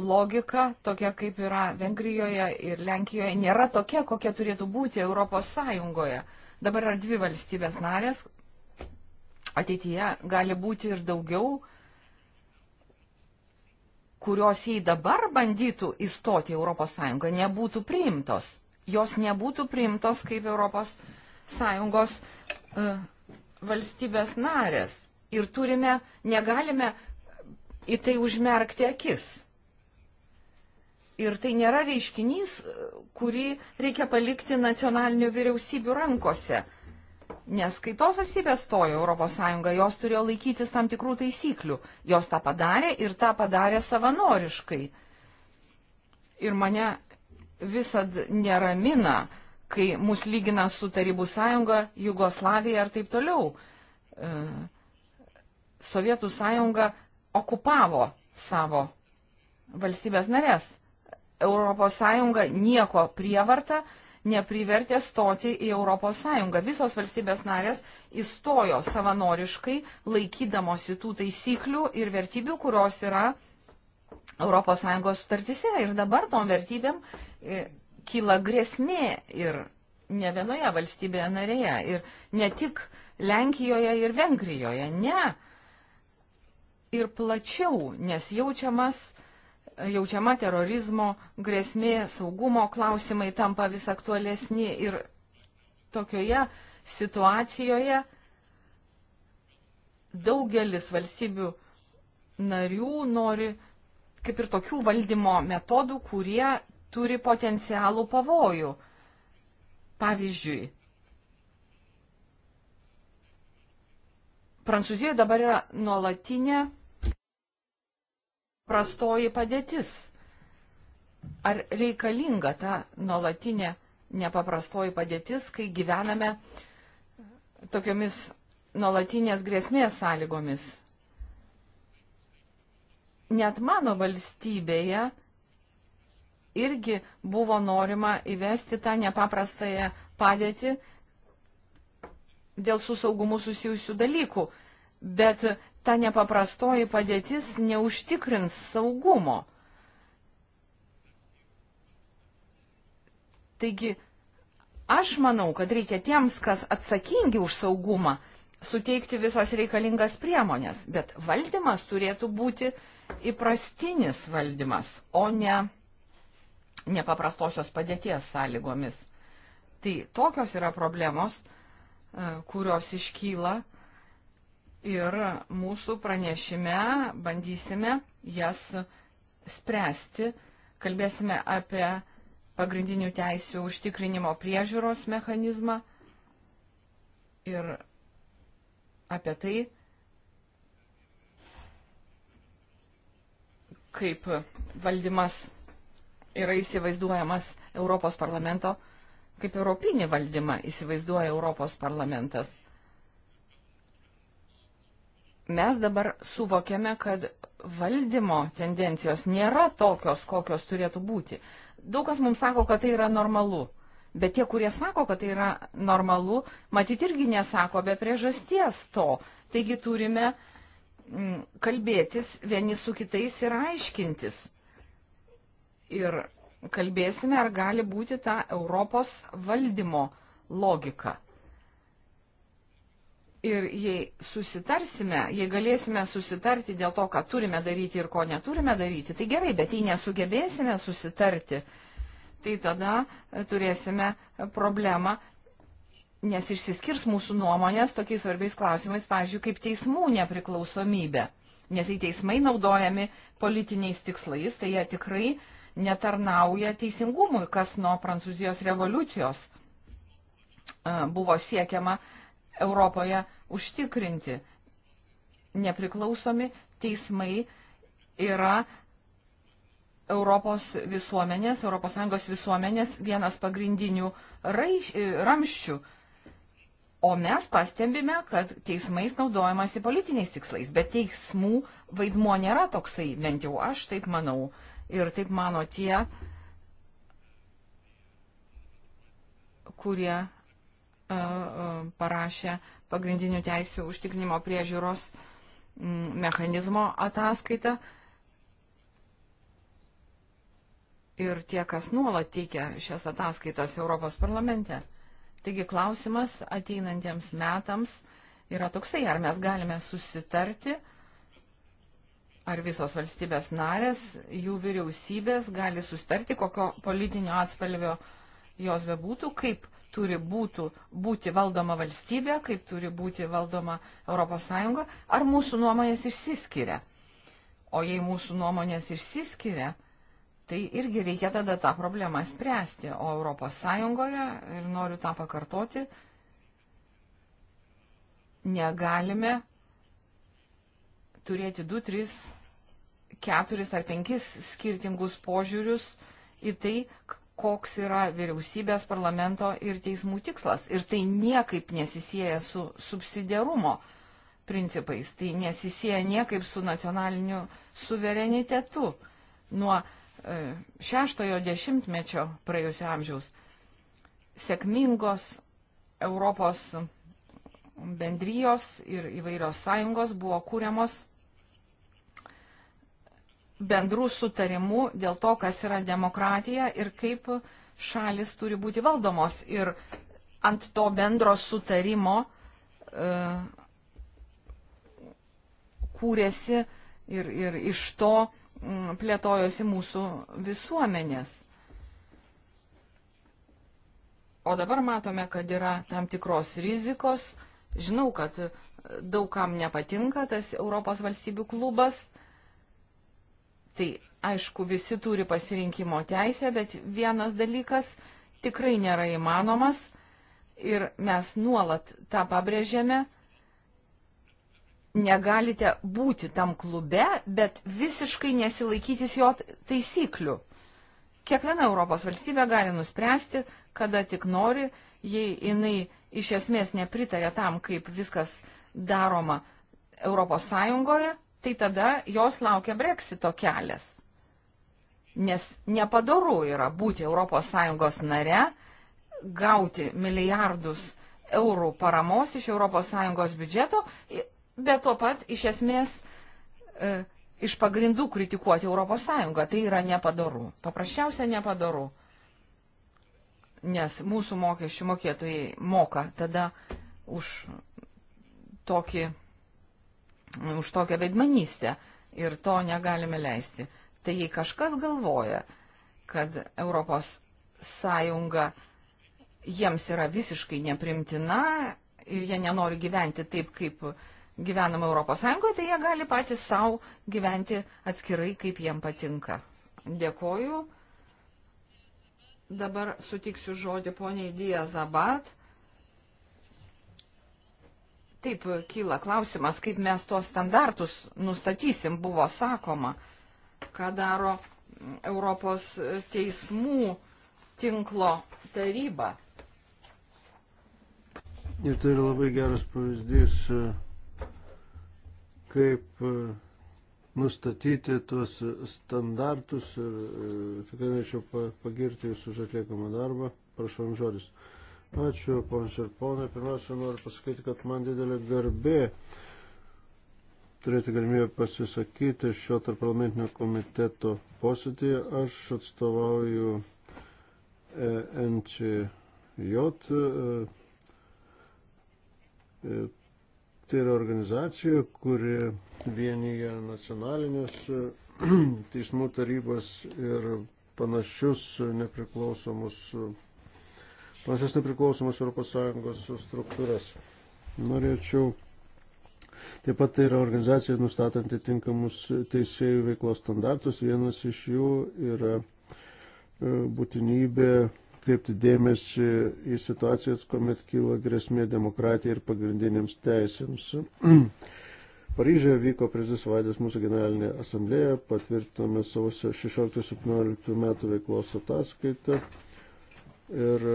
logika, tokia kaip yra Vengrijoje ir Lenkijoje, nėra tokia, kokia turėtų būti Europos Sąjungoje. Dabar yra dvi valstybės narės, ateityje gali būti ir daugiau kurios jei dabar bandytų įstoti į ES, nebūtų priimtos. Jos nebūtų priimtos kaip ES e, valstybės narės. Ir turime, negalime į tai užmerkti akis. Ir tai nėra reiškinys, kurį reikia palikti nacionalinių vyriausybių rankose. Nes kai tos valstybės stojo Europos Sąjungą, jos turėjo laikytis tam tikrų taisyklių. Jos tą padarė ir tą padarė savanoriškai. Ir mane visad neramina, kai mus lygina su Tarybų Sąjunga, Jugoslavija ir taip toliau. E, Sovietų Sąjunga okupavo savo valstybės narės. Europos Sąjunga nieko prievarta, uh, neprivertė stoti į ES. Visos valstybės narės įstojo savanoriškai, laikydamosi tų taisyklių ir vertybių, kurios yra ES sutartise. Ir dabar tom vertybėm e, kyla grėsmė ir ne vienoje valstybėje narėje. Ir ne tik Lenkijoje ir Vengrijoje, ne. Ir plačiau, nes jaučiamas jaučiama terorizmo grėsmė, saugumo klausimai tampa vis aktualesni ir tokioje situacijoje daugelis valstybių narių nori kaip ir tokių valdymo metodų, kurie turi potencialų pavojų. Pavyzdžiui, Prancūzijoje dabar yra nuolatinė prastoji padėtis. Ar reikalinga ta nuolatinė nepaprastoji padėtis, kai gyvename tokiomis nuolatinės grėsmės sąlygomis? Net mano valstybėje irgi buvo norima įvesti tą nepaprastąją padėtį dėl su saugumu susijusių dalykų. Bet ta nepaprastoji padėtis neužtikrins saugumo. Taigi, aš manau, kad reikia tiems, kas atsakingi už saugumą, suteikti visas reikalingas priemonės, bet valdymas turėtų būti įprastinis valdymas, o ne nepaprastosios padėties sąlygomis. Tai tokios yra problemos, e, kurios iškyla ir mūsų pranešime bandysime jas spręsti. Kalbėsime apie pagrindinių teisių užtikrinimo priežiūros mechanizmą ir apie tai, kaip valdymas yra įsivaizduojamas Europos parlamento, kaip europinį valdymą įsivaizduoja Europos parlamentas mes dabar suvokiame, kad valdymo tendencijos nėra tokios, kokios turėtų būti. Daug kas mums sako, kad tai yra normalu. Bet tie, kurie sako, kad tai yra normalu, matyt irgi nesako be priežasties to. Taigi turime mm, kalbėtis vieni su kitais ir aiškintis. Ir kalbėsime, ar gali būti ta Europos valdymo logika. Ir jei susitarsime, jei galėsime susitarti dėl to, ką turime daryti ir ko neturime daryti, tai gerai, bet jei nesugebėsime susitarti, tai tada e, turėsime e, problemą, nes išsiskirs mūsų nuomonės tokiais svarbiais klausimais, pavyzdžiui, kaip teismų nepriklausomybė. Nes jei teismai naudojami politiniais tikslais, tai jie tikrai netarnauja teisingumui, kas nuo Prancūzijos revoliucijos e, buvo siekiama uh, Europoje užtikrinti. Nepriklausomi teismai yra Europos visuomenės, ES visuomenės vienas pagrindinių raiš, e, ramščių. O mes pastebime, kad teismais naudojamasi politiniais tikslais, bet teismų vaidmuo nėra toksai, bent jau aš taip manau. Ir taip mano tie, kurie parašė pagrindinių teisų užtikrinimo priežiūros mm, mechanizmo ataskaitą. Ir tie, kas nuolat teikia šias ataskaitas Europos parlamente. Taigi klausimas ateinantiems metams yra toksai, ar mes galime susitarti, ar visos valstybės narės, jų vyriausybės gali susitarti, kokio politinio atspalvio jos bebūtų, kaip uh, turi būtų, būti valdoma valstybė, kaip turi būti valdoma ES, ar mūsų nuomonės išsiskiria. O jei mūsų nuomonės išsiskiria, tai irgi reikia tada tą problemą spręsti. O ES, ir noriu tą pakartoti, negalime turėti 2, 3, 4 ar 5 skirtingus požiūrius į tai, koks yra vyriausybės, parlamento ir teismų tikslas. Ir tai niekaip nesisėja su subsidiarumo principais, tai nesisėja niekaip su nacionaliniu suverenitetu. Nuo e, šeštojo dešimtmečio praėjusio amžiaus sėkmingos Europos bendrijos ir įvairios sąjungos buvo kūriamos bendrų sutarimų dėl to, kas yra demokratija ir kaip šalis turi būti valdomos. Ir ant to bendro sutarimo uh, kūrėsi ir, ir iš to um, plėtojosi mūsų visuomenės. O dabar matome, kad yra tam tikros rizikos. Žinau, kad daug kam nepatinka tas Europos valstybių klubas, Tai aišku, visi turi pasirinkimo teisę, bet vienas dalykas tikrai nėra įmanomas ir mes nuolat tą pabrėžiame. Negalite būti tam klube, bet visiškai nesilaikytis jo taisyklių. Kiekviena Europos valstybė gali nuspręsti, kada tik nori, jei jinai iš esmės nepritarė tam, kaip viskas daroma Europos Sąjungoje, tai tada jos laukia breksito kelias. Nes nepadoru yra būti ES nare, gauti milijardus eurų paramos iš ES biudžeto, bet tuo pat iš esmės e, iš pagrindų kritikuoti ES. Tai yra nepadoru. Paprasčiausia nepadoru. Nes mūsų mokesčių mokėtojai moka tada už tokį už tokią veidmanystę ir to negalime leisti. Tai jei kažkas galvoja, kad Europos Sąjunga jiems yra visiškai neprimtina ir jie nenori gyventi taip, kaip gyvenama Europos Sąjungoje, tai jie gali patys savo gyventi atskirai, kaip jiem patinka. Dėkoju. Dabar sutiksiu žodį poniai Dija Zabat Taip kyla klausimas, kaip mes tuos standartus nustatysim, buvo sakoma, ką daro Europos teismų tinklo taryba. Ir tai yra labai geras pavyzdys, kaip e, nustatyti tuos standartus ir e, tikrai norėčiau pagirti jūs už atliekamą darbą. Prašom žodis. Uh, Ačiū, ponas ir ponai. Pirmiausia, noriu pasakyti, kad man didelė garbė turėti galimybę pasisakyti šio tarparlamentinio komiteto posėdėje. Aš atstovauju e, NCJ. E, e, tai yra organizacija, kuri vienyje nacionalinės teismų tarybas ir panašius nepriklausomus plačias nepriklausomas ES struktūras. Norėčiau. Taip pat tai yra organizacija nustatanti tinkamus teisėjų veiklos standartus. Vienas iš jų yra e, būtinybė kreipti dėmesį į situacijas, kuomet kyla grėsmė demokratijai ir pagrindinėms teisėms. Paryžioje vyko prezidis Vaidės mūsų generalinė asamblėja, patvirtinome savo 16-17 metų veiklos ataskaitą ir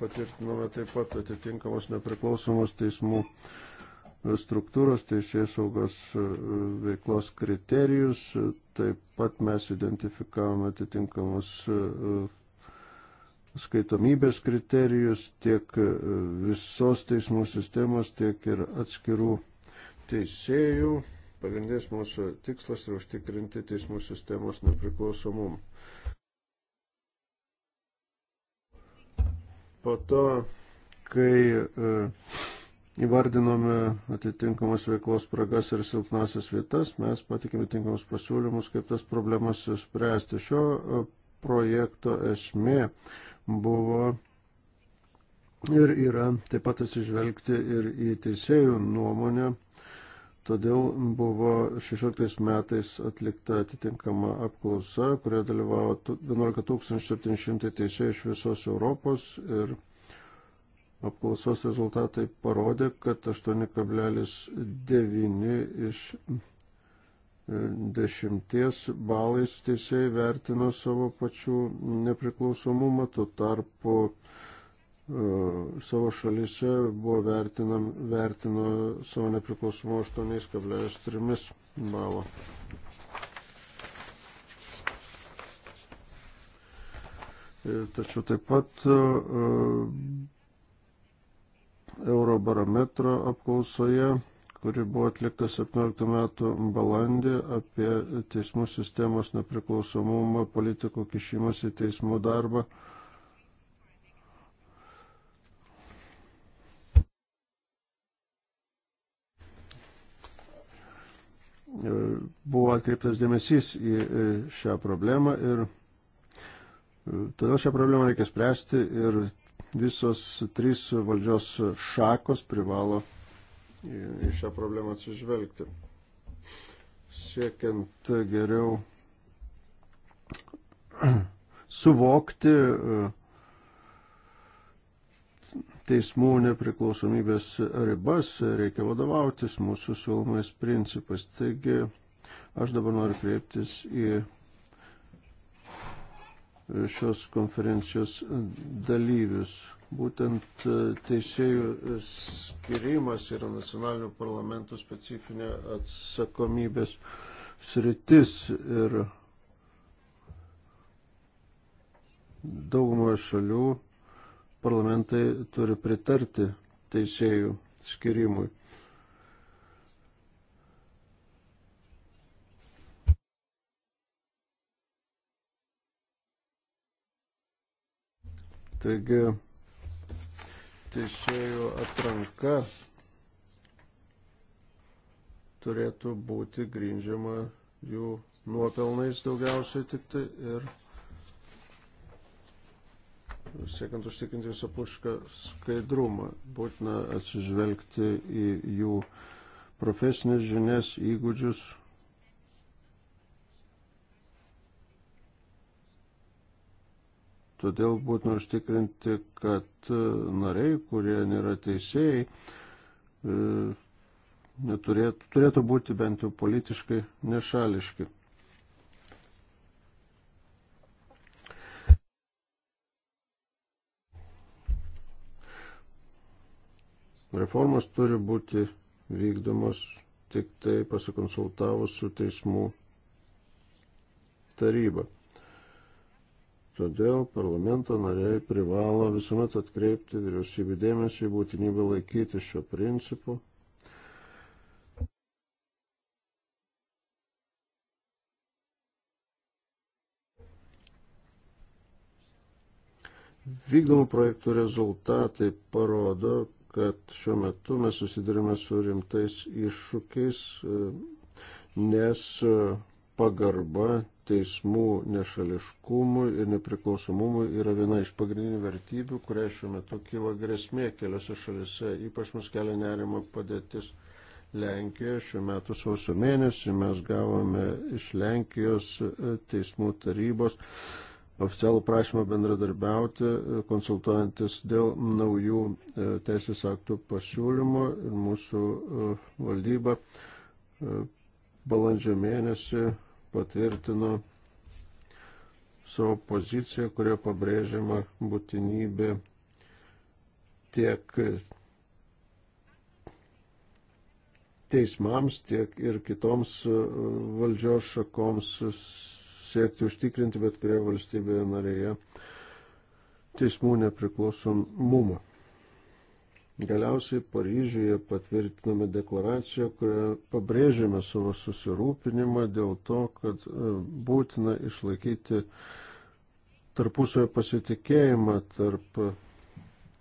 patvirtinome taip pat atitinkamos nepriklausomos teismų e, struktūros, teisės saugos e, veiklos kriterijus. Taip pat mes identifikavome atitinkamus e, skaitomybės kriterijus tiek visos teismų sistemos, tiek ir atskirų teisėjų. Pagrindinis mūsų tikslas yra užtikrinti teismų sistemos nepriklausomumą. Po to, kai e, įvardinome atitinkamas veiklos spragas ir silpnasias vietas, mes patikėme tinkamus pasiūlymus, kaip tas problemas spręsti. Šio e, projekto esmė buvo ir yra taip pat atsižvelgti ir į teisėjų nuomonę Todėl buvo 16 metais atlikta atitinkama apklausa, kurioje dalyvavo 11 700 teisėjų iš visos Europos ir apklausos rezultatai parodė, kad 8,9 iš 10 e, balais teisėjai vertino savo pačių nepriklausomumą, tuo tarpu E, savo šalyse buvo vertinam, vertino savo nepriklausomą 8,3 balo. E, tačiau taip pat e, Eurobarometro apklausoje, kuri buvo atlikta 17 metų balandį apie teismų sistemos nepriklausomumą, politikų kišimas į teismų darbą, E, buvo atkreiptas dėmesys į e, šią problemą ir e, todėl šią problemą reikia spręsti ir visos trys valdžios šakos privalo į šią problemą atsižvelgti. Siekiant geriau suvokti, teismų nepriklausomybės ribas, reikia vadovautis mūsų siūlomais principais. Taigi aš dabar noriu kreiptis į šios konferencijos dalyvius. Būtent teisėjų skirimas yra nacionalinių parlamentų specifinė atsakomybės sritis ir daugumoje šalių parlamentai turi pritarti teisėjų skirimui. Taigi teisėjų atranka turėtų būti grindžiama jų nuopelnais daugiausiai tik tai ir siekiant užtikrinti visapušką skaidrumą, būtina atsižvelgti į jų profesinės žinias, įgūdžius. Todėl būtina užtikrinti, kad e, nariai, kurie nėra teisėjai, e, neturėtų, turėtų būti bent jau politiškai nešališki. Reformos turi būti vykdomos tik tai pasikonsultavus su teismų taryba. Todėl parlamento nariai privalo visuomet atkreipti vyriausybį dėmesį į būtinybę laikyti šio principu. Vykdomų projektų rezultatai parodo, kad šiuo metu mes susidurime su rimtais iššūkiais, e, nes e, pagarba teismų nešališkumui ir nepriklausomumui yra viena iš pagrindinių vertybių, kuria šiuo metu kyla grėsmė keliose šalise. Ypač mus kelia nerima padėtis Lenkijoje. Šiuo metu sausio mėnesį mes gavome iš Lenkijos e, teismų tarybos oficialų prašymą bendradarbiauti, e, konsultuojantis dėl naujų e, teisės aktų pasiūlymų ir mūsų e, valdyba balandžio mėnesį patvirtino savo poziciją, kurioje pabrėžiama būtinybė tiek teismams, tiek ir kitoms valdžios šakoms siekti užtikrinti bet kurioje valstybėje narėje teismų nepriklausomumą. Galiausiai Paryžiuje patvirtiname deklaraciją, kurioje pabrėžėme savo susirūpinimą dėl to, kad e, būtina išlaikyti tarpusavio pasitikėjimą tarp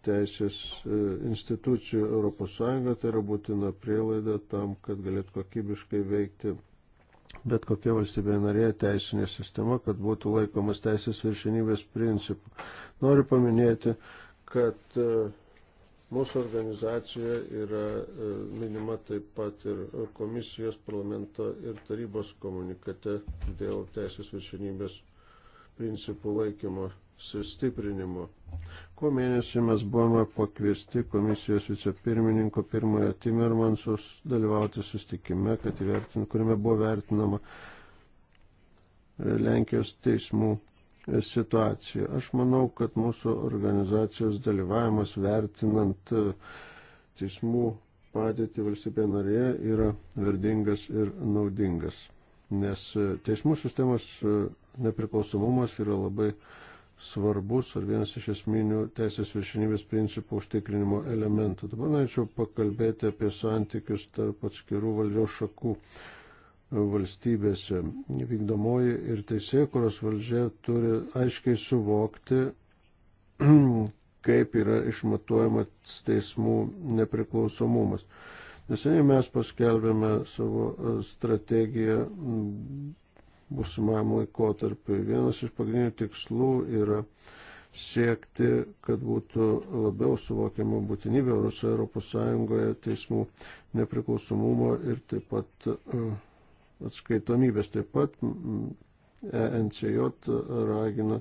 teisės e, institucijų ES, tai yra būtina prielaida tam, kad galėtų kokybiškai veikti bet kokia valstybė narė teisinė sistema, kad būtų laikomas teisės viršinybės principų. Noriu paminėti, kad e, mūsų organizacija yra e, minima taip pat ir komisijos, parlamento ir tarybos komunikate dėl teisės viršinybės principų laikymo sustiprinimo. Ko mėnesį mes buvome pakviesti komisijos vicepirmininko pirmojo Timermansos dalyvauti sustikime, kad įvertin, kuriame buvo vertinama e, Lenkijos teismų e, situacija. Aš manau, kad mūsų organizacijos dalyvavimas vertinant e, teismų padėti valstybė narėje yra verdingas ir naudingas. Nes teismų sistemos nepriklausomumas yra labai uh, svarbus ar vienas iš esminių teisės viršinybės principų užtikrinimo elementų. Dabar norėčiau pakalbėti apie santykius tarp atskirų valdžios šakų e, valstybėse. Vykdomoji ir teisėkuros valdžia turi aiškiai suvokti, kaip yra išmatuojamas teismų nepriklausomumas. Neseniai mes paskelbėme savo e, strategiją būsimajam laikotarpiu. Vienas iš pagrindinių tikslų yra siekti, kad būtų labiau suvokiama būtinybė Rusijoje, Europos Sąjungoje teismų nepriklausomumo ir taip pat uh, atskaitomybės. Taip pat mm, ENCJ ragina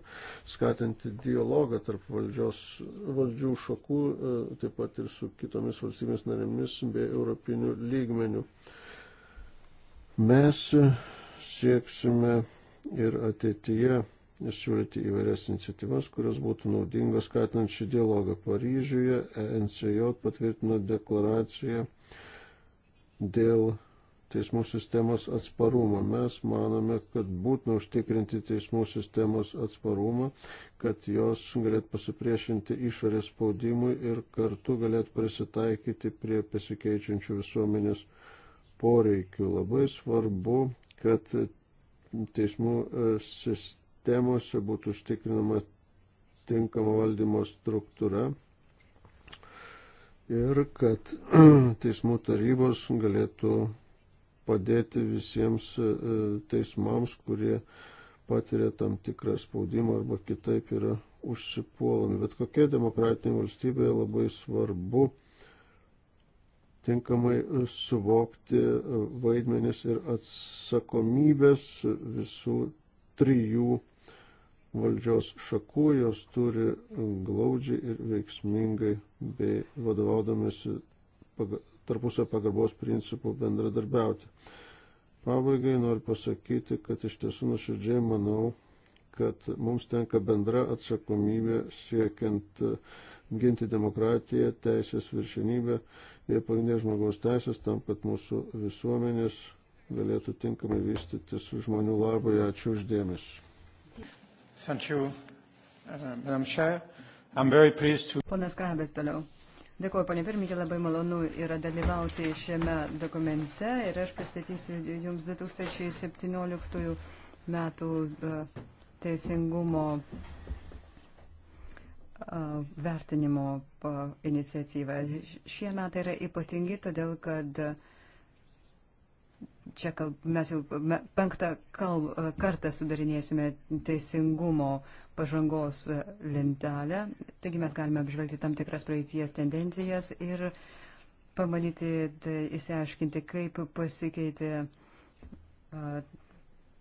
skatinti dialogą tarp valdžios, valdžių šakų, uh, taip pat ir su kitomis valstybės narėmis bei europinių lygmenių. Mes uh, sieksime ir ateityje siūlyti įvairias iniciatyvas, kurios būtų naudingos skatinant šį dialogą. Paryžiuje ENCJ patvirtino deklaraciją dėl teismų sistemos atsparumą. Mes manome, kad būtina užtikrinti teismų sistemos atsparumą, kad jos galėtų pasipriešinti išorės spaudimui ir kartu galėtų prisitaikyti prie pasikeičiančių visuomenės poreikių. Labai svarbu kad e, teismų e, sistemose būtų užtikrinama tinkama valdymo struktūra ir kad teismų tarybos galėtų padėti visiems e, teismams, kurie patiria tam tikrą spaudimą arba kitaip yra užsipuolami. Bet kokia demokratinė valstybė labai svarbu tinkamai suvokti vaidmenis ir atsakomybės visų trijų valdžios šakų, jos turi glaudžiai ir veiksmingai bei vadovaudomėsi tarpusio pagarbos principų bendradarbiauti. Pabaigai noriu pasakyti, kad iš tiesų nuoširdžiai manau, kad mums tenka bendra atsakomybė siekiant uh, ginti demokratiją, teisės viršinybę ir pagrindinės žmogaus teisės tam, kad mūsų visuomenės galėtų tinkamai vystytis žmonių labai. Ačiū uždėmesi. Uh, to... Ponas Krabek toliau. Dėkuoju, ponė pirmininkė, labai malonu yra dalyvauti šiame dokumente ir aš pristatysiu Jums 2017 metų uh, teisingumo vertinimo iniciatyvą. Šie metai yra ypatingi, todėl kad čia kalb, mes jau penktą kalb, kartą sudarinėsime teisingumo pažangos lentelę, taigi mes galime apžvelgti tam tikras praeities tendencijas ir pamanyti, tai, įsiaiškinti, kaip pasikeitė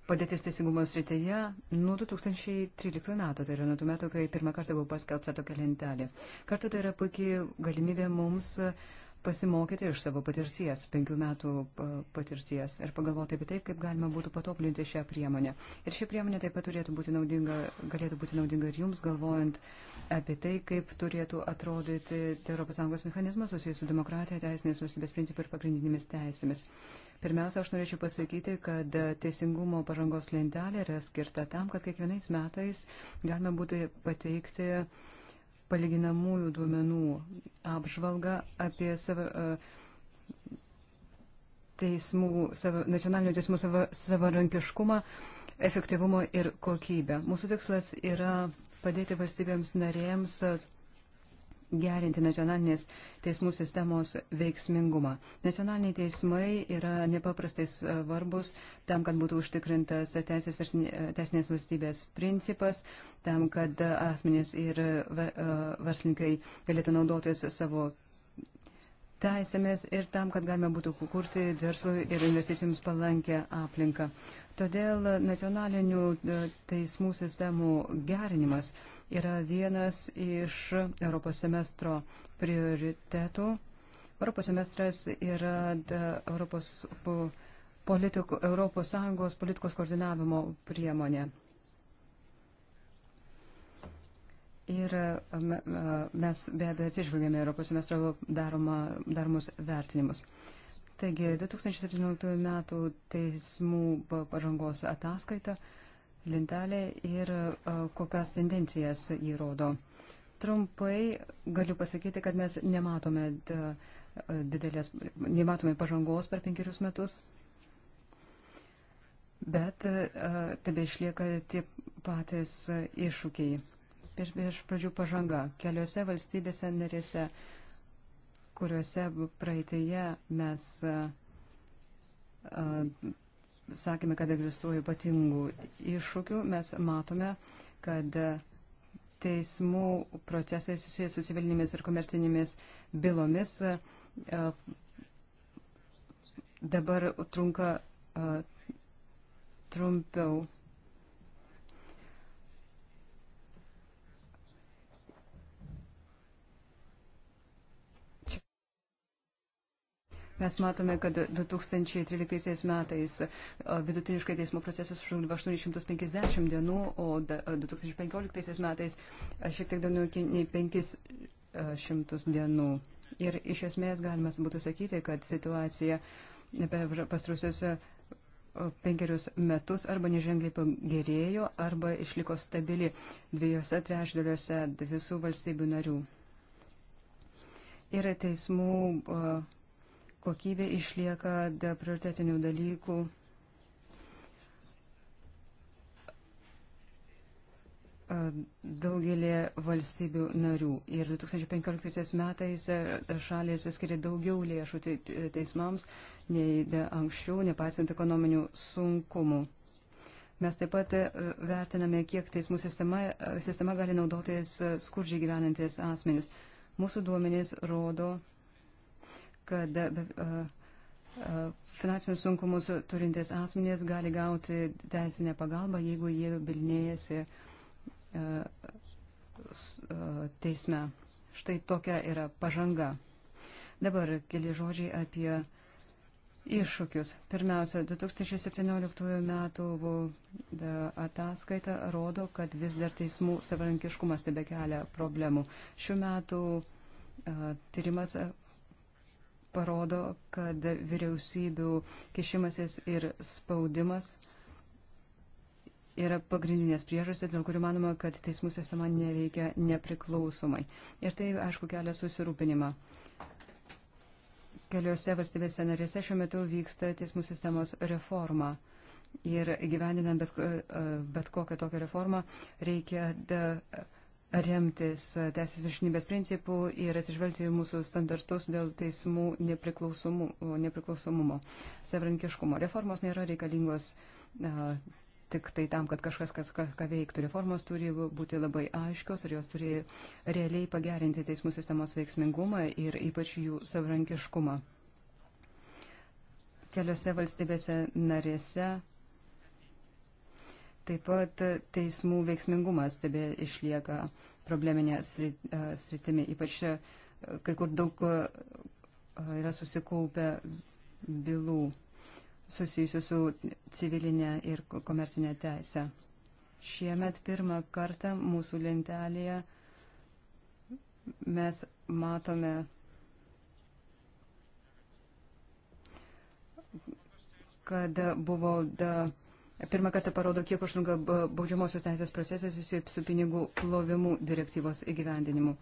padėtis teisingumo srityje nuo 2013 metų, tai yra nuo tų metų, kai pirmą kartą buvo paskelbta tokia lentelė. Kartu tai yra puikiai galimybė mums uh, pasimokyti iš savo patirties, penkių metų patirties ir pagalvoti apie tai, kaip galima būtų patoblinti šią priemonę. Ir ši priemonė taip pat turėtų būti naudinga, galėtų būti naudinga ir jums, galvojant apie tai, kaip turėtų atrodyti ES mechanizmas susijęs su demokratija, teisinės valstybės principai ir pagrindinėmis teisėmis. Pirmiausia, aš norėčiau pasakyti, kad teisingumo pažangos lentelė yra skirta tam, kad kiekvienais metais galime būtų pateikti palyginamųjų duomenų apžvalgą apie savo, e, teismų, savo, nacionalinių teismų savo, savarankiškumą, efektyvumą ir kokybę. Mūsų tikslas yra padėti valstybėms narėms gerinti nacionalinės teismų sistemos veiksmingumą. Nacionaliniai teismai yra nepaprastai svarbus tam, kad būtų užtikrintas teisės, teisinės valstybės principas, tam, kad asmenys ir e, verslininkai galėtų naudotis savo teisėmis ir tam, kad galima būtų kurti verslui ir investicijoms palankę aplinką. Todėl nacionalinių e, teismų sistemų gerinimas yra vienas iš Europos semestro prioritetų. Europos semestras yra Europos, politiko, Europos Sąjungos politikos koordinavimo priemonė. Ir mes be abejo atsižvelgėme Europos semestro daroma, daromus vertinimus. Taigi, 2017 m. teismų pažangos ataskaita lentelė ir kokias tendencijas jį rodo. Trumpai galiu pasakyti, kad mes nematome didelės, nematome pažangos per penkerius metus, bet tebe išlieka tie patys iššūkiai. Prieš, prieš pradžių pažanga keliose valstybėse narėse, kuriuose praeitėje mes sakėme, kad egzistuoja ypatingų iššūkių, mes matome, kad teismų procesai susijęs su civilinėmis ir komercinėmis bylomis e, dabar trunka e, trumpiau Mes matome, kad 2013 metais vidutiniškai teismo procesas užtrunka 850 dienų, o 2015 metais šiek tiek daugiau nei 500 dienų. Ir iš esmės galima būtų sakyti, kad situacija per pastrusius penkerius metus arba neženkliai pagerėjo, arba išliko stabili dviejose trešdaliuose visų valstybių narių. Ir teismų uh, kokybė išlieka prioritetinių dalykų. daugelį valstybių narių. Ir 2015 metais e, šalės skiria daugiau lėšų teismams nei anksčiau, nepaisant ekonominių sunkumų. Mes taip pat e, vertiname, kiek teismų sistema, e, sistema gali naudotis skurdžiai gyvenantis asmenys. Mūsų duomenys rodo, kad e, e, e, finansinius sunkumus turintys asmenys gali gauti teisinę pagalbą, jeigu jie bilinėjasi teisme. Štai tokia yra pažanga. Dabar keli žodžiai apie iššūkius. Pirmiausia, 2017 metų ataskaita rodo, kad vis dar teismų savarankiškumas tebe kelia problemų. Šiuo metu tyrimas parodo, kad vyriausybių kišimasis ir spaudimas yra pagrindinės priežastys, dėl kurių manoma, kad teismų sistema neveikia nepriklausomai. Ir tai, aišku, kelia susirūpinimą. Keliuose valstybėse narėse šiuo metu vyksta teismų sistemos reforma. Ir gyveninant bet, bet kokią tokią reformą reikia da, remtis teisės viršinybės principų ir atsižvelgti į mūsų standartus dėl teismų nepriklausomumo, savrankiškumo. Reformos nėra reikalingos a, tik tai tam, kad kažkas kas, kas, ką veiktų. Reformos turi būti labai aiškios ir jos turi realiai pagerinti teismų sistemos veiksmingumą ir ypač jų savrankiškumą. Keliose valstybėse narėse Taip pat teismų veiksmingumas tebe išlieka probleminė sritimi, ypač kai kur daug yra susikaupę bylų susijusių su civilinė ir komercinė teisė. Šiemet pirmą kartą mūsų lentelėje mes matome kad buvo da, Pirmą kartą parodo, kiek užtrunka baudžiamosios teisės procesas susijęs su pinigų plovimu direktyvos įgyvendinimu.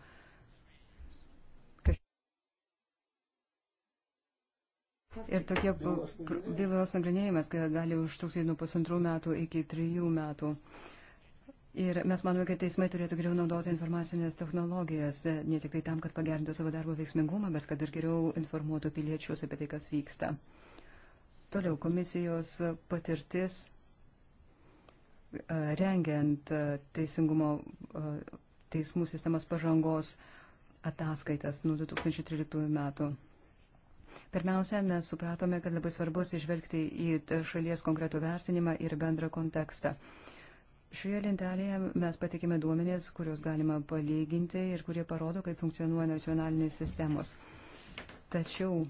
Ir tokie bylos nagrinėjimas gali užtrukti nuo pusantrų metų iki trijų metų. Ir mes manome, kad teismai turėtų geriau naudoti informacinės technologijas, ne tik tai tam, kad pagerintų savo darbo veiksmingumą, bet kad ir geriau informuotų piliečius apie tai, kas vyksta. Toliau komisijos patirtis rengiant teisingumo teismų sistemos pažangos ataskaitas nuo 2013 metų. Pirmiausia, mes supratome, kad labai svarbu atsižvelgti į šalies konkretų vertinimą ir bendrą kontekstą. Šioje lentelėje mes patikime duomenės, kuriuos galima palyginti ir kurie parodo, kaip funkcionuoja nacionalinės sistemos. Tačiau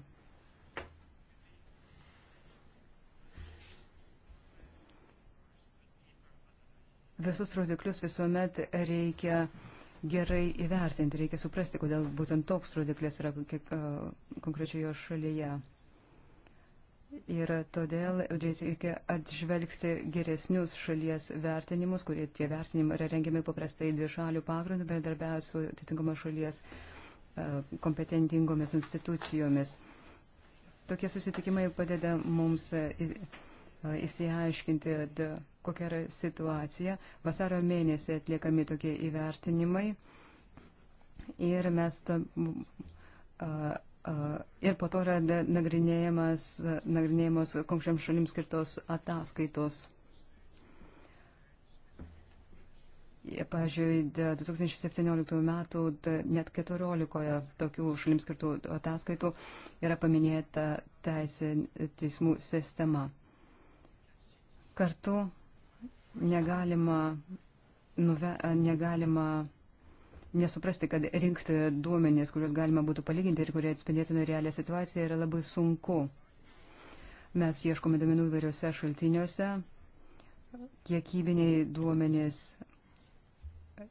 visus rodiklius visuomet reikia gerai įvertinti, reikia suprasti, kodėl būtent toks rodiklis yra kiek, uh, konkrečioje šalyje. Ir todėl reikia atžvelgti geresnius šalies vertinimus, kurie tie vertinimai yra rengiami paprastai dvi šalių pagrindų, bendarbiavęs su atitinkama šalies uh, kompetentingomis institucijomis. Tokie susitikimai padeda mums uh, įsiaiškinti kokia yra situacija. Vasario mėnesį atliekami tokie įvertinimai ir mes to, a, a, ir po to yra nagrinėjamas, nagrinėjamos konkrečiam šalims skirtos ataskaitos. Pavyzdžiui, 2017 metų net 14 tokių šalims skirtų ataskaitų yra paminėta teisė teismų sistema. Kartu negalima, nuve, negalima nesuprasti, kad rinkti duomenys, kuriuos galima būtų palyginti ir kurie atspindėtų realią situaciją, yra labai sunku. Mes ieškome duomenų įvairiuose šaltiniuose, kiekybiniai duomenys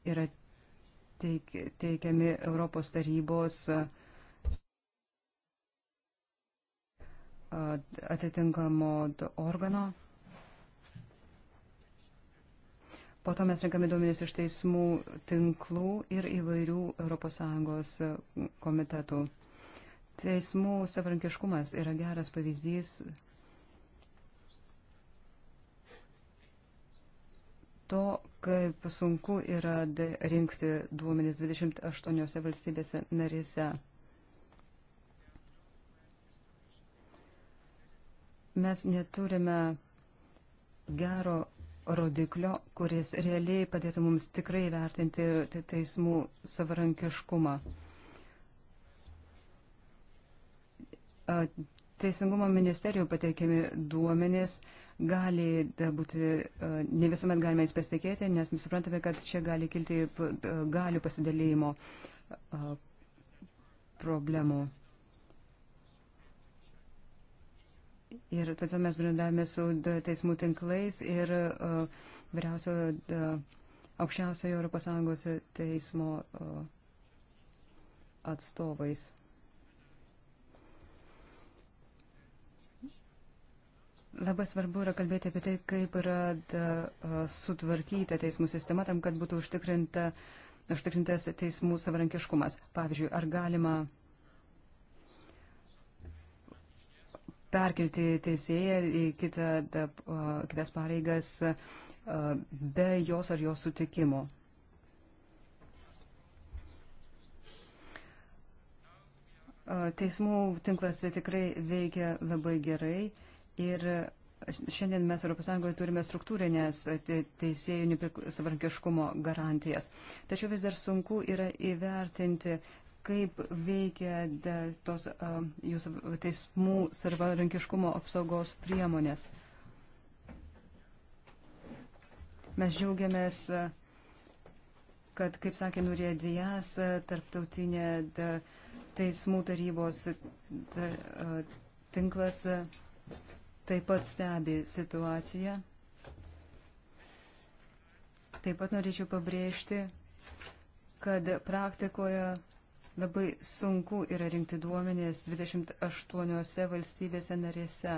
yra teik, teikiami Europos tarybos atitinkamo organo Po to mes renkame duomenys iš teismų tinklų ir įvairių ES e, komitetų. Teismų savarankiškumas yra geras pavyzdys to, kaip sunku yra rinkti duomenys 28 valstybėse narise. Mes neturime gero rodiklio, kuris realiai padėtų mums tikrai vertinti teismų savarankiškumą. Teisingumo ministerijų pateikiami duomenys gali e, būti, e, ne visuomet galime jais pasitikėti, nes mes suprantame, kad čia gali kilti galių pasidalymo problemų. Ir todėl mes brindavome su teismų tinklais ir uh, vyriausio uh, aukščiausiojo ES teismo uh, atstovais. Labai svarbu yra kalbėti apie tai, kaip yra da, e, sutvarkyta teismų sistema tam, kad būtų užtikrinta, užtikrintas teismų savarankiškumas. Pavyzdžiui, ar galima uh, perkelti teisėją į kitą, da, kitas pareigas be jos ar jos sutikimo. Teismų tinklas tikrai veikia labai gerai ir šiandien mes ES turime struktūrinės teisėjų savarankiškumo garantijas. Tačiau vis dar sunku yra įvertinti, kaip veikia da, tos uh, jūsų teismų savarankiškumo apsaugos priemonės. Mes džiaugiamės, kad, kaip sakė Nurė Dijas, tarptautinė da, teismų tarybos da, tinklas taip pat stebi situaciją. Taip pat norėčiau pabrėžti, kad praktikoje Labai sunku yra rinkti duomenės 28 valstybėse narėse.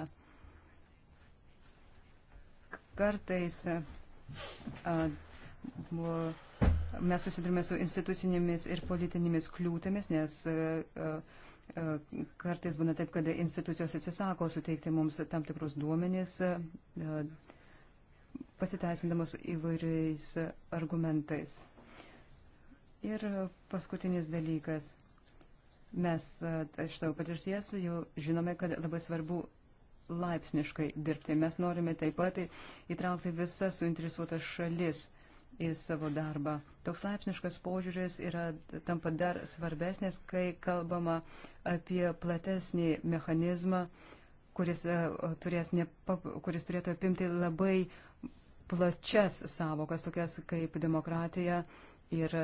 Kartais a, buvo mes susidurime su institucinėmis ir politinėmis kliūtėmis, nes kartais būna taip, kad institucijos atsisako suteikti mums tam tikrus duomenys, pasiteisindamos įvairiais argumentais. Ir paskutinis dalykas. Mes e, iš savo patirties jau žinome, kad labai svarbu laipsniškai dirbti. Mes norime taip pat įtraukti visas suinteresuotas šalis į savo darbą. Toks laipsniškas požiūris yra tampa dar svarbesnis, kai kalbama apie platesnį mechanizmą, kuris, e, turės nepa, kuris turėtų apimti labai plačias savokas, tokias kaip demokratija ir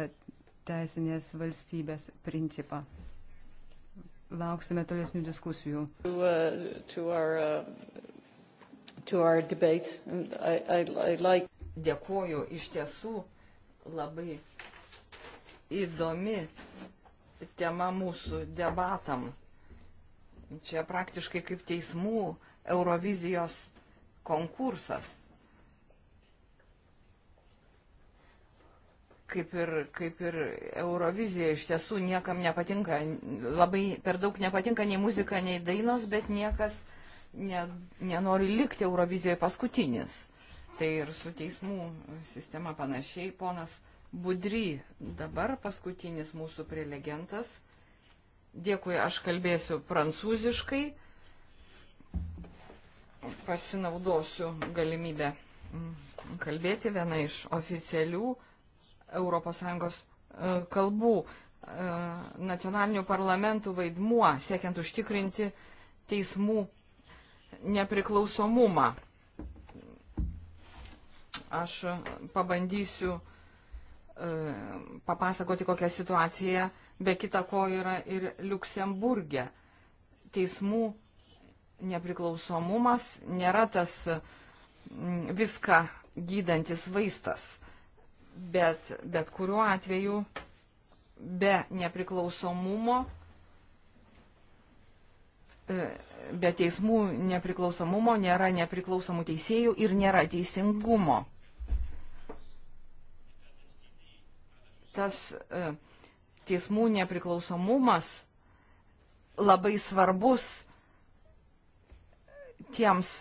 teisinės valstybės principą. Lauksime tolesnių diskusijų. To, uh, to our, uh, like... Dėkuoju, iš tiesų labai įdomi tema mūsų debatam. Čia praktiškai kaip teismų Eurovizijos konkursas. kaip ir, kaip ir Eurovizija iš tiesų niekam nepatinka, labai per daug nepatinka nei muzika, nei dainos, bet niekas ne, nenori likti Eurovizijoje paskutinis. Tai ir su teismų sistema panašiai. Ponas Budry dabar paskutinis mūsų prelegentas. Dėkui, aš kalbėsiu prancūziškai. Pasinaudosiu galimybę kalbėti viena iš oficialių ES e, kalbų e, nacionalinių parlamentų vaidmuo siekiant užtikrinti teismų nepriklausomumą. Aš pabandysiu e, papasakoti, kokia situacija be kita ko yra ir Luksemburgė. Teismų nepriklausomumas nėra tas viską gydantis vaistas bet, bet kuriuo atveju be nepriklausomumo, e, be teismų nepriklausomumo nėra nepriklausomų teisėjų ir nėra teisingumo. Tas e, teismų nepriklausomumas labai svarbus tiems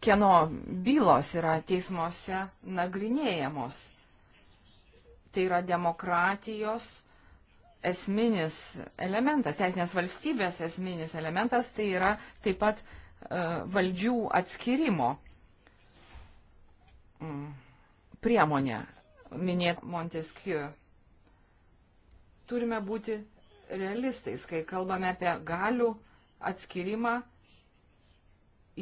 kieno bylos yra teismuose nagrinėjamos. Tai yra demokratijos esminis elementas, teisinės valstybės esminis elementas, tai yra taip pat e, valdžių atskirimo mm, priemonė minėta Montesquieu. Turime būti realistais, kai kalbame apie galių atskirimą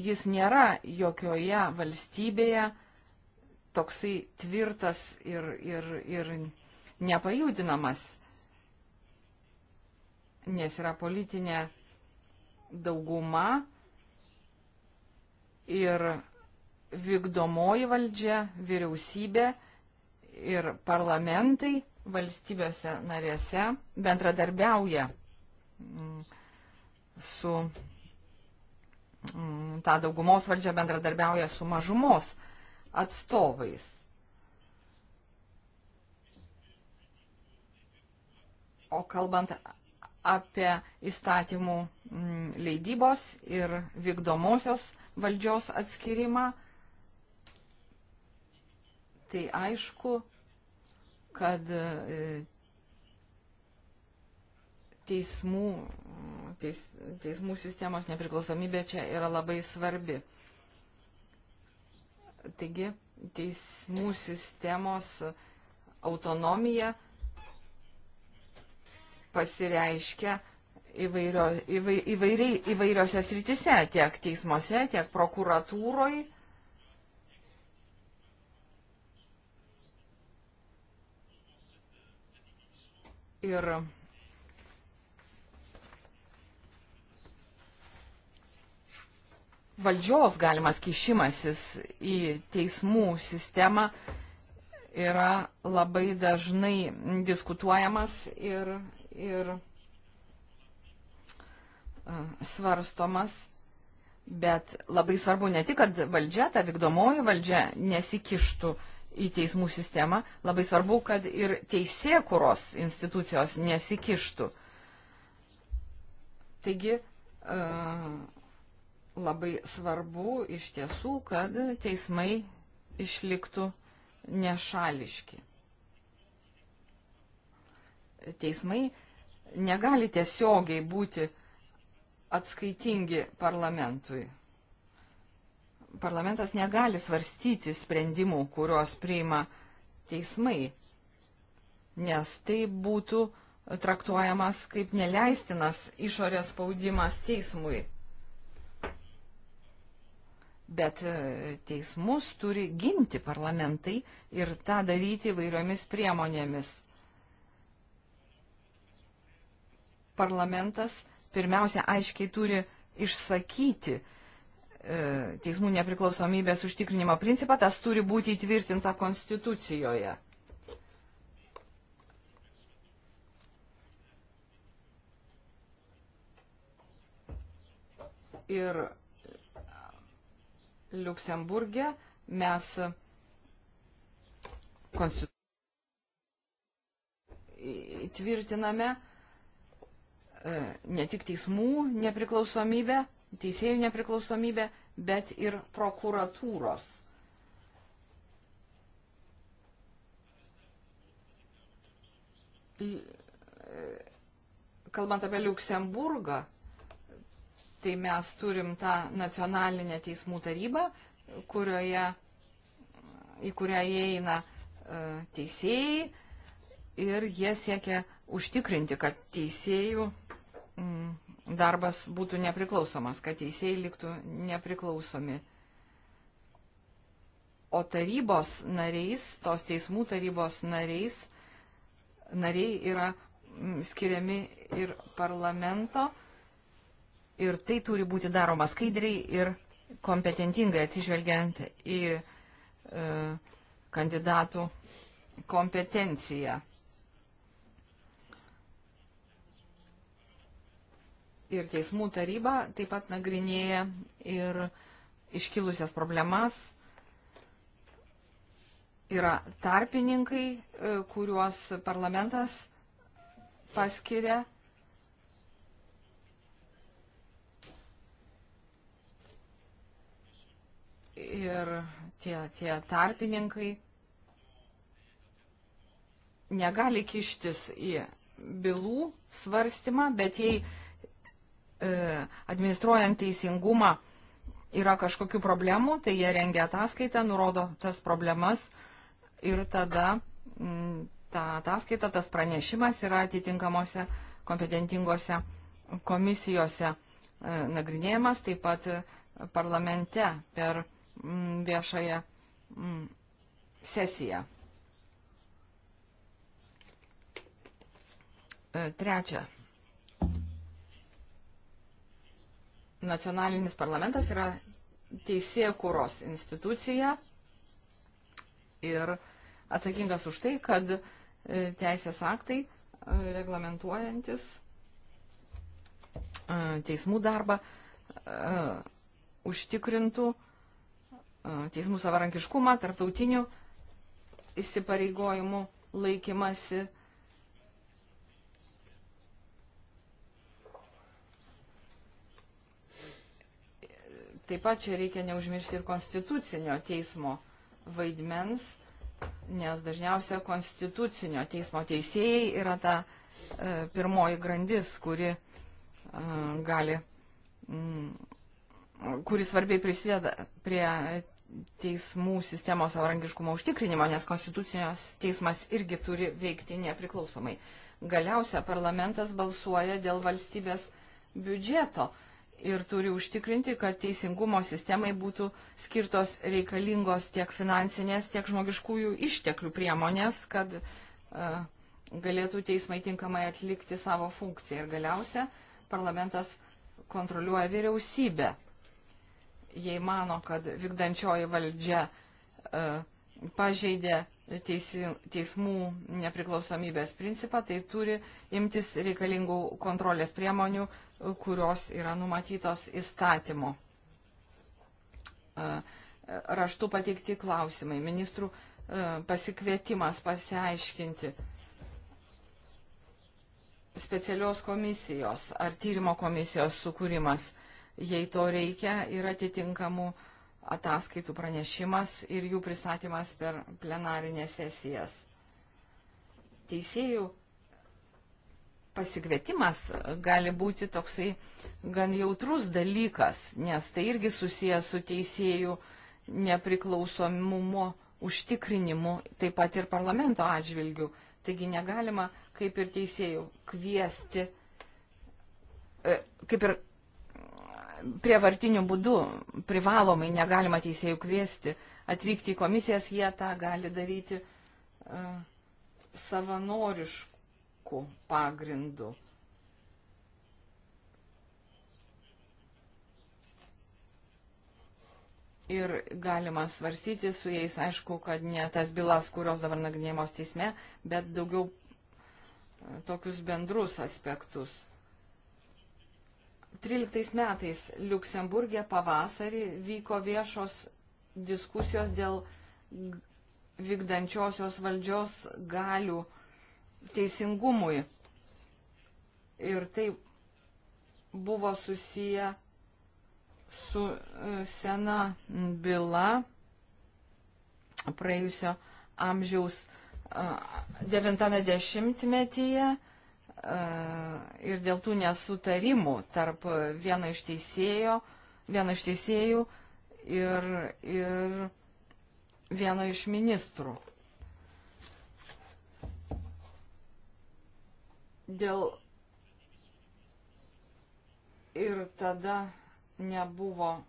jis nėra jokioje valstybėje toksai tvirtas ir, ir, ir nepajudinamas, nes yra politinė dauguma ir vykdomoji valdžia, vyriausybė ir parlamentai valstybėse narėse bendradarbiauja mm, su Mm, ta daugumos valdžia bendradarbiauja su mažumos atstovais. O kalbant apie įstatymų mm, leidybos ir vykdomosios valdžios atskirimą, tai aišku, kad e, teismų, teis, teismų sistemos nepriklausomybė čia yra labai svarbi. Taigi, teismų sistemos autonomija pasireiškia įvairio, įvai, įvairiai, įvairiose sritise, tiek teismuose, tiek prokuratūroje. Ir valdžios galimas kišimasis į teismų sistemą yra labai dažnai diskutuojamas ir, ir e, svarstomas. Bet labai svarbu ne tik, kad valdžia, ta vykdomoji valdžia nesikištų į teismų sistemą, labai svarbu, kad ir teisėkuros institucijos nesikištų. Taigi, uh, labai svarbu iš tiesų, kad teismai išliktų nešališki. Teismai negali tiesiogiai būti atskaitingi parlamentui. Parlamentas negali svarstyti sprendimų, kuriuos priima teismai, nes tai būtų traktuojamas kaip neleistinas išorės spaudimas teismui bet e, teismus turi ginti parlamentai ir tą daryti vairiomis priemonėmis. Parlamentas pirmiausia aiškiai turi išsakyti e, teismų nepriklausomybės užtikrinimo principą, tas turi būti įtvirtinta konstitucijoje. Ir Luksemburgė mes tvirtiname e, ne tik teismų nepriklausomybę, teisėjų nepriklausomybę, bet ir prokuratūros. E, kalbant apie Luksemburgą, tai mes turim tą nacionalinę teismų tarybą, kurioje, į kurią įeina e, teisėjai ir jie siekia užtikrinti, kad teisėjų mm, darbas būtų nepriklausomas, kad teisėjai liktų nepriklausomi. O tarybos nariais, tos teismų tarybos nariais, nariai yra mm, skiriami ir parlamento, Ir tai turi būti daroma skaidriai ir kompetentingai atsižvelgiant į e, kandidatų kompetenciją. Ir teismų taryba taip pat nagrinėja ir iškilusias problemas. Yra tarpininkai, e, kuriuos parlamentas paskiria ir tie, tie tarpininkai negali kištis į bylų svarstymą, bet jei e, administruojant teisingumą yra kažkokių problemų, tai jie rengia ataskaitą, nurodo tas problemas ir tada m, mm, ta ataskaita, tas pranešimas yra atitinkamose kompetentingose komisijose e, nagrinėjamas, taip pat parlamente per Mm, viešąją mm, sesiją. E, trečia. Nacionalinis parlamentas yra teisėje kūros institucija ir atsakingas už tai, kad e, teisės aktai e, reglamentuojantis teismų darbą užtikrintų uh, teismų savarankiškumą, tarptautinių įsipareigojimų laikymasi. Taip pat čia reikia neužmiršti ir konstitucinio teismo vaidmens, nes dažniausia konstitucinio teismo teisėjai yra ta e, pirmoji grandis, kuri e, gali, m, mm, kuri svarbiai prisideda prie teismų sistemos savarankiškumo užtikrinimo, nes konstitucijos teismas irgi turi veikti nepriklausomai. Galiausia, parlamentas balsuoja dėl valstybės biudžeto ir turi užtikrinti, kad teisingumo sistemai būtų skirtos reikalingos tiek finansinės, tiek žmogiškųjų išteklių priemonės, kad uh, galėtų teismai tinkamai atlikti savo funkciją. Ir galiausia, parlamentas kontroliuoja vyriausybę jei mano, kad vykdančioji valdžia e, pažeidė teisi, teismų nepriklausomybės principą, tai turi imtis reikalingų kontrolės priemonių, kurios yra numatytos įstatymu. E, raštu pateikti klausimai, ministrų e, pasikvietimas pasiaiškinti specialios komisijos ar tyrimo komisijos sukūrimas jei to reikia, ir atitinkamų ataskaitų pranešimas ir jų pristatymas per plenarinės sesijas. Teisėjų pasikvietimas gali būti toksai gan jautrus dalykas, nes tai irgi susijęs su teisėjų nepriklausomumo užtikrinimu, taip pat ir parlamento atžvilgių. Taigi negalima, kaip ir teisėjų, kviesti, e, kaip ir prievartiniu būdu privalomai negalima teisėjų kviesti atvykti į komisijas, jie tą gali daryti uh, savanoriškų pagrindų. Ir galima svarstyti su jais, aišku, kad ne tas bylas, kurios dabar nagrinėjamos teisme, bet daugiau tokius bendrus aspektus. 13 metais Luksemburgė pavasarį vyko viešos diskusijos dėl vykdančiosios valdžios galių teisingumui. Ir tai buvo susiję su e, sena byla praėjusio amžiaus 90-metyje e, E, ir dėl tų nesutarimų tarp vieno iš, teisėjo, vieno iš teisėjų ir, ir vieno iš ministrų. Dėl ir tada nebuvo e,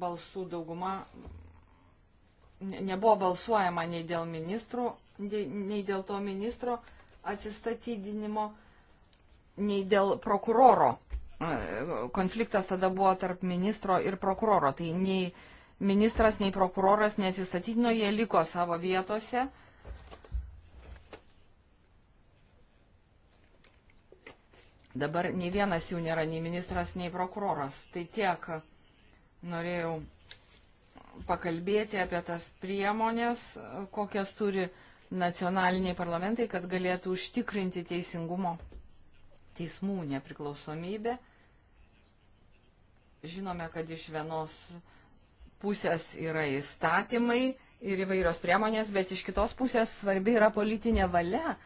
balsų dauguma, nebuvo balsuojama nei dėl ministrų, nei dėl to ministro, atsistatydinimo, nei dėl prokuroro. Konfliktas tada buvo tarp ministro ir prokuroro. Tai nei ministras, nei prokuroras neatsistatydino, jie liko savo vietose. Dabar nei vienas jų nėra, nei ministras, nei prokuroras. Tai tiek norėjau pakalbėti apie tas priemonės, kokias turi uh, nacionaliniai parlamentai, kad galėtų užtikrinti teisingumo teismų nepriklausomybę. Žinome, kad iš vienos pusės yra įstatymai ir įvairios priemonės, bet iš kitos pusės svarbi yra politinė valia,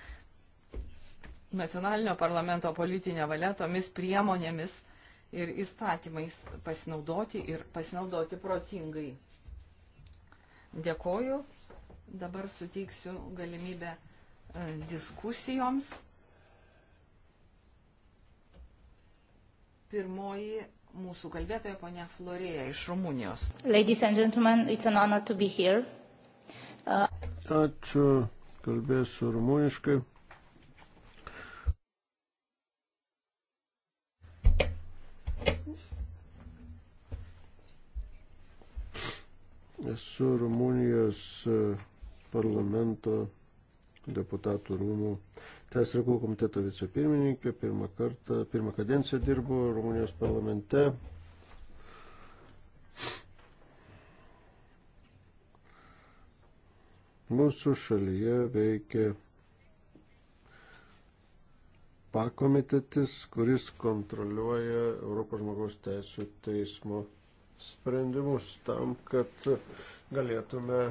nacionalinio parlamento politinė valia tomis priemonėmis ir įstatymais pasinaudoti ir pasinaudoti protingai. Dėkoju. Dabar suteiksiu galimybę e, diskusijoms. Pirmoji mūsų kalbėtoja ponia Florėja iš Rumunijos. Ladies and gentlemen, it's an honor to be here. Uh... Ačiū, kalbėsiu rumuniškai. Esu Rumunijos uh, parlamento deputatų rūmų Teisės reikalų komiteto vicepirmininkė, pirmą kartą, pirmą kadenciją dirbu Rumunijos parlamente. Mūsų šalyje veikia pakomitetis, kuris kontroliuoja Europos žmogaus teisų teismo sprendimus tam, kad galėtume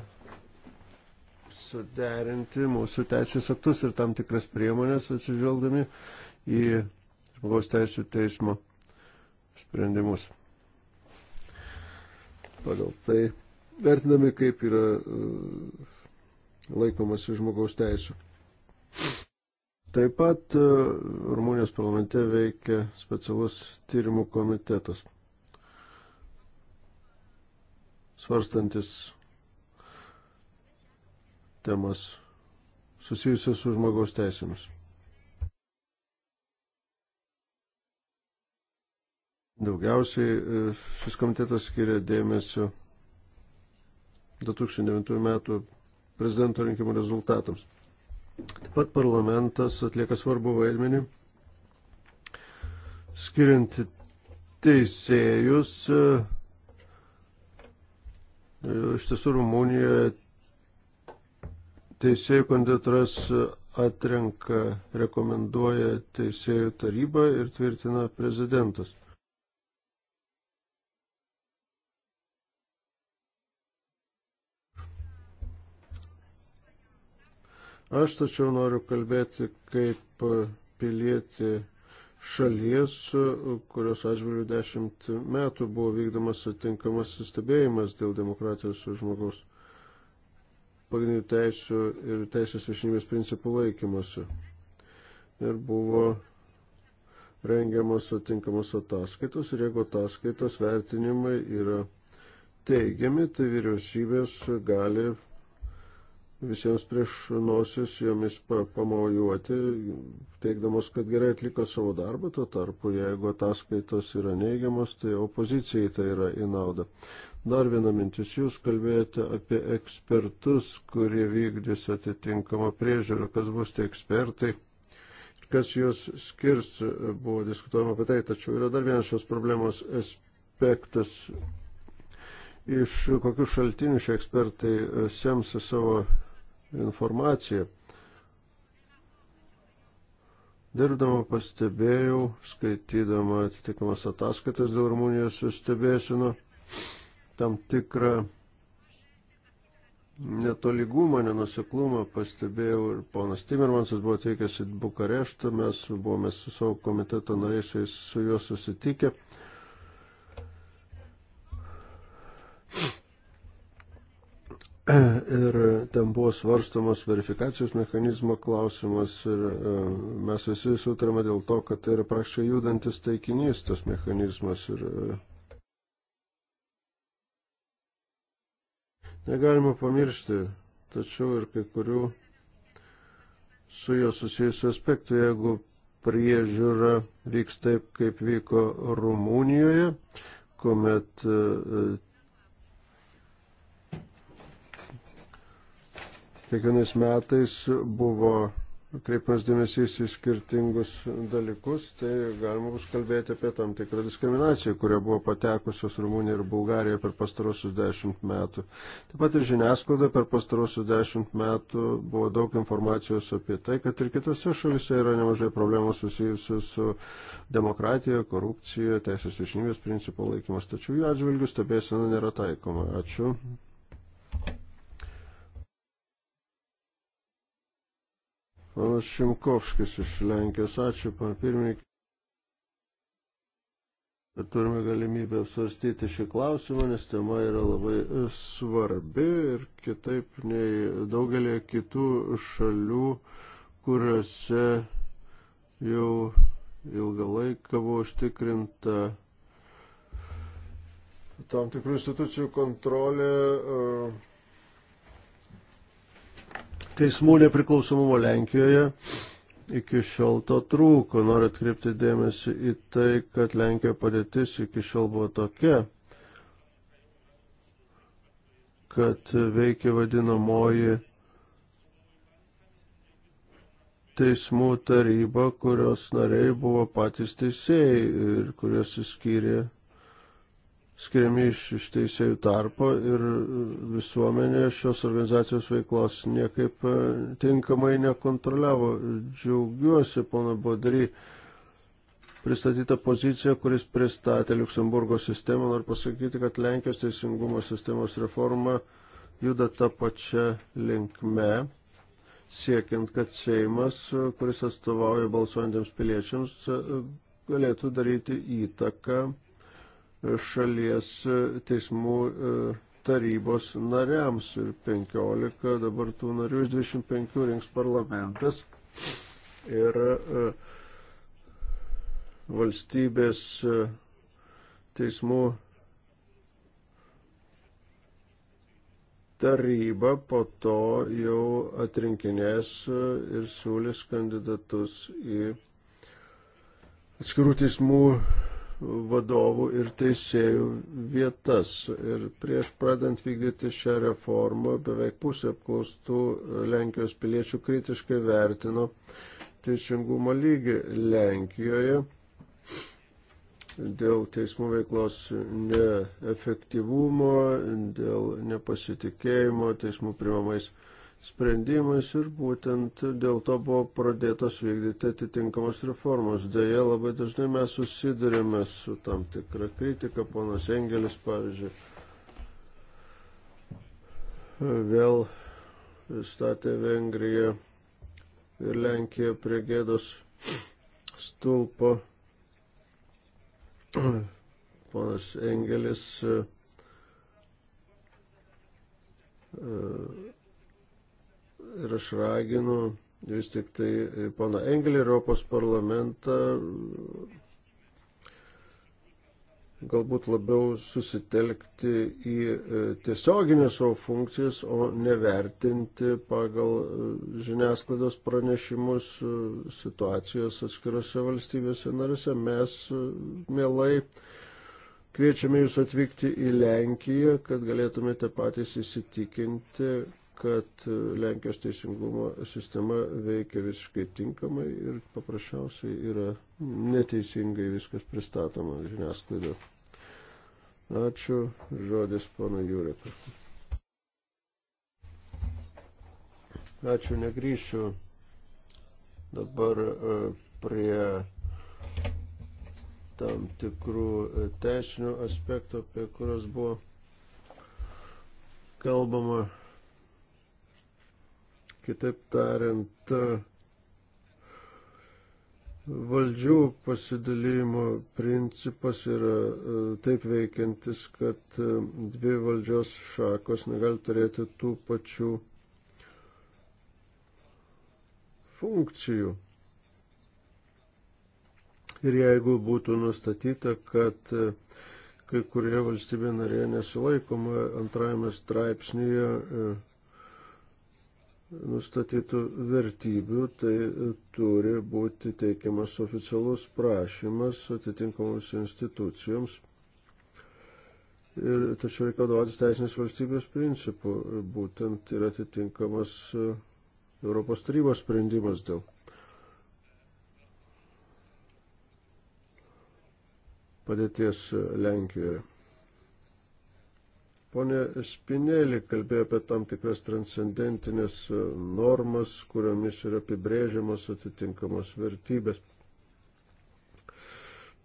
suderinti mūsų teisės aktus ir tam tikras priemonės atsižvelgdami į žmogaus teisų teismo sprendimus. Pagal tai vertinami, kaip yra e, laikomasi žmogaus teisų. Taip pat e, Rumunijos parlamente veikia specialus tyrimų komitetas, svarstantis temas susijusias su žmogaus teisėmis. Daugiausiai e, šis komitetas skiria dėmesio 2009 metų prezidento rinkimų rezultatams. Taip pat parlamentas atlieka svarbu vaidmenį, skiriant teisėjus. E, iš tiesų Rumunijoje Teisėjų kandidatūras atrenka, rekomenduoja teisėjų taryba ir tvirtina prezidentas. Aš tačiau noriu kalbėti kaip pilietį šalies, kurios atžvilgių dešimt metų buvo vykdomas atinkamas stebėjimas dėl demokratijos žmogaus pagrindinių teisų ir teisės viešinimės principų laikymosi. Ir buvo rengiamos atinkamos ataskaitos ir jeigu ataskaitos vertinimai yra teigiami, tai vyriausybės gali visiems prieš nosis jomis pamojuoti, teikdamos, kad gerai atliko savo darbą, tuo tarpu jeigu ataskaitos yra neigiamos, tai opozicijai tai yra į naudą. Dar viena mintis, jūs kalbėjote apie ekspertus, kurie vykdys atitinkamą priežiūrą, kas bus tie ekspertai, kas juos skirs, buvo diskutuojama apie tai, tačiau yra dar vienas šios problemos aspektas. Iš kokių šaltinių šie ekspertai semsi savo informaciją. Dirbdama pastebėjau, skaitydama atitikamas ataskaitas dėl Rumunijos stebėsino, tam tikrą netolygumą, nenuseklumą pastebėjau ir ponas Timirmansas buvo atvykęs į Bukareštą, mes buvome su savo komiteto nariais su juo susitikę. Ir ten buvo svarstomas verifikacijos mechanizmo klausimas ir e, mes visi sutarėme dėl to, kad tai yra prašė judantis taikinys tas mechanizmas ir e, Negalima pamiršti, tačiau ir kai kurių su juo susijusių aspektų, jeigu priežiūra vyks taip, kaip vyko Rumunijoje, kuomet e, e, kiekvienais metais buvo kreipimas dėmesys į skirtingus dalykus, tai galima bus kalbėti apie tam tikrą diskriminaciją, kurie buvo patekusios Rumunija ir Bulgarija per pastarosius dešimt metų. Taip pat ir žiniasklaida per pastarosius dešimt metų buvo daug informacijos apie tai, kad ir kitose šalise yra nemažai problemų susijusių su demokratija, korupcija, teisės viršinybės principo laikymas, tačiau jų atžvilgių stebėsena nėra taikoma. Ačiū. Panas Šimkovskis iš Lenkijos. Ačiū, pana pirmininkė. Turime galimybę apsvarstyti šį klausimą, nes tema yra labai e, svarbi ir kitaip nei daugelį kitų šalių, kuriuose jau ilgą laiką buvo užtikrinta tam tikrų institucijų kontrolė. Uh, teismų nepriklausomumo Lenkijoje iki šiol to trūko. Noriu atkreipti dėmesį į tai, kad Lenkijoje padėtis iki šiol buvo tokia, kad veikia vadinamoji teismų taryba, kurios nariai buvo patys teisėjai ir kurios įskyrė skiriami iš, iš teisėjų tarpo ir visuomenė šios organizacijos veiklos niekaip e, tinkamai nekontroliavo. Džiaugiuosi, pana Bodry, pristatyta pozicija, kuris pristatė Luxemburgo sistemą. Noriu pasakyti, kad Lenkijos teisingumo sistemos reforma juda tą pačią linkme, siekiant, kad Seimas, kuris atstovauja balsuojantiems piliečiams, galėtų daryti įtaką šalies e, teismų e, tarybos nariams ir 15 dabar tų narių iš 25 rinks parlamentas ir e, valstybės teismų taryba po to jau atrinkinės ir siūlys kandidatus į atskirų teismų vadovų ir teisėjų vietas. Ir prieš pradant vykdyti šią reformą, beveik pusė apklaustų Lenkijos piliečių kritiškai vertino teisingumo lygį Lenkijoje dėl teismų veiklos neefektyvumo, dėl nepasitikėjimo teismų primamais sprendimais ir būtent dėl to buvo pradėtos vykdyti atitinkamos reformos. Deja, labai dažnai mes susidurėme su tam tikra kritika, ponas Engelis, pavyzdžiui, vėl statė Vengriją ir Lenkiją prie gėdos stulpo. Ponas Engelis ir aš raginu vis tik tai e, pana Engelį Europos parlamentą galbūt labiau susitelkti į e, tiesioginės savo funkcijas, o nevertinti pagal e, žiniasklaidos pranešimus situacijos atskirose valstybėse narėse. Mes mielai kviečiame jūs atvykti į Lenkiją, kad galėtumėte patys įsitikinti, kad Lenkijos teisingumo sistema veikia visiškai tinkamai ir paprasčiausiai yra neteisingai viskas pristatoma žiniasklaida. Ačiū, žodis pana Jūrėka. Ačiū, negryšiu dabar e, prie tam tikrų e, teisinių aspektų, apie kurios buvo kalbama Kitaip tariant, valdžių pasidalymo principas yra e, taip veikiantis, kad e, dvi valdžios šakos negali turėti tų pačių funkcijų. Ir jeigu būtų nustatyta, kad e, kai kurie valstybė narė nesilaikoma antrajame straipsnėje nustatytų vertybių, tai turi būti teikiamas oficialus prašymas atitinkamoms institucijoms. Ir tačiau reikia vadovautis teisinės valstybės principų, būtent ir atitinkamas e, Europos tarybos sprendimas dėl. Padėties Lenkijoje. Pone Spinėlį kalbėjo apie tam tikras transcendentinės e, normas, kuriomis yra apibrėžiamos atitinkamos vertybės.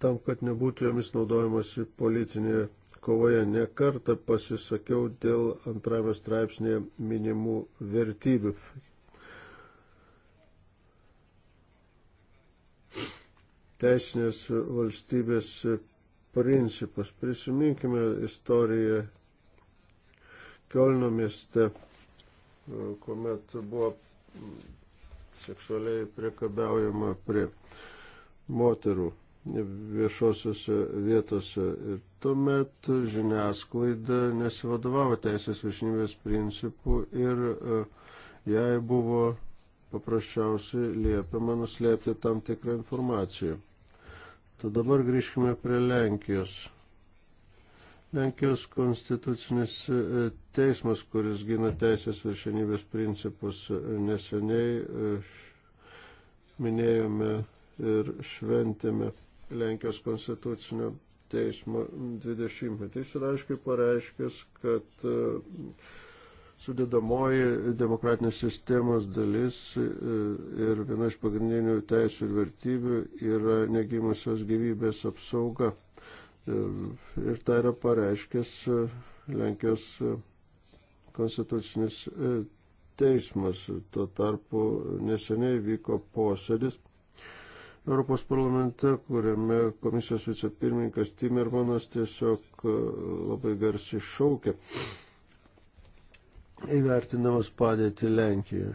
Tam, kad nebūtų jomis naudojamasi politinėje kovoje, nekartą pasisakiau dėl antrame straipsnėje minimų vertybių. Teisinės valstybės principas. Prisiminkime istoriją Kiolno mieste, kuomet buvo seksualiai priekabiaujama prie moterų viešosiose vietose. Ir tuomet žiniasklaida nesivadovavo teisės viršinybės principų ir e, jai buvo paprasčiausiai liepiama nuslėpti tam tikrą informaciją. Tad dabar grįžkime prie Lenkijos Lenkijos konstitucinis e, teismas, kuris gina teisės viršenybės principus e, neseniai, e, minėjome ir šventėme Lenkijos konstitucinio teismo 20-metį. Jis yra aiškiai pareiškęs, kad sudėdamoji demokratinės sistemos dalis ir viena iš pagrindinių teisų ir vertybių yra negimusios gyvybės apsauga ir tai yra pareiškęs e, Lenkijos e, konstitucinis e, teismas. Tuo tarpu neseniai vyko posėdis Europos parlamente, kuriame komisijos vicepirmininkas Timirmanas tiesiog labai garsiai šaukė įvertinamas padėti Lenkijoje.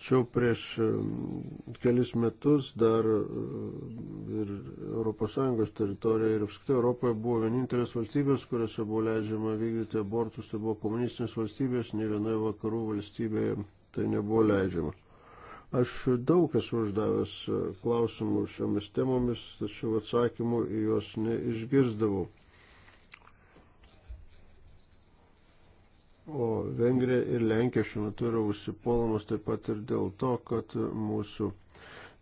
Tačiau prieš kelis metus dar ir ES teritorijoje ir apskritai Europoje buvo vienintelės valstybės, kuriuose buvo leidžiama vykdyti abortus, tai buvo komunistinės valstybės, nei vienoje vakarų valstybėje tai nebuvo leidžiama. Aš daug esu uždavęs klausimų šiomis temomis, tačiau atsakymų į juos neišgirdavau. O Vengrija ir Lenkija šiuo metu yra užsipuolamos taip pat ir dėl to, kad mūsų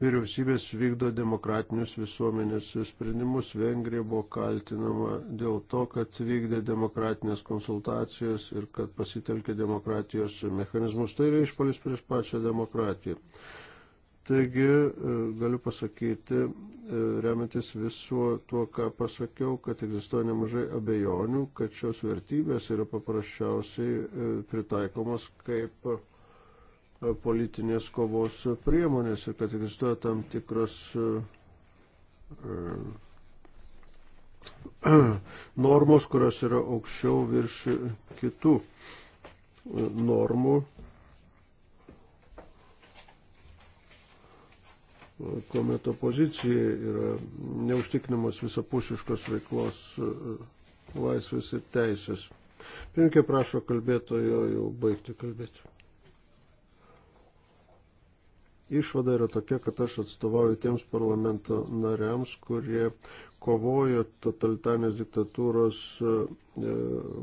vyriausybės vykdo demokratinius visuomenės sprendimus. Vengrija buvo kaltinama dėl to, kad vykdė demokratinės konsultacijas ir kad pasitelkė demokratijos mechanizmus. Tai yra išpolis prieš pačią demokratiją. Taigi e, galiu pasakyti, e, remiantis visuo tuo, ką pasakiau, kad egzistuoja nemažai abejonių, kad šios vertybės yra paprasčiausiai e, pritaikomos kaip politinės kovos priemonės ir kad egzistuoja tam tikras normos, kurios yra aukščiau virš kitų normų kuomet opozicijai yra neužtikrinamos visapušiškos veiklos e, laisvės ir teisės. Pirmkė prašo kalbėtojo jau baigti kalbėti. Išvada yra tokia, kad aš atstovauju tiems parlamento nariams, kurie kovojo totalitarnės diktatūros e,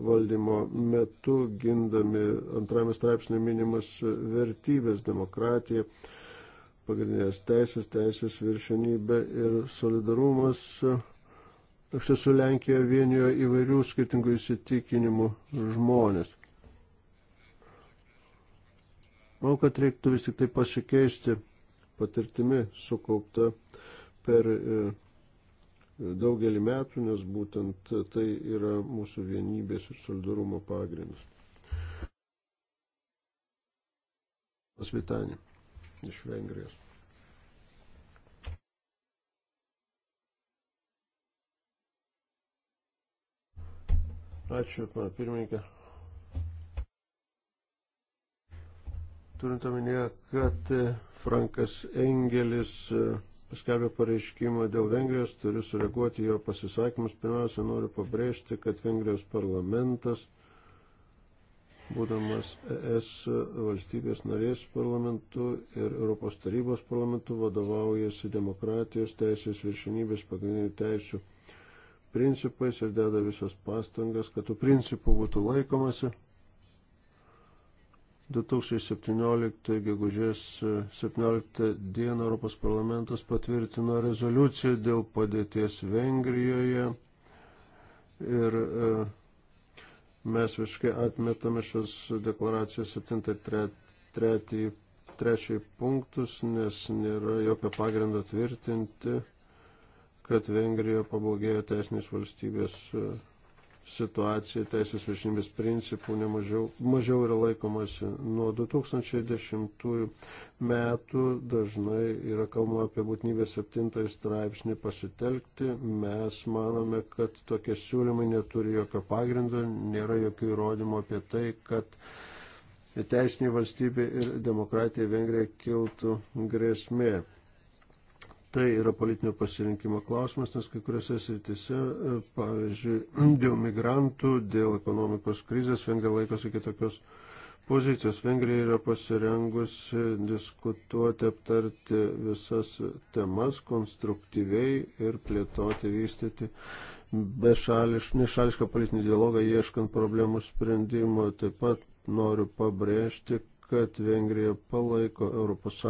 valdymo metu, gindami antrame straipsnė minimas vertybės, demokratiją, pagrindinės teisės, teisės viršenybė ir solidarumas. Aš esu Lenkijoje vienijo įvairių skirtingų įsitikinimų žmonės. Manau, kad reiktų vis tik tai pasikeisti patirtimi sukaupta per e, daugelį metų, nes būtent tai yra mūsų vienybės ir solidarumo pagrindas. Pasvitanė iš Vengrijos. Ačiū, pana pirmininkė. Turint omenyje, kad e, Frankas Engelis e, paskelbė pareiškimą dėl Vengrijos, turiu sureaguoti jo pasisakymus. Pirmiausia, noriu pabrėžti, kad Vengrijos parlamentas būdamas ES valstybės narės parlamentu ir Europos tarybos parlamentu vadovaujasi demokratijos teisės viršinybės pagrindinių teisų principais ir deda visas pastangas, kad tų principų būtų laikomasi. 2017 gegužės 17 dieną Europos parlamentas patvirtino rezoliuciją dėl padėties Vengrijoje ir e, Mes visiškai atmetame šios deklaracijos 7.3 punktus, nes nėra jokio pagrindo tvirtinti, kad Vengrija pablogėjo teisinės valstybės situacija teisės viršinybės principų nemažiau mažiau yra laikomasi. Nuo 2010 metų dažnai yra kalbama apie būtinybę 7 straipsnį pasitelkti. Mes manome, kad tokie siūlymai neturi jokio pagrindo, nėra jokių įrodymų apie tai, kad teisinė valstybė ir demokratija Vengrija kiltų grėsmė. Tai yra politinio pasirinkimo klausimas, nes kai kuriuose sritise, e, pavyzdžiui, dėl migrantų, dėl ekonomikos krizės, Vengrija laikosi kitokios pozicijos. Vengrija yra pasirengusi diskutuoti, aptarti visas temas konstruktyviai ir plėtoti, vystyti bešališ, nešališką politinį dialogą, ieškant problemų sprendimo. Taip pat noriu pabrėžti, kad Vengrija palaiko ES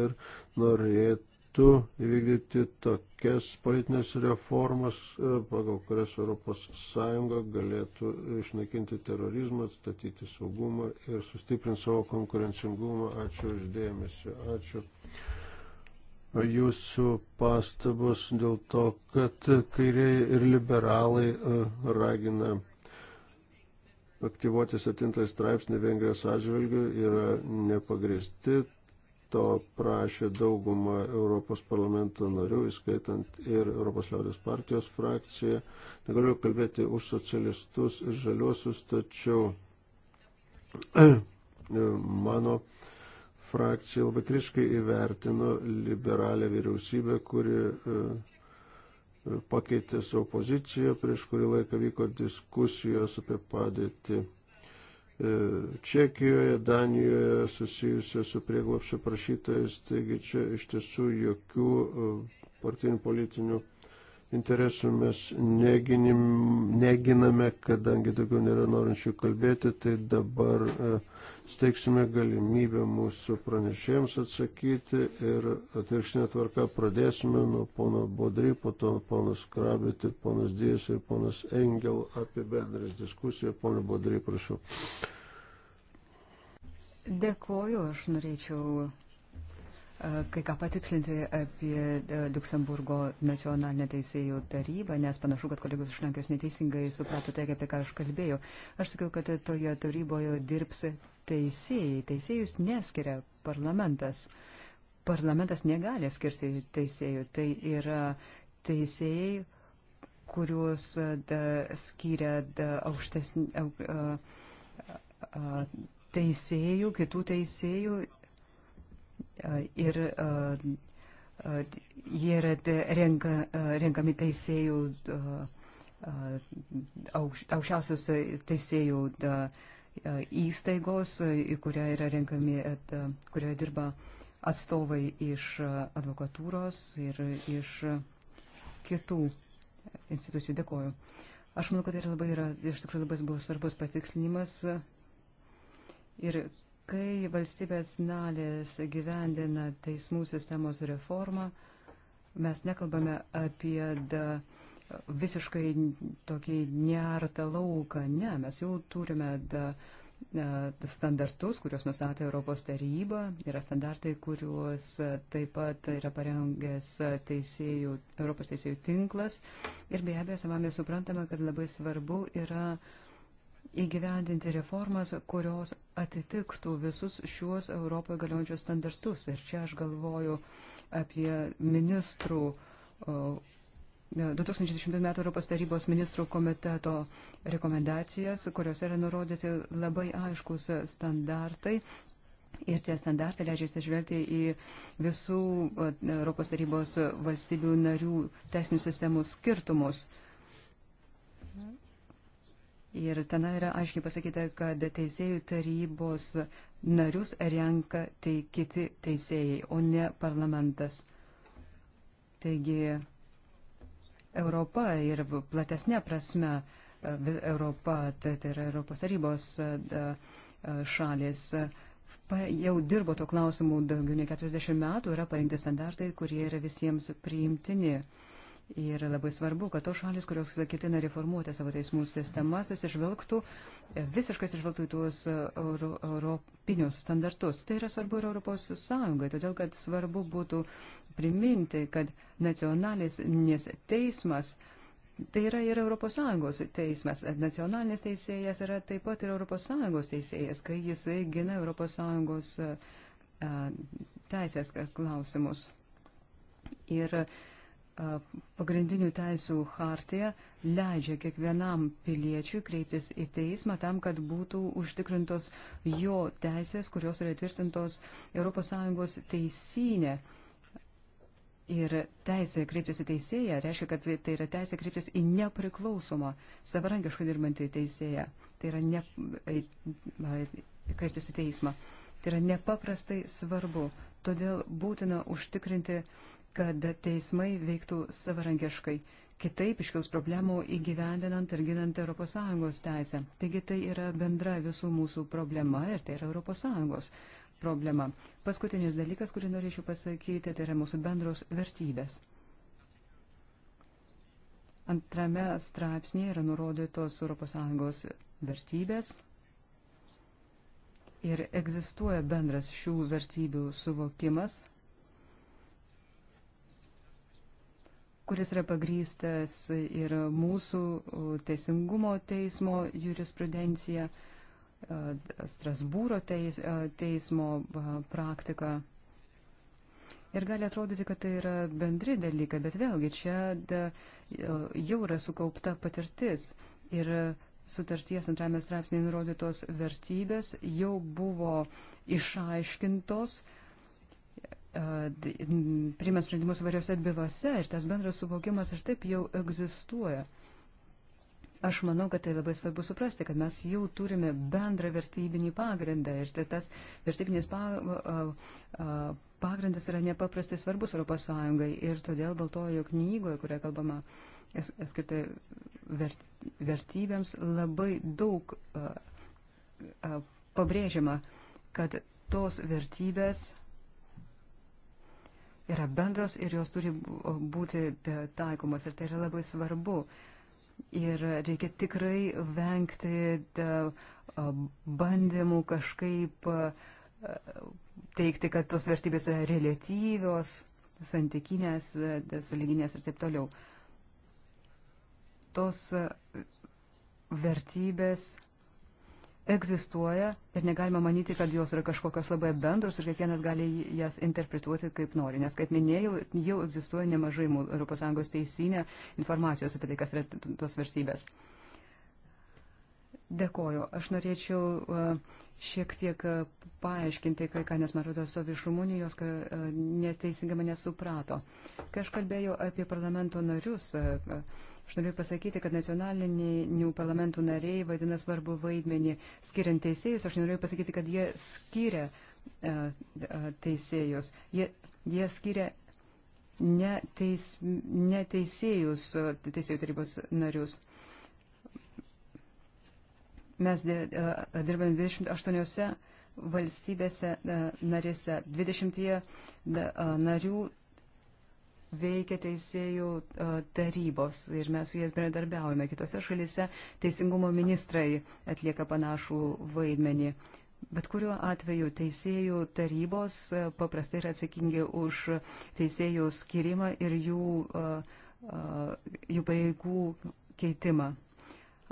ir norėtų metu įvykdyti tokias politinės reformas, e, pagal kurias ES galėtų išnaikinti terorizmą, atstatyti saugumą ir sustiprinti savo konkurencingumą. Ačiū uždėmesi. Ačiū jūsų pastabos dėl to, kad kairiai ir liberalai e, ragina aktyvuoti 7 straipsnį Vengrijos atžvilgių yra nepagristi. To prašė dauguma Europos parlamento narių, įskaitant ir Europos liaudės partijos frakciją. Negaliu kalbėti už socialistus ir žaliuosius, tačiau mano frakcija labai kritiškai įvertino liberalę vyriausybę, kuri e, e, pakeitė savo poziciją, prieš kurį laiką vyko diskusijos apie padėtį E, Čekijoje, Danijoje susijusios su prieglopščio prašytojais, taigi čia iš tiesų jokių e, partinių politinių interesų mes neginim, neginame, kadangi daugiau nėra norinčių kalbėti, tai dabar e, steiksime galimybę mūsų pranešėjams atsakyti ir atvirkštinė tvarka pradėsime nuo pono Bodry, po to ponas Krabit tai ir ponas Dijas ir ponas Engel apie bendras diskusiją. Pone Bodry, prašau. Dėkoju, aš norėčiau kai ką patikslinti apie e, Luksemburgo nacionalinę teisėjų tarybą, nes panašu, kad kolegos iš Lenkijos neteisingai suprato tai, apie ką aš kalbėjau. Aš sakiau, kad toje taryboje dirbs teisėjai. Teisėjus neskiria parlamentas. Parlamentas negali skirti teisėjų. Tai yra teisėjai, kuriuos e, da, skiria da, aukštesni. Au, a, e, a, teisėjų, kitų teisėjų ir jie yra renka, renkami teisėjų, aukščiausios teisėjų įstaigos, į kurią yra renkami, kurioje dirba atstovai iš advokatūros ir iš kitų institucijų. Dėkoju. Aš manau, kad tai labai yra, iš tikrųjų labai buvo svarbus patikslinimas. Ir Kai valstybės narės gyvendina teismų sistemos reformą, mes nekalbame apie da, visiškai tokį neartą lauką. Ne, mes jau turime da, standartus, kuriuos nustatė Europos taryba, yra standartai, kuriuos taip pat yra parengęs teisėjų, Europos teisėjų tinklas. Ir be abejo, savame suprantame, kad labai svarbu yra uh, įgyvendinti reformas, kurios atitiktų visus šiuos Europoje galiojančius standartus. Ir čia aš galvoju apie ministrų, 2010 m. Europos tarybos ministrų komiteto rekomendacijas, kuriuose yra nurodyti labai aiškus standartai. Ir tie standartai leidžia atsižvelgti į visų Europos tarybos valstybių narių teisinių sistemų skirtumus. Uh, Ir ten yra aiškiai pasakyta, kad teisėjų tarybos narius renka tai kiti teisėjai, o ne parlamentas. Taigi Europa ir platesnė prasme e, Europa, tai, tai yra Europos tarybos e, e, šalis, jau dirbo to klausimu daugiau nei 40 metų, yra parinkti standartai, kurie yra visiems priimtini. Ir labai svarbu, kad tos šalis, kurios ketina reformuoti savo teismų sistemas, išvelgtų, visiškai išvelgtų į tuos euro, europinius standartus. Tai yra svarbu ir Europos Sąjungai, todėl kad svarbu būtų priminti, kad nacionalinis teismas Tai yra ir ES teismas. Nacionalinis teisėjas yra taip pat ir ES teisėjas, kai jisai gina ES e, teisės klausimus. Ir pagrindinių teisų hartija leidžia kiekvienam piliečiui kreiptis į teismą tam, kad būtų užtikrintos jo teisės, kurios yra įtvirtintos ES teisinė. Ir teisė kreiptis į teisėją reiškia, kad tai yra teisė kreiptis į nepriklausomą, savarankiškai dirbantį teisėją. Tai yra ne, e, e, kreiptis į teismą. Tai yra nepaprastai svarbu. Todėl būtina užtikrinti uh, kad teismai veiktų savarankiškai. Kitaip iškils problemų įgyvendinant ir ginant ES teisę. Taigi tai yra bendra visų mūsų problema ir tai yra ES problema. Paskutinis dalykas, kurį norėčiau pasakyti, tai yra mūsų bendros vertybės. Antrame straipsnėje yra nurodytos ES vertybės ir egzistuoja bendras šių vertybių suvokimas kuris yra pagrystas ir mūsų teisingumo teismo jurisprudencija, Strasbūro teis, teismo praktika. Ir gali atrodyti, kad tai yra bendri dalykai, bet vėlgi čia da, jau yra sukaupta patirtis ir sutarties antrame straipsnėje nurodytos vertybės jau buvo išaiškintos uh, priima sprendimus variose bylose ir tas bendras suvokimas ir taip jau egzistuoja. Aš manau, kad tai labai svarbu suprasti, kad mes jau turime bendrą vertybinį pagrindą ir tai tas vertybinis pa, a, a, pagrindas yra nepaprastai svarbus Europos Sąjungai ir todėl Baltojo knygoje, kurioje kalbama skirtai vert, vertybėms, labai daug a, a, pabrėžiama, kad tos vertybės yra bendros ir jos turi būti taikomos. Ir tai yra labai svarbu. Ir reikia tikrai vengti bandymų kažkaip teikti, kad tos vertybės yra relatyvios, santykinės, saliginės ir taip toliau. Tos vertybės egzistuoja ir negalima manyti, kad jos yra kažkokios labai bendros ir kiekvienas gali jas interpretuoti kaip nori. Nes, kaip minėjau, jau egzistuoja nemažai ES teisinė informacijos apie tai, kas yra tos vertybės. Dėkoju. Aš norėčiau e, šiek tiek e, paaiškinti kai ką, nes man rodo, sovi iš Rumunijos e, neteisingai mane suprato. Kai aš kalbėjau apie parlamento narius, a, Aš noriu pasakyti, kad nacionalinių parlamentų nariai vaidina svarbu vaidmenį skiriant teisėjus. Aš noriu pasakyti, kad jie skiria e, e, teisėjus. Jie, jie skiria neteis, neteisėjus e, teisėjų tarybos narius. Mes dirbame 28 valstybėse narėse, 20 narių veikia teisėjų tarybos ir mes su jais bendradarbiaujame. Kitose šalise teisingumo ministrai atlieka panašų vaidmenį. Bet kuriuo atveju teisėjų tarybos paprastai yra atsakingi už teisėjų skirimą ir jų, jų pareigų keitimą.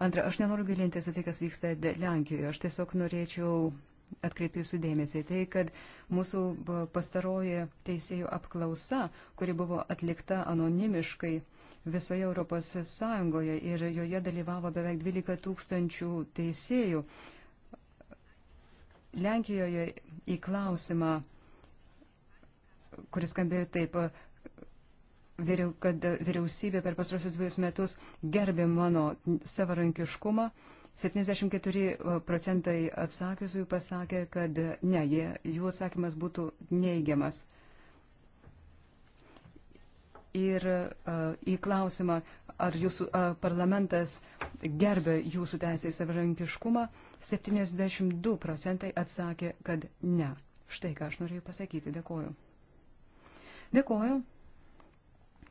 Antra, aš nenoriu gilintis į tai, kas vyksta Lenkijoje. Aš tiesiog norėčiau atkreipti sudėmėsi, tai kad mūsų pastaroji teisėjų apklausa, kuri buvo atlikta anonimiškai visoje Europos Sąjungoje ir joje dalyvavo beveik 12 tūkstančių teisėjų, Lenkijoje į klausimą, kuris skambėjo taip, kad vyriausybė per pastarosius dviejus metus gerbė mano savarankiškumą, 74 e, procentai atsakiusiųjų pasakė, kad ne, jie, jų atsakymas būtų neigiamas. Ir uh, į klausimą, ar jūsų uh, parlamentas gerbė jūsų teisę į savarankiškumą, 72 procentai atsakė, kad ne. Štai ką aš norėjau pasakyti. Dėkoju. Dėkoju.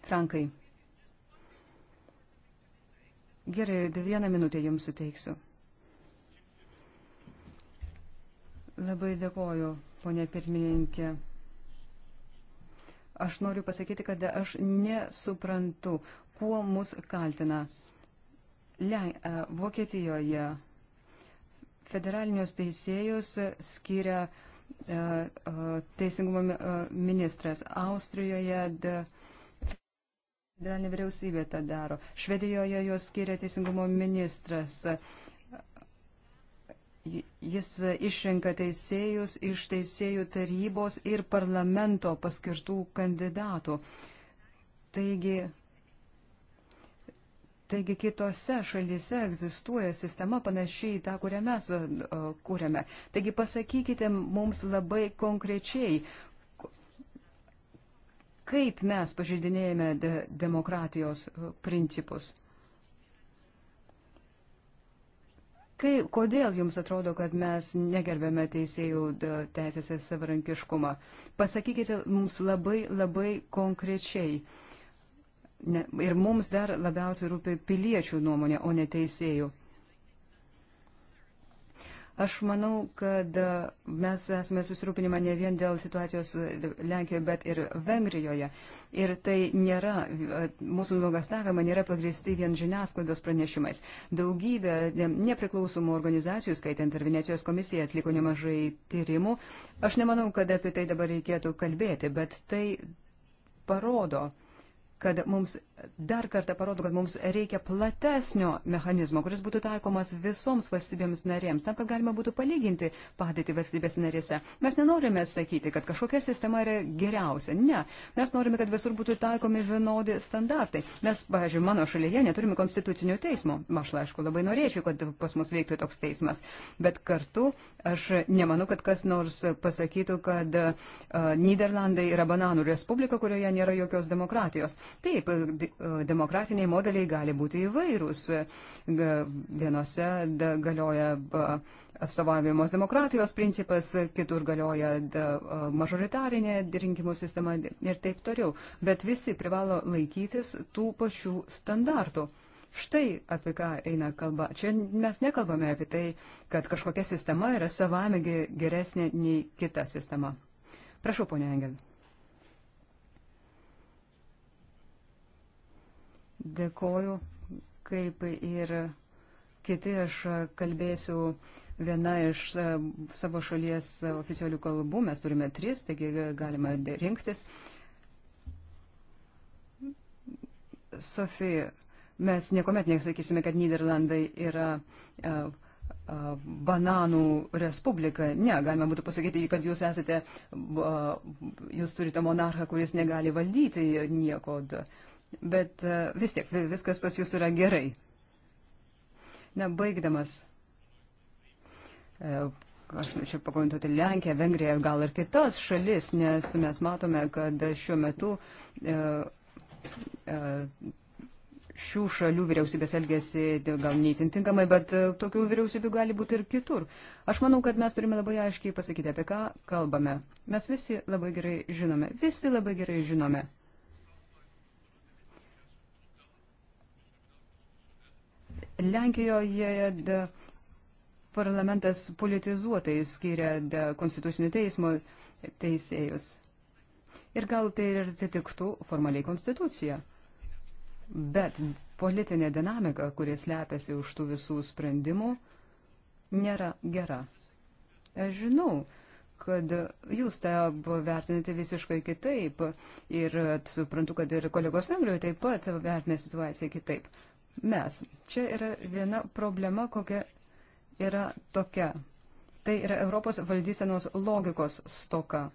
Frankai, Gerai, vieną minutę jums suteiksiu. Labai dėkoju, ponė pirmininkė. Aš noriu pasakyti, kad aš nesuprantu, kuo mus kaltina. Le, e, Vokietijoje federalinius teisėjus skiria e, e, teisingumo ministras. Austrijoje de, Federalinė vyriausybė tą daro. Švedijoje juos skiria teisingumo ministras. Jis išrenka teisėjus iš teisėjų tarybos ir parlamento paskirtų kandidatų. Taigi, taigi kitose šalyse egzistuoja sistema panašiai į tą, kurią mes kūrėme. Taigi pasakykite mums labai konkrečiai, kaip mes pažeidinėjame de demokratijos e, principus. Kai, kodėl jums atrodo, kad mes negerbėme teisėjų teisėse savarankiškumą? Pasakykite mums labai, labai konkrečiai. Ne, ir mums dar labiausiai rūpi piliečių nuomonė, o ne teisėjų. Aš manau, kad e, mes esame susirūpinimą ne vien dėl situacijos e, Lenkijoje, bet ir Vengrijoje. Ir tai nėra, e, mūsų nuogastavimai nėra pagristi vien žiniasklaidos pranešimais. Daugybė nepriklausomų organizacijų, skaitant ir Venecijos komisija, atliko nemažai tyrimų. Aš nemanau, kad apie tai dabar reikėtų kalbėti, bet tai parodo, kad mums dar kartą parodo, kad mums reikia platesnio mechanizmo, kuris būtų taikomas visoms valstybėms narėms, tam, kad galima būtų palyginti padėtį valstybės narėse. Mes nenorime sakyti, kad kažkokia sistema yra geriausia. Ne. Mes norime, kad visur būtų taikomi vienodi standartai. Mes, pavyzdžiui, mano šalyje neturime konstitucinio teismo. Aš, aišku, labai norėčiau, kad pas mus veiktų toks teismas. Bet kartu aš nemanau, kad kas nors pasakytų, kad uh, Niderlandai yra bananų respublika, kurioje nėra jokios demokratijos. Taip, E, demokratiniai modeliai gali būti įvairūs. Vienose galioja atstovavimas demokratijos principas, kitur galioja e, mažoritarinė rinkimų sistema ir taip toliau. Bet visi privalo laikytis tų pačių standartų. Štai apie ką eina kalba. Čia mes nekalbame apie tai, kad kažkokia sistema yra savame geresnė nei kita sistema. Prašau, ponia Engel. Dėkoju, kaip ir kiti aš kalbėsiu viena iš e, savo šalies oficialių kalbų. Mes turime tris, taigi galima rinktis. Sofija, mes niekuomet nesakysime, kad Niderlandai yra e, e, bananų respublika. Ne, galima būtų pasakyti, kad jūs esate, jūs turite monarchą, kuris negali valdyti nieko. Da. Bet e, vis tiek viskas pas jūs yra gerai. Nebaigdamas, e, aš norėčiau pakomentuoti Lenkiją, Vengriją ir gal ir kitas šalis, nes mes matome, kad šiuo metu e, šių šalių vyriausybės elgesi gal neįtintinkamai, bet tokių vyriausybių gali būti ir kitur. Aš manau, kad mes turime labai aiškiai pasakyti, apie ką kalbame. Mes visi labai gerai žinome, visi labai gerai žinome Lenkijoje parlamentas politizuotai skiria konstitucinio teismo teisėjus. Ir gal tai ir atitiktų formaliai konstituciją. Bet politinė dinamika, kuris slepiasi už tų visų sprendimų, nėra gera. Aš žinau, kad jūs tą vertinate visiškai kitaip ir suprantu, kad ir kolegos Vengrijoje taip pat vertina situaciją kitaip mes. Čia yra viena problema, kokia yra tokia. Tai yra Europos valdysenos logikos stoka.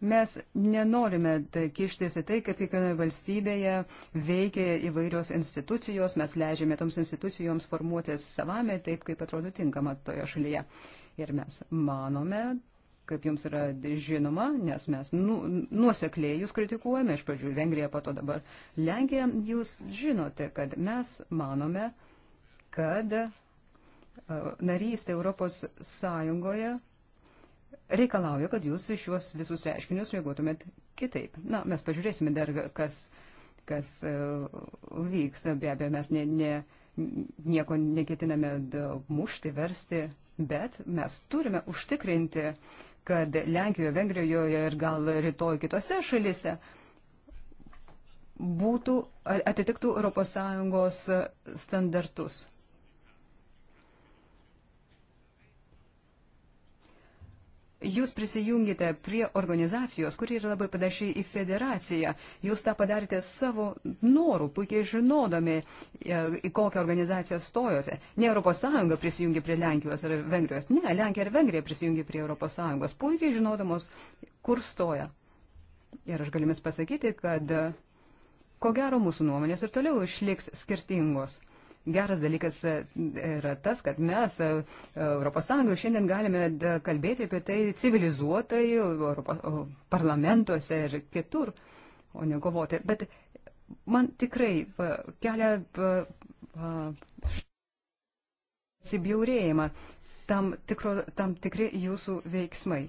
Mes nenorime tai kištis į tai, kaip kiekvienoje valstybėje veikia įvairios institucijos, mes leidžiame toms institucijoms formuotis savame taip, kaip atrodo tinkama toje šalyje. Ir mes manome, kaip jums yra žinoma, nes mes nu, nuosekliai jūs kritikuojame, iš pradžių Vengrija, po to dabar Lenkija, jūs žinote, kad mes manome, kad e, narystė Europos Sąjungoje reikalauja, kad jūs iš juos visus reiškinius reaguotumėt kitaip. Na, mes pažiūrėsime dar, kas, kas e, vyks. Be abejo, mes ne, ne, nieko neketiname mušti, versti, bet mes turime užtikrinti, kad Lenkijoje, Vengrijoje ir gal rytoj kitose šalise būtų, atitiktų ES standartus. Jūs prisijungite prie organizacijos, kuri yra labai panaši į federaciją. Jūs tą padarėte savo norų, puikiai žinodami, e, į kokią organizaciją stojote. Ne ES prisijungi prie Lenkijos ar Vengrijos. Ne, Lenkija ir Vengrija prisijungi prie ES, puikiai žinodamos, kur stoja. Ir aš galimis pasakyti, kad e, ko gero mūsų nuomonės ir toliau išliks skirtingos geras dalykas e, yra tas, kad mes ES šiandien galime e, kalbėti apie tai civilizuotai Europo, parlamentuose ir kitur, o ne kovoti. Bet man tikrai kelia sibjaurėjimą tam, tikro, tam tikri jūsų veiksmai.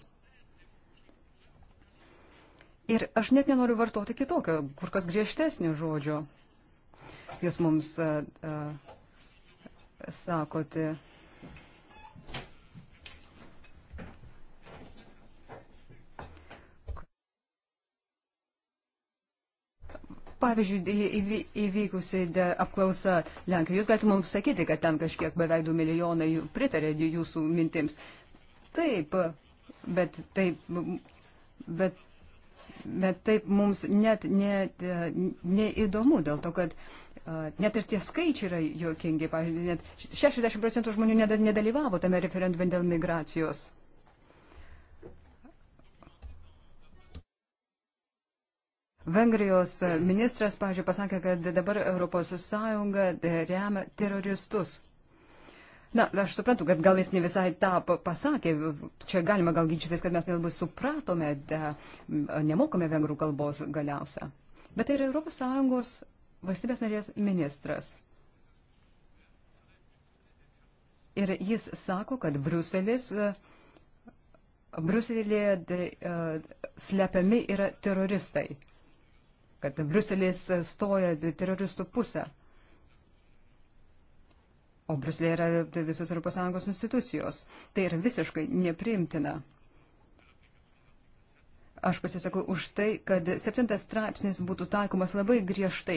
Ir aš net nenoriu vartoti kitokio, kur kas griežtesnio žodžio jūs mums sakote. Pavyzdžiui, įvykusi apklausa Lenkijoje, jūs galite mums sakyti, kad ten kažkiek beveik 2 milijonai pritarė jūsų mintims. Taip, bet taip, bet, bet taip mums net, net e, neįdomu dėl to, kad uh, Net ir tie skaičiai yra jokingi. Pavyzdžiui, net 60 procentų žmonių nedalyvavo tame referendume dėl migracijos. Vengrijos ministras, pavyzdžiui, pasakė, kad dabar ES e, remia teroristus. Na, aš suprantu, kad gal jis ne visai tą pasakė. Čia galima gal ginčytis, kad mes nelabai supratome, de, nemokame vengrų kalbos galiausia. Bet tai yra ES valstybės narės ministras. Ir jis sako, kad Bruselis, Bruselėje e, slepiami yra teroristai, kad Bruselis stoja teroristų pusę. O Bruselėje yra visos ES institucijos. Tai yra visiškai nepriimtina. Aš pasisakau už tai, kad septintas straipsnis būtų taikomas labai griežtai.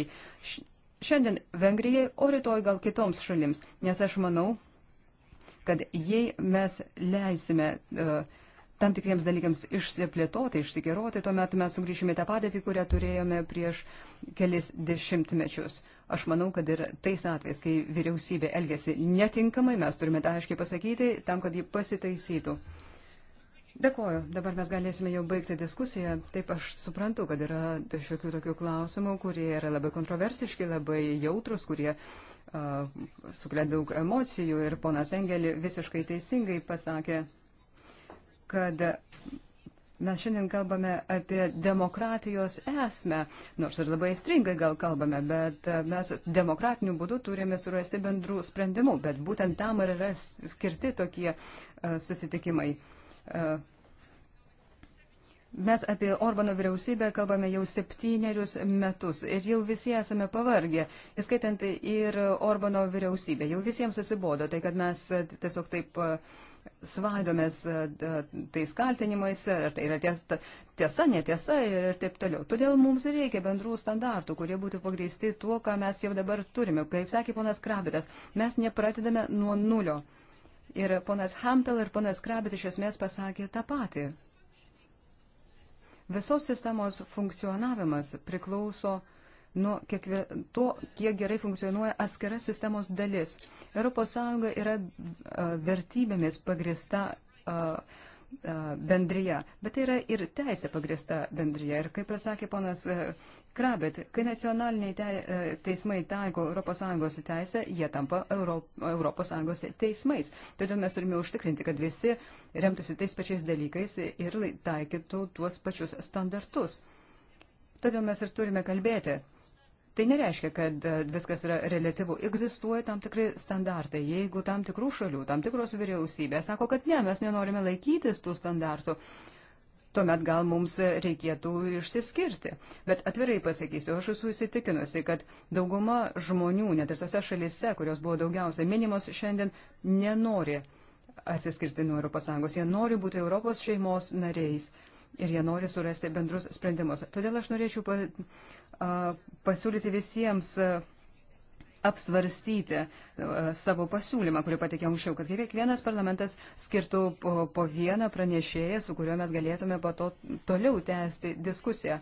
Šiandien Vengrijai, o rytoj gal kitoms šalims. Nes aš manau, kad jei mes leisime uh, tam tikriems dalykams išsiplėtoti, išsikeroti, tuomet mes sugrįšime tą padėtį, kurią turėjome prieš kelis dešimtmečius. Aš manau, kad ir tais atvejais, kai vyriausybė elgesi netinkamai, mes turime tą aiškiai pasakyti, tam, kad ji pasitaisytų. Uh, Dėkuoju. Dabar mes galėsime jau baigti diskusiją. Taip aš suprantu, kad yra šiokių tokių klausimų, kurie yra labai kontroversiški, labai jautrus, kurie uh, sukelia daug emocijų. Ir ponas Engelį visiškai teisingai pasakė, kad mes šiandien kalbame apie demokratijos esmę. Nors ir labai stringai gal kalbame, bet mes demokratiniu būdu turime surasti bendrų sprendimų. Bet būtent tam ir yra skirti tokie uh, susitikimai. Uh, Mes apie Orbano vyriausybę kalbame jau septynerius metus ir jau visi esame pavargę, įskaitant ir Orbano vyriausybę. Jau visiems susibodo tai, kad mes tiesiog taip svaidomės tais kaltinimais, ar tai yra tiesa, tiesa netiesa ir taip toliau. Todėl mums reikia bendrų standartų, kurie būtų pagrįsti tuo, ką mes jau dabar turime. Kaip sakė ponas Krabitas, mes nepratidame nuo nulio. Ir ponas Hampel ir ponas Krabit iš esmės pasakė tą patį. Visos sistemos funkcionavimas priklauso nuo kiekvie, to, kiek gerai funkcionuoja atskira sistemos dalis. ES yra vertybėmis pagrista bendryje, bet tai yra ir teisė pagrista bendryje. Ir kaip pasakė ponas Krabit, kai nacionaliniai te, e, teismai taiko ES teisę, jie tampa Euro, ES teismais. Todėl mes turime užtikrinti, kad visi remtųsi tais pačiais dalykais ir taikytų tuos pačius standartus. Todėl mes ir turime kalbėti. Tai nereiškia, kad e, viskas yra relativu. Egzistuoja tam tikri standartai. Jeigu tam tikrų šalių, tam tikros vyriausybės sako, kad ne, mes nenorime laikytis tų standartų, tuomet gal mums reikėtų išsiskirti. Bet atvirai pasakysiu, aš esu įsitikinusi, kad dauguma žmonių, net ir tose šalise, kurios buvo daugiausia minimos, šiandien nenori atsiskirti nuo ES. Jie nori būti Europos šeimos nariais ir jie nori surasti bendrus sprendimus. Todėl aš norėčiau pa, a, pasiūlyti visiems. A, apsvarstyti e, savo pasiūlymą, kurį patikė anksčiau, kad kiekvienas parlamentas skirtų po, po vieną pranešėją, su kuriuo mes galėtume po to toliau tęsti diskusiją.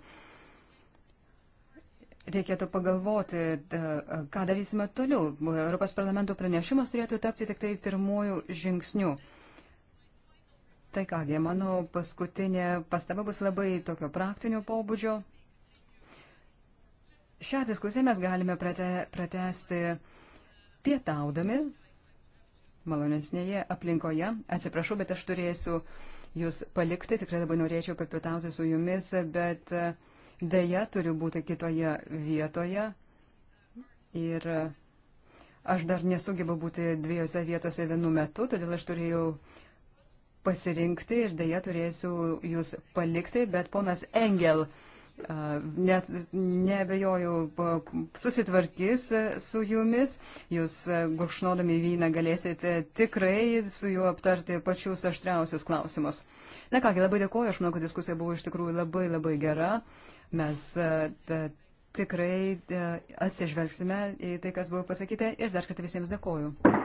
Reikėtų pagalvoti, e, ką darysime toliau. Europos parlamento pranešimas turėtų tapti tik tai pirmųjų žingsnių. Tai kągi, mano paskutinė pastaba bus labai tokio praktinio pobūdžio. Šią diskusiją mes galime prate, pratesti pietaudami malonesnėje aplinkoje. Atsiprašau, bet aš turėsiu jūs palikti. Tikrai labai norėčiau papietauti su jumis, bet e, dėja turiu būti kitoje vietoje. Ir e, aš dar nesugebu būti dviejose vietose vienu metu, todėl aš turėjau pasirinkti ir dėja turėsiu jūs palikti, bet ponas Engel net nebejoju, susitvarkys e, su jumis, jūs e, gurkšnodami vyną galėsite tikrai su juo aptarti pačius aštriausius klausimus. Na kągi, labai dėkuoju, aš manau, kad diskusija buvo iš tikrųjų labai labai gera. Mes e, ta, tikrai atsižvelgsime į tai, kas buvo pasakyta ir dar kartą visiems dėkuoju.